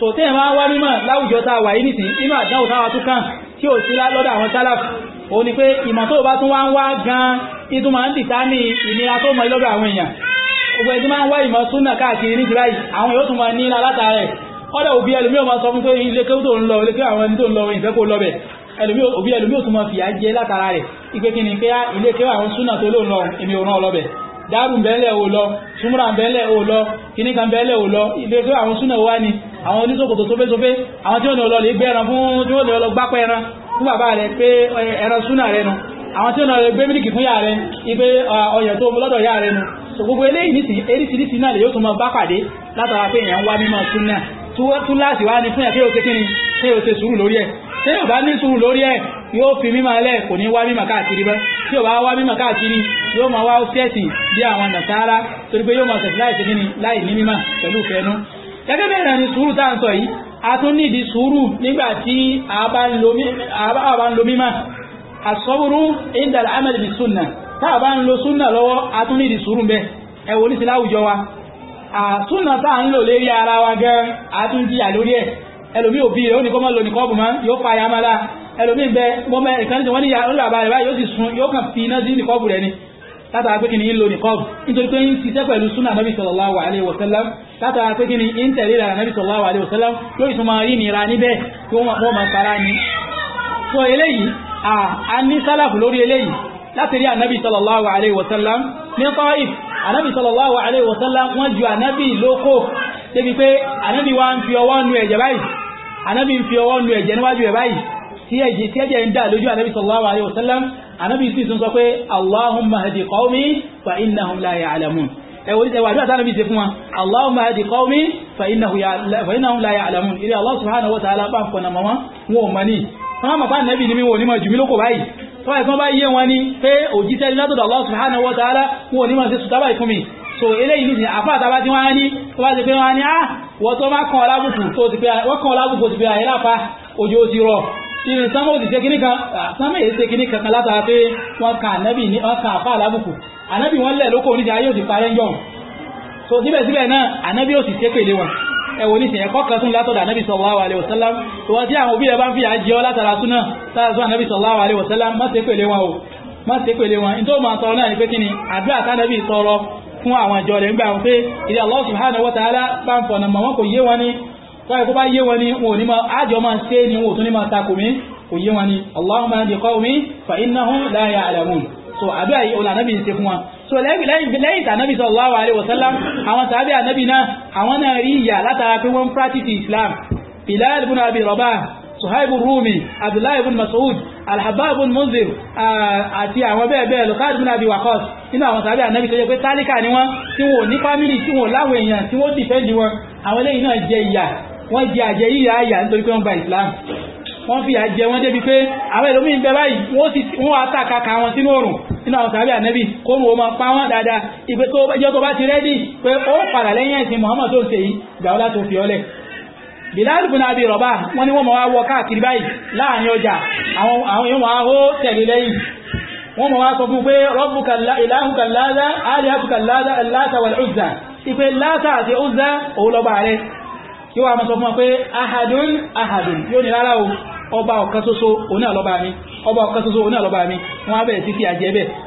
so téèyàn bá ń wá mímọ́ láwùjọ tá a wà yìí tí ò sí lọ́dọ̀ àwọn sálàfù òun ni pé ìmọ̀ tó bá tún wá ń wá gan ìtún máa ń dìtá ní ìnira tó mọ lọ́dọ̀ àwọn èèyàn gbogbo ẹni máa ń wá ìmọ̀ súnà káàkiri ní jìláì àwọn yóò tún máa ní látàrẹ kọ́dọ̀ òbí ẹlòmí ò máa sọ fún pé ilé kéwú tó ń lọ ilé kéwú àwọn tó ń lọ ìfẹ́ kó lọ́bẹ̀ òbí ẹlòmí ò tún máa fìyà jẹ látara rẹ̀ ni pé ah, ilé kéwú àwọn súnà tó lóun lọ èmi ọlọ́bẹ̀ dárù bẹ́lẹ̀ ò lọ súnmúra bẹ́lẹ̀ ò lọ kíníkan bẹ́lẹ̀ ò lọ ilé pé àwọn súnà wá ni àwọn oníṣòkòtò sófésófé àwọn tí ó lọ lè gbé ẹran fún tí ó lọ gbápẹ́ ẹran fún bàbá rẹ̀ pé ẹran súnà rẹ̀ nu àwọn tí ó lọ lè gbé mílìkì fún yà rẹ̀ ipé ọyàn tó lọ́dọ̀ yà rẹ̀ nu so gbogbo eléyìí ní eríṣiríṣi náà tí yóò bá ní sùúrù lórí ẹ̀ yóò fi mímọ̀ ẹlẹ́ kò ní wá mímọ̀ káàkiri bẹ́ tí yóò bá wá mímọ̀ káàkiri yóò máa wá fẹ́ẹ̀sì bí àwọn nàṣàrà torí pé yóò máa sẹ̀sì láì sẹ́ni láì ní mímọ̀ pẹ̀lú fẹ́nu gẹ́gẹ́ bẹ́ẹ̀ náà ni sùúrù tá à ń sọ yìí a tún nídìí sùúrù nígbà tí a bá ń lo mímọ̀ asọ́bùrú indal amẹ́lì bí sunna, tá a bá ń lo sunna lọ́wọ́ a tún nídìí sùúrù bẹ́ẹ̀ ẹ wò ní sí láwùjọ wa àsúnà tá à ń lò lérí ara wa gan ẹlòmí òbí rẹ̀ ó ní kọ́ máa lò ní kọ́ọ̀bù máa yóò fa àyàmálá ẹlòmí bẹ mọ́mọ́ ìkànnì tí wọ́n ní ìyá ọlọ́lá bá rẹ̀ báyìí yóò sì sun yóò kàn fi iná sí ní kọ́ọ̀bù rẹ̀ ni látara pé kí ni ń lo nìkọ́ọ̀bù nítorí pé ń ṣiṣẹ́ pẹ̀lú súnà nàbì sallallahu alaihi wasallam látara pé kí ni ń tẹ̀lé ìlànà nàbì sallallahu alaihi wasallam lórí tó máa rí nira níbẹ̀ tí wọ́n máa fara ni. so eléyìí a ní sálàfù pé ànábì wa ń fi ọwọ́ nu ẹ̀jẹ̀ báyìí anábì ń fi ọwọ́ nu ẹ̀jẹ̀ níwájú ẹ̀ báyìí tí ẹ̀jẹ̀ tí ẹ̀jẹ̀ ń dà lójú anábì sallallahu alayhi wa sallam anábì sì tún sọ pé allahumma hadi qawmi fa innahum la ya'lamun ẹ̀wọ̀n ìṣẹ̀wà àdúrà tánàbí ṣe fún wa allahumma hadi qawmi fa innahum la ya'lamun ilé allah subhanahu wa ta'ala bá ń fọ̀nà mọ́ wọn ò mọ̀ ní wọ́n mọ̀ bá nẹ́bì ní mímọ̀ onímọ̀ jùmí lókò sí so eléyìí ní àfáàtàbá tí wọ́n á ní tó bá ti pé wọ́n á ní ah wọ́n tó bá kàn ọlábùkù tó ti pé wọ́n kàn ọlábùkù ti pé ayé lápá òjò ti rọ̀ ìrìn sánmọ́ ti ṣe kíní kan sánmọ́ èyí ṣe kíní kankan látara pé wọ́n kàn ànábì ní wọ́n kàn àfá àlábùkù ànábì wọ́n lẹ̀ lóko oníṣẹ́ ayé òsì parẹ́ yọ̀n so síbẹ̀síbẹ̀ náà ànábì òsì ṣe pèlè wọn ẹ̀wọ̀n ní sẹ̀yẹ̀ kọ́kàn tún látọ̀dọ̀ ànábì sallallahu alaihi wasallam tó wọ́n tí àwọn òbí rẹ̀ bá ń sallallahu alaihi wasallam má ṣe pèlè wọn o má ṣe pèlè wọn nítorí màá sọ náà fún àwọn àjọ rẹ̀ nígbà wọn pé ilé Allah subhanahu wa ta'ala bá ń fọ̀nà mọ̀ wọn kò yé wọn ni tọ́yẹ̀ kó bá yé wọn ni wọn ò ṣe ni wọn ò ní máa takò mí kò yé wọn ni Allahumma hadi so àdúrà yìí ọ̀nà ànábì ń ṣe fún so lẹ́yìn tànábì sallallahu alaihi wasallam àwọn tàbí ànábì náà àwọn náà rí ìyà látara pé wọ́n practice Islam Bilal ibn Abi Rabah Suhaib Rumi Abdullah ibn Mas'ud alhababu munzir àti àwọn bẹ́ẹ̀ bẹ́ẹ̀ lọ káàdì múnàbí wakọ́s nínú àwọn sàbí ànábì tó jẹ́ pé tálíkà ni wọ́n tí wọ́n ní fámílì tí wọ́n láwọn èèyàn tí wọ́n dìfẹ́ndì wọn àwọn eléyìí náà jẹ ìyà wọ́n jẹ àjẹ yíya àyà nítorí pé wọ́n gba islam wọ́n fi àjẹ wọn débi pé àwọn ẹlòmíì ń bẹ báyìí wọ́n sì wọ́n àtàkà ka wọn sínú òrùn nínú àwọn sàbí ànábì kó wọn máa pa wọn dáadáa ìgbé tó bá ti rẹ́dì pé ó padà lẹ́yìn ẹ̀sìn Muhammad tó ń ṣe yìí gbà ó láti fi ọlẹ̀ Bilal bin Abi Rabah wọ́n ní wọ́n máa wọ káàkiri báyìí láàrin ọjà àwọn èèyàn máa hó tẹ̀lé lẹ́yìn wọ́n máa wá sọ fún pé rabbuka ilahuka laza alihatuka laza Lata wal Uzza ipe Lata àti Uzza òun lọ́ba rẹ̀ yóò wá máa sọ fún wọn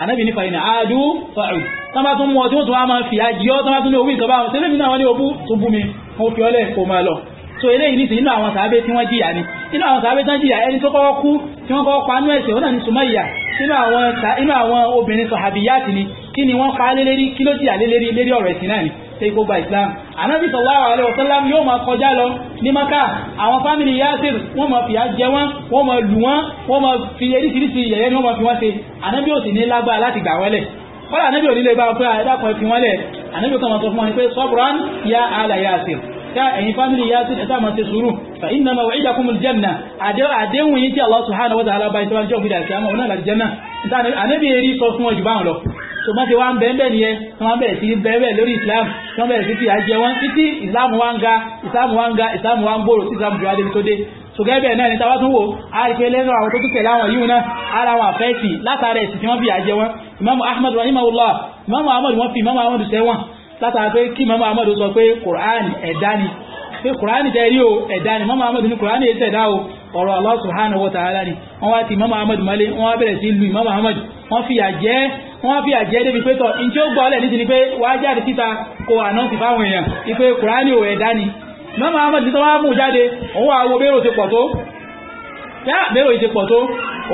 anábì nípa ìnà àádú fa'ud tán bá tún mú ọdún tó wá máa fi àjíyọ́ tán bá tún ní òbí ìkọba àwọn tẹ́lẹ̀mì náà wọ́n ní òbú tó bú mi mo fi ọlẹ̀ kò máa lọ so eléyìí nìsìn inú àwọn sàábé tí wọ́n jìyà ni inú àwọn sàábé tán jìyà ẹni tó kọ́kọ́ kú tí wọ́n kọ́kọ́ panú ẹ̀sẹ̀ ó náà ní inú àwọn obìnrin sọ̀hàbíyàtì ni kí ni wọ́n pa lélérí kí ló jìyà lélérí lérí ọ̀rọ̀ ẹ̀sìn náà ni ṣe kó gba islam anabi sallallahu alaihi wasallam yóò máa kọjá lọ ní maka àwọn fámìlì yasir wọ́n máa fìyà jẹ wọ́n wọ́n máa lù wọ́n wọ́n máa fi eríṣiríṣi yẹ̀yẹ́ ni wọ́n máa fi wọ́n ṣe anabi ò sì ní lágbára láti gbà wọ́n lẹ̀ kọ́lá anabi ò nílé bá wọn pé àdákan ah, fi wọ́n lẹ̀ anabi kan máa sọ fún wọn pé sọ́bùrán ya ala yasir ká ẹ̀yin fámìlì yasir ẹ̀ta máa ṣe sùúrù fa inna maw'idakumul janna àdéhùn yìí tí allah subhanahu wa so mọ́ ṣe wá ń bẹ́ẹ̀ bẹ́ẹ̀ nìyẹn tí wọ́n bẹ̀rẹ̀ sí bẹ́ẹ̀ lórí islam tí wọ́n bẹ̀rẹ̀ sí ti àjẹ wọn títí islam wá ń ga islam wá ń ga islam wá ń gbòòrò tí islam jùlọ adébi tó dé so gẹ́gẹ́ bẹ́ẹ̀ náà ní tàbá tún wò á rí pé lẹ́nu àwọn tó tún tẹ̀lé àwọn yìí náà ara wọn àfẹ́ẹ̀sì látara ẹ̀sìn tí wọ́n fi àjẹ wọn imam ahmed rahimahullah imam ahmed wọn fi imam ahmed sẹ́wọ̀n látara pé kí imam ahmed sọ pé quran ẹ̀dá ni pé kùránì tẹ́ rí o ẹ̀dá ni mọ́mọ́ ahmadu ní kùránì èsì ẹ̀dá o ọ̀rọ̀ Allah subhanahu wa ta'ala ni wọ́n wá ti mọ́mọ́ ahmadu mọ́lé wọ́n wá bẹ̀rẹ̀ sí lu mọ́mọ́ ahmadu wọ́n fìyà jẹ wọ́n fi àjẹ́ débi pé tọ̀ in tí ó gbọ́ ọlẹ̀ nítorí pé wàá jáde síta kò ànáǹsì fáwọn èèyàn ipe kùránì ò ẹ̀dá ni mọ́mọ́ ahmed tó wá mú jáde òun wà wo ti pọ̀ tó yá bérò ti pọ̀ tó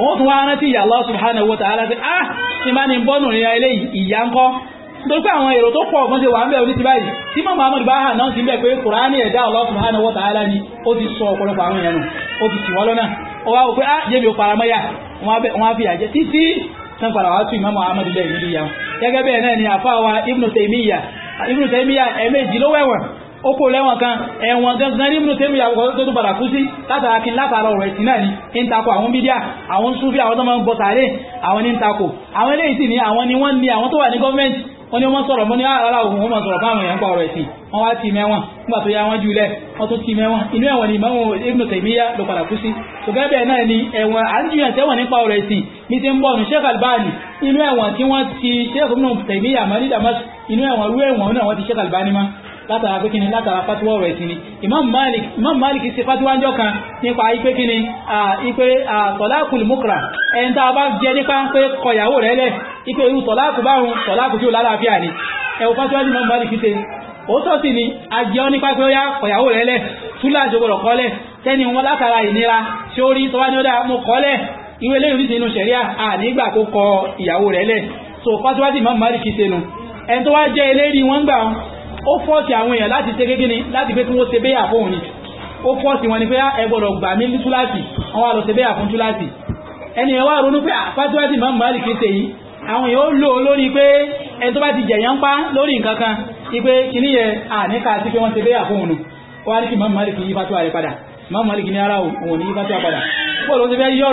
òun tún wá rántí ah ti máa ní bọ́nù ìrìn ìyá ń kọ́ nítorí pé àwọn èrò wa ni ó ti sọ ọ̀pọ̀lọpọ̀ àwọn èèyàn nù ó ti tì wọ́n lọ́nà ó wá wò pé ah, tán padà wá tún ìmáàmù ahmadu bẹ́ẹ̀ níbi ìyá gẹ́gẹ́ bẹ́ẹ̀ náà ni àfa wa ibnu taymiya ibnu taymiya ẹ̀ẹ̀mejì ló wẹ̀wọ̀n ó kó lẹ́wọ̀n kan ẹ̀wọ̀n gangan ní ibnu taymiya àwòkọ́ tó tún padà kú sí látara kí látara ni ń takò àwọn bídíà àwọn súfì àwọn tó máa ń bọ sàárè àwọn ní ń takò àwọn eléyìí sì wọ́n ní wọ́n sọ̀rọ̀ mọ́ ní ara ah, òun wọ́n sọ̀rọ̀ fáwọn èèyàn pa ọ̀rọ̀ ẹ̀sìn wọ́n wá ti mẹ́wọ̀n nígbà tó yá wọ́n jù wọ́n tún ti mẹ́wọ̀n inú ẹ̀wọ̀n ni ìmọ̀ Ibn Taymiyyah ló padà kú sí tó náà látara pé kíni látara fatuwa ọ̀rọ̀ ẹ̀sìn ni imam malik imam malik ṣe fatuwa ń jọ kan nípa ipe kíni ipe tọ́láàkù mukra ẹni tá a bá jẹ nípa pé kọyàwó rẹ̀ lẹ̀ ipe irú tọ́láàkù báwọn tọ́láàkù tí ó lálàáfíà ni ẹ̀wọ̀ fatuwa ni imam malik ṣe òótọ́ sì ni àjẹ́ ọ nípa pé ó yá kọ̀yàwó rẹ̀ lẹ̀ túláàjò gbọ́dọ̀ kọ́lẹ̀ tẹ́ni wọn látara ìnira tí ó rí tọ́wá ní ó dáa mú kọ́lẹ̀ ìwé lẹ́yìn oríṣi Imam Malik ṣe nu ẹni tó wá jẹ́ eléri wọn gbà ó fọ́ọ̀sì àwọn èèyàn láti ṣe gẹ́gẹ́ ni láti pé kí wọ́n ṣe béyà fóun ni ó fọ́ọ̀sì wọn ni pé ah, ẹ gbọ́dọ̀ gbà mí ní túláàsì àwọn àlọ́ ṣe béyà fún túláàsì ẹni ẹ̀ wá ronú pé ah, fásiwájú máa ń bá àlìkí ṣe yìí àwọn èèyàn ó lò ó lórí pé ẹni tó bá ti jẹ̀yàn ń pa lórí nǹkan kan ipe kìíní yẹn àníkà ah, sí pé wọ́n ṣe béyà fóun nu wọ́n á ní kí fẹ́ yí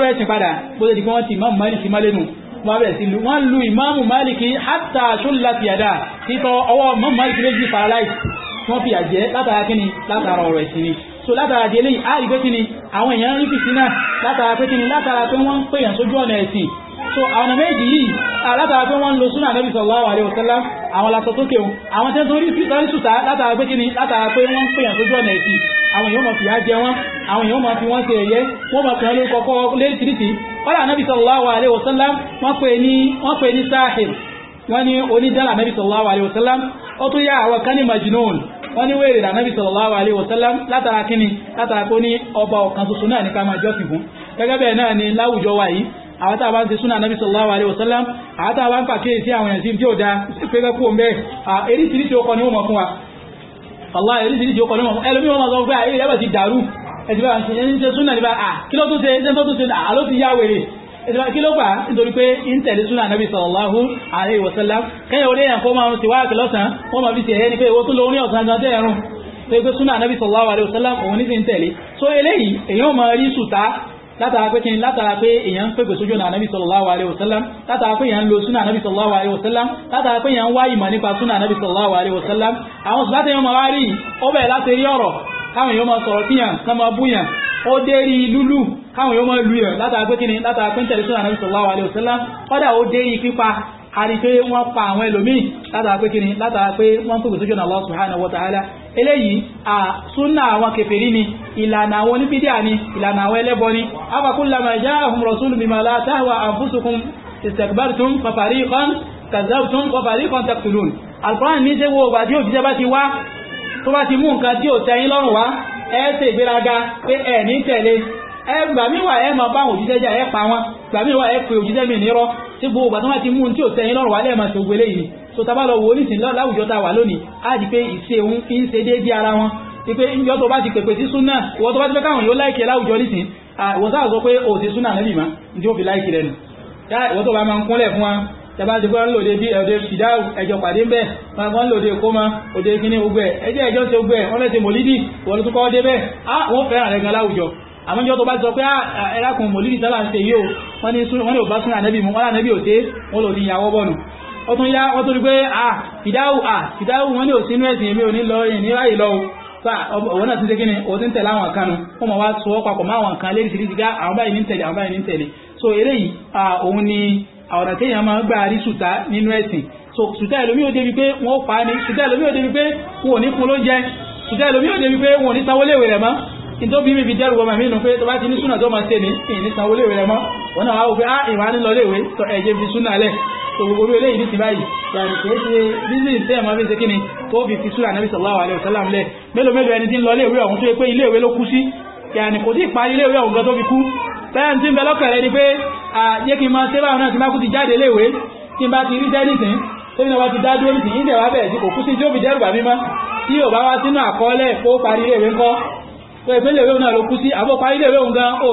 ẹ̀sìn padà bó ṣe di pé wọ́n ti mọ́mọ́ àlìkí wọ́n bẹ̀rẹ̀ sí lu wọ́n lu ìmáàmù máàlìkì hátà ṣúlùláti yàdá títọ́ ọwọ́ mọ́mù máàlìkì méjì paralyze wọ́n fi àjẹ́ látara kíni látara so látara di eléyìí á rí pé kíni àwọn èèyàn rí fìtí náà látara pé kíni látara pé wọ́n ń pè yàn sójú ọ̀nà ẹ̀sìn so àwọn méjì yìí látara pé wọ́n ń lo súnà Ànábì sallallahu alaihi wasallam àwọn lásọ tó kéwù àwọn tẹ́ tó rí sùtà látara pé kíni látara pé wọ́n ń pè yàn sójú ọ̀nà ẹ̀sìn àwọn èèyàn mọ̀ fìyà jẹ wọ́n àwọn kọ́lá anábì sallallahu alaihi wasallam wọ́n pè ní sáhìr wọ́n ní onídàlà anábì sallallahu alaihi wasallam ó tún yá àwọn kan ní majnun wọ́n ní wèrè anábì sallallahu alaihi wasallam látara kíni látara kó ní ọba ọ̀kan tuntun náà ní ká máa jọ́sìn fún gẹ́gẹ́ bẹ́ẹ̀ náà ni láwùjọ wa yìí àwọn tàbá ń ti súnà náà sallallahu alaihi wasallam àwọn tàbá ń pàkíyèsí àwọn èèyàn sí tí ó dá pẹ́gbẹ́ kú ọmọ ẹ̀ ẹ̀dìbà ṣe ń ṣe súnà nípa à kí ló tún ṣe ṣe tó tún ṣe náà ló ti yá wèrè ẹ̀dìbà kí ló gbà nítorí pé ń tẹ̀lé súnà nàbì sallallahu alaihi wasallam kẹ́yìn orí èèyàn kó máa ń tiwá àti lọ́sàn wọ́n máa fi ṣe ẹni pé owó tó lórí ọ̀sán gan tẹ́ẹ̀rùn tó yẹ pé súnà nàbì sallallahu alaihi wasallam òun ní ti ń tẹ̀lé so eléyìí èèyàn máa rí sùtá látara pé kí látara pé èèyàn ń pèpè sójú ọ̀nà ànábì sallallahu alaihi wasallam látara pé èèyàn ń lo súnà káwọn èèyàn máa sọ̀rọ̀ kíyàn kán máa búyàn ó dé rí lúlù káwọn èèyàn máa lu yàn látara pé kíni látara pé ń tẹ̀lé sọ́nà Ànábì sallallahu alaihi wasallam kọ́dà ó dé rí pípa àrí pé wọ́n pa àwọn ẹlòmíì látara kíni látara wọ́n ń pèpè sójú ọ̀nà Allah subhanahu wa eléyìí a súnà àwọn kèfèrí ni ìlànà àwọn oníbídíà ni ìlànà àwọn ẹlẹ́bọ ni afakullama ja'ahum rasulun bima la tahwa anfusukum istakbartum fa fariqan kazzabtum fa fariqan taqtulun alquran ní tó bá ti mú nǹkan tí ò tẹ́yìn lọ́rùn wá ẹ ṣe ìgbéraga pé ẹ ní tẹ̀lé ẹ gbà mí wà ẹ máa bá àwọn òjíṣẹ́ ẹ pa wọn gbà mí wà ẹ pe òjíṣẹ́ mi nírọ́ tí gbogbo ìgbà tó bá ti mú tí ò lọ́rùn wá bá lọ láwùjọ tá a wà lónìí á di pé ìṣe òun fi ń ṣe ara wọn ìjọ tó bá ti pèpè sí súnà ìwọ tí ó fi tẹ́bá ti gbọ́n lòdè bí ẹ̀dẹ́ fìdáwù ẹjọ́ pàdé bẹ́ẹ̀ máa gbọ́n lòdè kóma òdè kíní ogbẹ́ ẹjẹ́ ẹjọ́ ti ogbẹ́ wọ́n lẹ́sẹ̀ mòlídì wọ́n tún kọ́ dé bẹ́ẹ̀ á wọ́n fẹ́ràn rẹ̀ gan láwùjọ àmọ́jọ́ tó bá sọ pé ẹ̀rákùn mòlídì sábà ń ṣe yìí o wọ́n ní wọ́n ní ò bá sún ànẹ́bì mú wọ́n ànẹ́bì ò dé wọ́n lòdì ìyàwó bọ̀nù ó tún yá ó tún rí pé à fìdáwù à fìdáwù wọ́n ní òsínú ẹ̀sìn èmi ò ní lọ ìní ráyè lọ òun náà ti ṣe kíni o ti ń tẹ̀lé àwọn kan nu wọ́n máa wá sọ papọ̀ máa wọn kan lérí sí ti ká àwọn báyìí ní tẹ̀lé àwọn báyìí ní tẹ̀lé so eléyìí òun ni ọ̀nà téèyàn máa gbà rí sùtá nínú ẹ̀sìn so sùtá ẹlòmí ò débi pé wọ́n pa ni sùtá ẹlòmí ò débi pé wọn ò ní kun ló jẹ sùtá ẹlòmí ò débi pé wọn ò ní sanwó léwé rẹ̀ mọ́ nítorí mi fi dẹ́rù wọ́n mi nù pé tó bá ti ní súnà tó máa ṣe ní ìní sanwó léwé rẹ̀ mọ́ wọn náà wá wò pé á ah, ìwà ní lọ léwé tó ẹ̀jẹ̀ fi súnà lẹ̀ tó gbogbo orí eléyìí ní ti báyìí yàrá kìí ṣe bísí ìṣe ẹ̀mọ́ fi ṣe kí ni tó fi fi súnà nàbí sallallahu alaihi wasallam lẹ̀ mélòó mélòó ẹni tí ń lọ léwé ọ̀hún tó yẹ pé iléèwé ló kú sí yàní kò tí parí léwé ọ̀gá tó fi kú tẹ́yàn tí ń bẹ ni pé àjẹ́ kí n máa sẹ́bà náà ti má kú ti jáde léwé tí n bá ti rí jẹ́nìsìn tó ní ọba ti dá dúró nìsìn ìdẹ̀wà kò kú sí tí ó fi jẹ́rùbà mímọ́ tí ò bá wá sínú àkọọ́lẹ̀ kó parí ńkọ́ tó ìpín léwé náà ló kú sí àbó parí léwé òun gan ó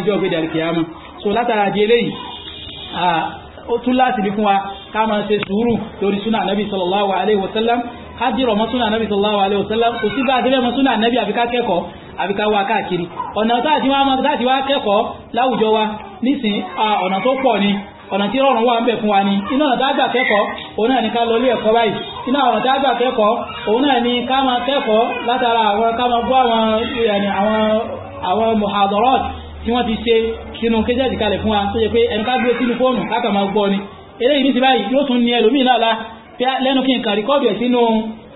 tí so látara di eléyìí ó tún láti ká dìrọ̀ mọ́ súnà anábì sallallahu alaihi wasallam kò sí bá a débẹ̀ mọ́ súnà anábì àfi ká kẹ́kọ̀ọ́ àfi ká wá káàkiri ọ̀nà táàtì wá kẹ́kọ̀ọ́ láwùjọ wa nísìn ọ̀nà tó pọ̀ ni ọ̀nà tí rọrùn wà ń bẹ̀ fún wa ní iná ọ̀nà tágbà kẹ́kọ̀ọ́ òun náà ni ká lọ ilé ẹ̀kọ́ báyìí iná ọ̀nà tágbà kẹ́kọ̀ọ́ òun náà ni ká máa kẹ́kọ̀ọ́ látara àwọn ká máa gbọ́ àwọn àwọn àwọn muhadarat tí wọ́n ti ṣe sínú kéjẹ́jì kalẹ̀ fún wa tó yẹ pé ẹni ká gbé lẹ́nu kí n kàn rìkọ́dù ẹ̀ sínú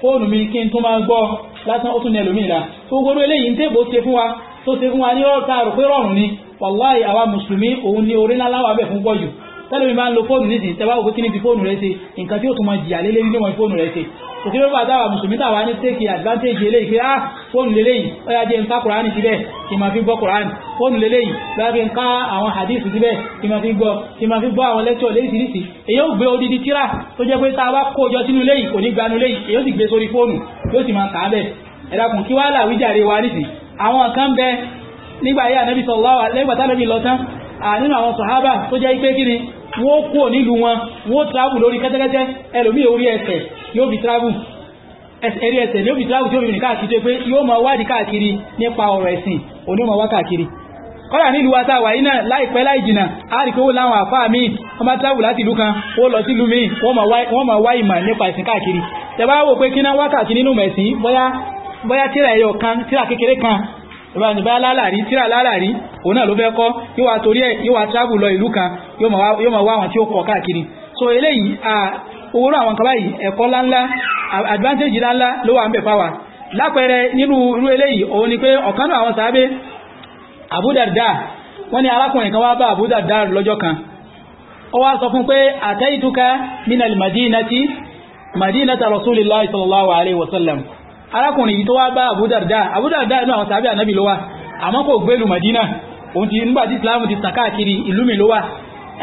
fóònù mi kí n tún máa gbọ́ lásán ó tún ní ẹlòmíràn tó gbogbo eléyìí ń tèbó ṣe fún wa tó ṣe fún wa ní ọ̀rọ̀ tá rọrùn ni wàláì àwa mùsùlùmí òun ni orí ńlá láwà bẹ̀ fún pọ̀jù tẹ́lẹ̀ mi máa ń lo fóònù nísìnyí tẹ́wàá òkú kí ní fi fóònù rẹ̀ ṣe nǹkan tí ó tún máa jìyà lélẹ́rí ní fóònù rẹ̀ ṣe ìdí ló bàtà wà mùsùlùmí tàwa ní tẹ́kì advantage eléyìí pé ah fóònù lélẹ́yìí ó yá jẹ́ nǹka kùránì síbẹ̀ kí máa fi gbọ́ kùránì fóònù lélẹ́yìí bá fi nǹka àwọn hadith síbẹ̀ kí máa fi gbọ́ kí máa fi gbọ́ àwọn lẹ́tọ̀ léṣiríṣi èyí ó gbé odidi tíra tó jẹ́ pé tá a bá kójọ sínú léyìí kò ní gbanú léyìí èyí ó sì gbé sórí fóònù yóò sì máa kà á bẹ̀ ẹ dákun kí wàhálà wíjàre wa nísìnyí àwọn kan bẹ wọ́n kúrò nílùú wọn wọ́n travel lórí kẹ́tẹ́kẹ́tẹ́ ẹlòmí orí ẹsẹ̀ yóò fi travel ẹ̀rí ẹsẹ̀ yóò fi travel tí ó fi káàkiri tó pé yóò máa wádìí káàkiri nípa ọ̀rọ̀ ẹ̀sìn òní máa wá káàkiri kọ́dà nílùú wa tá wà yìí náà láìpẹ́ láì jìnà a rí pé ó láwọn àfáà míì wọ́n bá travel láti ìlú kan ó lọ sí ìlú míì wọ́n máa wá ìmọ̀ nípa ẹ̀sìn káàkiri tẹ́ wò pé kí náà wákàtí nínú mẹ̀sìn bóyá tíra ẹ̀yọ̀ kan tíra kékeré kan ìbáni bá lálàrí tíra lálàrí òun náà ló fẹ́ kọ́ yóò wá torí ẹ̀ yóò wá travel lọ ìlú kan yóò máa wá àwọn tí ó kọ̀ káàkiri so eléyìí owó àwọn nǹkan báyìí ẹ̀kọ́ láńlá advantage láńlá ló wà ń bẹ̀ fáwà lápẹẹrẹ nínú irú eléyìí òun ni pé ọ̀kan náà àwọn sàábé Abu Darda wọ́n ní arákùnrin kan wá bá Abu Darda lọ́jọ́ kan ó wá sọ fún pé àtẹ́yìtúká minal madinati madinata rasulillahi sallallahu alaihi wasallam arákùnrin yìí tó wá bá Abu Darda Abu Darda inú àwọn sàbí ànábì ló wà àmọ́ kò gbélù Madina òun ti nígbà tí Islam ti tàn káàkiri ìlú mi ló wà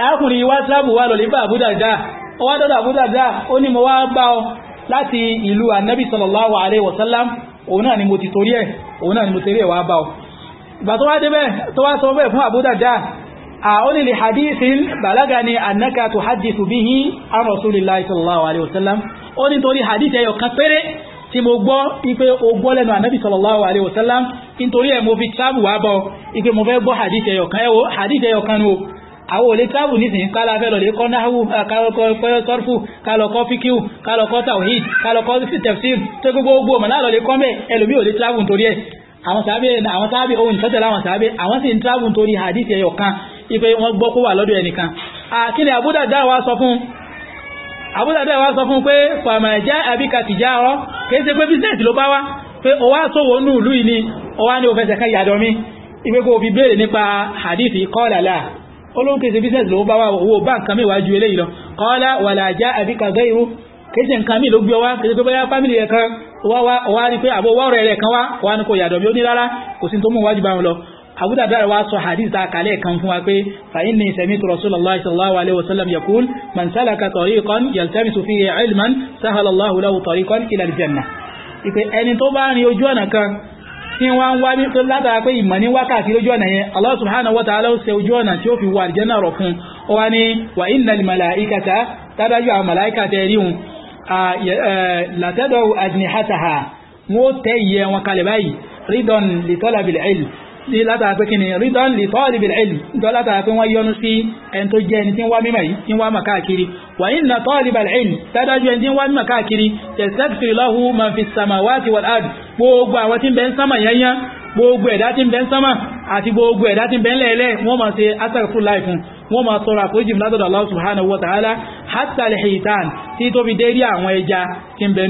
arákùnrin yìí wá Islam wà lọ lè bá Abu Darda ó wá dọ́dọ̀ Abu Darda ó ní mo wá bá ọ láti ìlú ànábì sallallahu alaihi wasallam òun náà ni mo ti torí ẹ̀ òun náà ó ní hadith ẹyọ kan péré tí mo gbọ́ ipé o lẹ́nu ànábì sallallahu alaihi wasallam nítorí ẹ̀ mo fi tábù wá bọ́ ipé mo fẹ́ gbọ́ hadith ẹyọkan ẹwọ hadith ẹyọkan ní o àwọn olè tábù nísìnyí kálá fẹ́ lọ́lẹ̀ kọ́ náhù kálọ́kọ́ sọ́rfù kálọ́kọ́ fíkíù kálọ́kọ́ tawhid kálọ́kọ́ tafsir tó gbogbo ogbò mọ̀ lálọ́lẹ̀ kọ́ mẹ́ ẹlòmí olè tábù nítorí ẹ̀ àwọn sábẹ́ àwọn sábẹ́ ohun ìfẹ́tẹ̀lá hadith ẹyọkan ipé wọ́n gbọ́ kó wà lọ́dọ̀ ẹnìkan àkílẹ̀ àbúdà dáwà sọ fún àbúdàdà wa sọ fún pé fàmàjá àbíkà tìjára kìí ṣe pé bísínẹ̀sì ló bá wá pé o wá sọ́wọ́ ní ìlú ìní o wá ní o fẹsẹ̀ kan yàdọ̀ mi ìgbégbó fi béèrè nípa hadith kọ́làlá olóhun kìí ṣe bísínẹ̀sì ló bá wá owó bá nǹkan mi wájú eléyìí lọ kọ́lá wàlàjá àbíkà gẹ́rù kìí ṣe nǹkan mi Abu Darda wá sọ hadith àkàlẹ̀ kan fún wa pé fa inni sami'tu Rasulullahi sallallahu alaihi wasallam yaqul man salaka tariqan yaltamisu fihi ilman sahala Allahu lahu tariqan ila al-jannah ìpè ẹni tó bá rin ojú ọ̀nà kan tí wọ́n wá ní tó látara pé ìmọ̀ ní wákàtí lójú ọ̀nà yẹn Allah subhanahu wa ta'ala ó ṣe ojú ọ̀nà tí ní látara pé kíni rídán lè tọ́ọ̀lì bìlẹ̀ ìlú ìjọ látara pé wọ́n yọnu sí ẹni tó jẹ́ ẹni tí ń wá mímọ̀ yìí tí ń wá mọ̀ káàkiri wà ní na tọ́ọ̀lì bìlẹ̀ ìlú dájú ẹni tí ń wá mímọ̀ káàkiri tẹ̀sẹ̀kìrì lọ́hù ma fi samawati wal ard gbogbo àwọn tí ń bẹ ń sámà yẹnyẹn gbogbo ẹ̀dá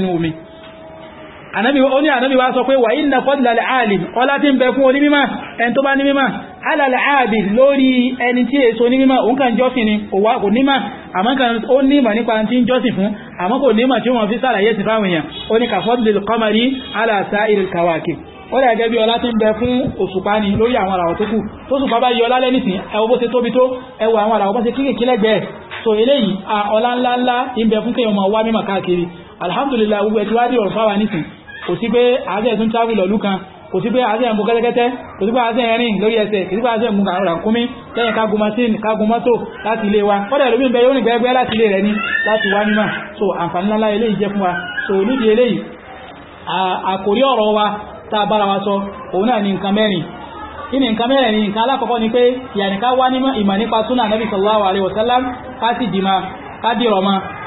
tí ń bẹ oní ànábí wá sọ pé wà inna fadla al-alim ọlá tí ń bẹ fún onímímá ẹn tó bá nímímá ala al-abid lórí ẹni tí èso onímímá òun kàn jọ́sìn ni òwà kò nímá àmọ́ kan ó nímà nípa tí ń jọ́sìn fún àmọ́ kò nímà tí wọ́n fi sàlàyé sí fáwọn èèyàn ó ní ka fadlil qamari ala sa'iril kawakib ó rẹ̀ gẹ́gẹ́ bí ọlá tí ń so eléyìí a ńláńlá ń bẹ fún kéèyàn máa wá mímọ̀ alhamdulillah gbogbo ẹ̀ tí wá rí kò sí pé àájẹ́ tún travel lọ́lú kan kò sí pé àájẹ́ mú kẹ́tẹ́kẹ́tẹ́ kò sí pé àájẹ́ rìn lórí ẹsẹ̀ kò sí pé àájẹ́ mú kàrùn ràkúnmí lẹ́yìn kágun machine kágun mọ́tò láti ilé wa kọ́dẹ̀ lómi bẹ yóò rìn gbẹ́gbẹ́ láti ilé rẹ̀ ní láti wá nímà so àǹfààní ńlá eléyìí jẹ́ fún wa so nídìí eléyìí àkòrí ọ̀rọ̀ wa tá a bára wa sọ òun náà ni nǹkan mẹ́rin kí ni nǹkan mẹ́rin ni nǹkan alákọ̀ọ́kọ́ ni pé yàníká wá nímọ̀ ìmọ̀ nípa súnà nàbì sallallahu alaihi wasallam ká sì dìmọ̀ ká dìrọ̀ mọ́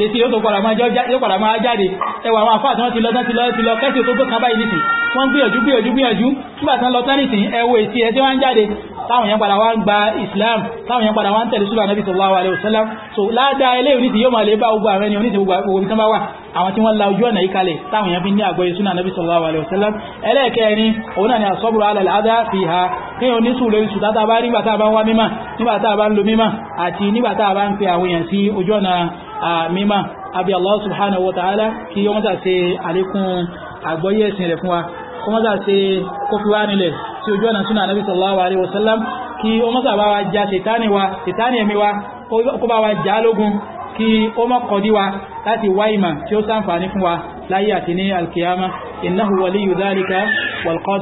létí yóò tó padà máa jáde ẹwà àwọn àfáà tí wọ́n ti lọ tán ti lọ ti lọ kẹ́sì tó tó kan báyìí nìsín wọ́n gbìyànjú gbìyànjú gbìyànjú nígbà tán lọ tán nìsín ẹwọ èsì ẹ tí wọ́n ń jáde táwọn yẹn padà wá ń gba Islam táwọn yẹn padà wá ń tẹ̀lé súlà nàbì sallallahu alaihi wasallam so ládàá eléyìí nìsín yóò máa lè bá gbogbo àwọn ẹni oníṣẹ́ gbogbo ibi tán bá wà àwọn tí wọ́n la ojú ọ̀nà yìí kalẹ̀ táwọn yẹn fi ní àgbọ́yé súnà nàbì sallallahu alaihi wasallam ẹlẹ́ẹ̀kẹrin òun náà ni àsọ́bùrù alẹ́ àdá fi ha kí o ní sùúrù oríṣù tátà bá nígbàtà bá ń wá mímọ̀ nígbàtà bá ń lo mímọ̀ àti nígbàtà bá ń pe àwọn èèyàn sí ojú ọ̀nà mímọ̀ àbí Allah subhanahu wa ta'ala kí wọ́n tà ṣe àlékún àgbọ́yé ẹ̀sìn rẹ̀ fún wa kó wọ́n tà ṣe kó fi wá nílẹ̀ tí ojú ọ̀nà súnà Nabi sallallahu alaihi wasallam kí wọ́n tà bá wa já ṣètáni wa ṣètáni ẹ̀mí wa kó bá wa já lógun kí ó mọ́ kọ̀dí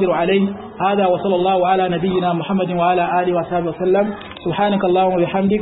wa هذا وصلى الله على نبينا محمد وعلى آله وصحبه وسلم سبحانك اللهم وبحمدك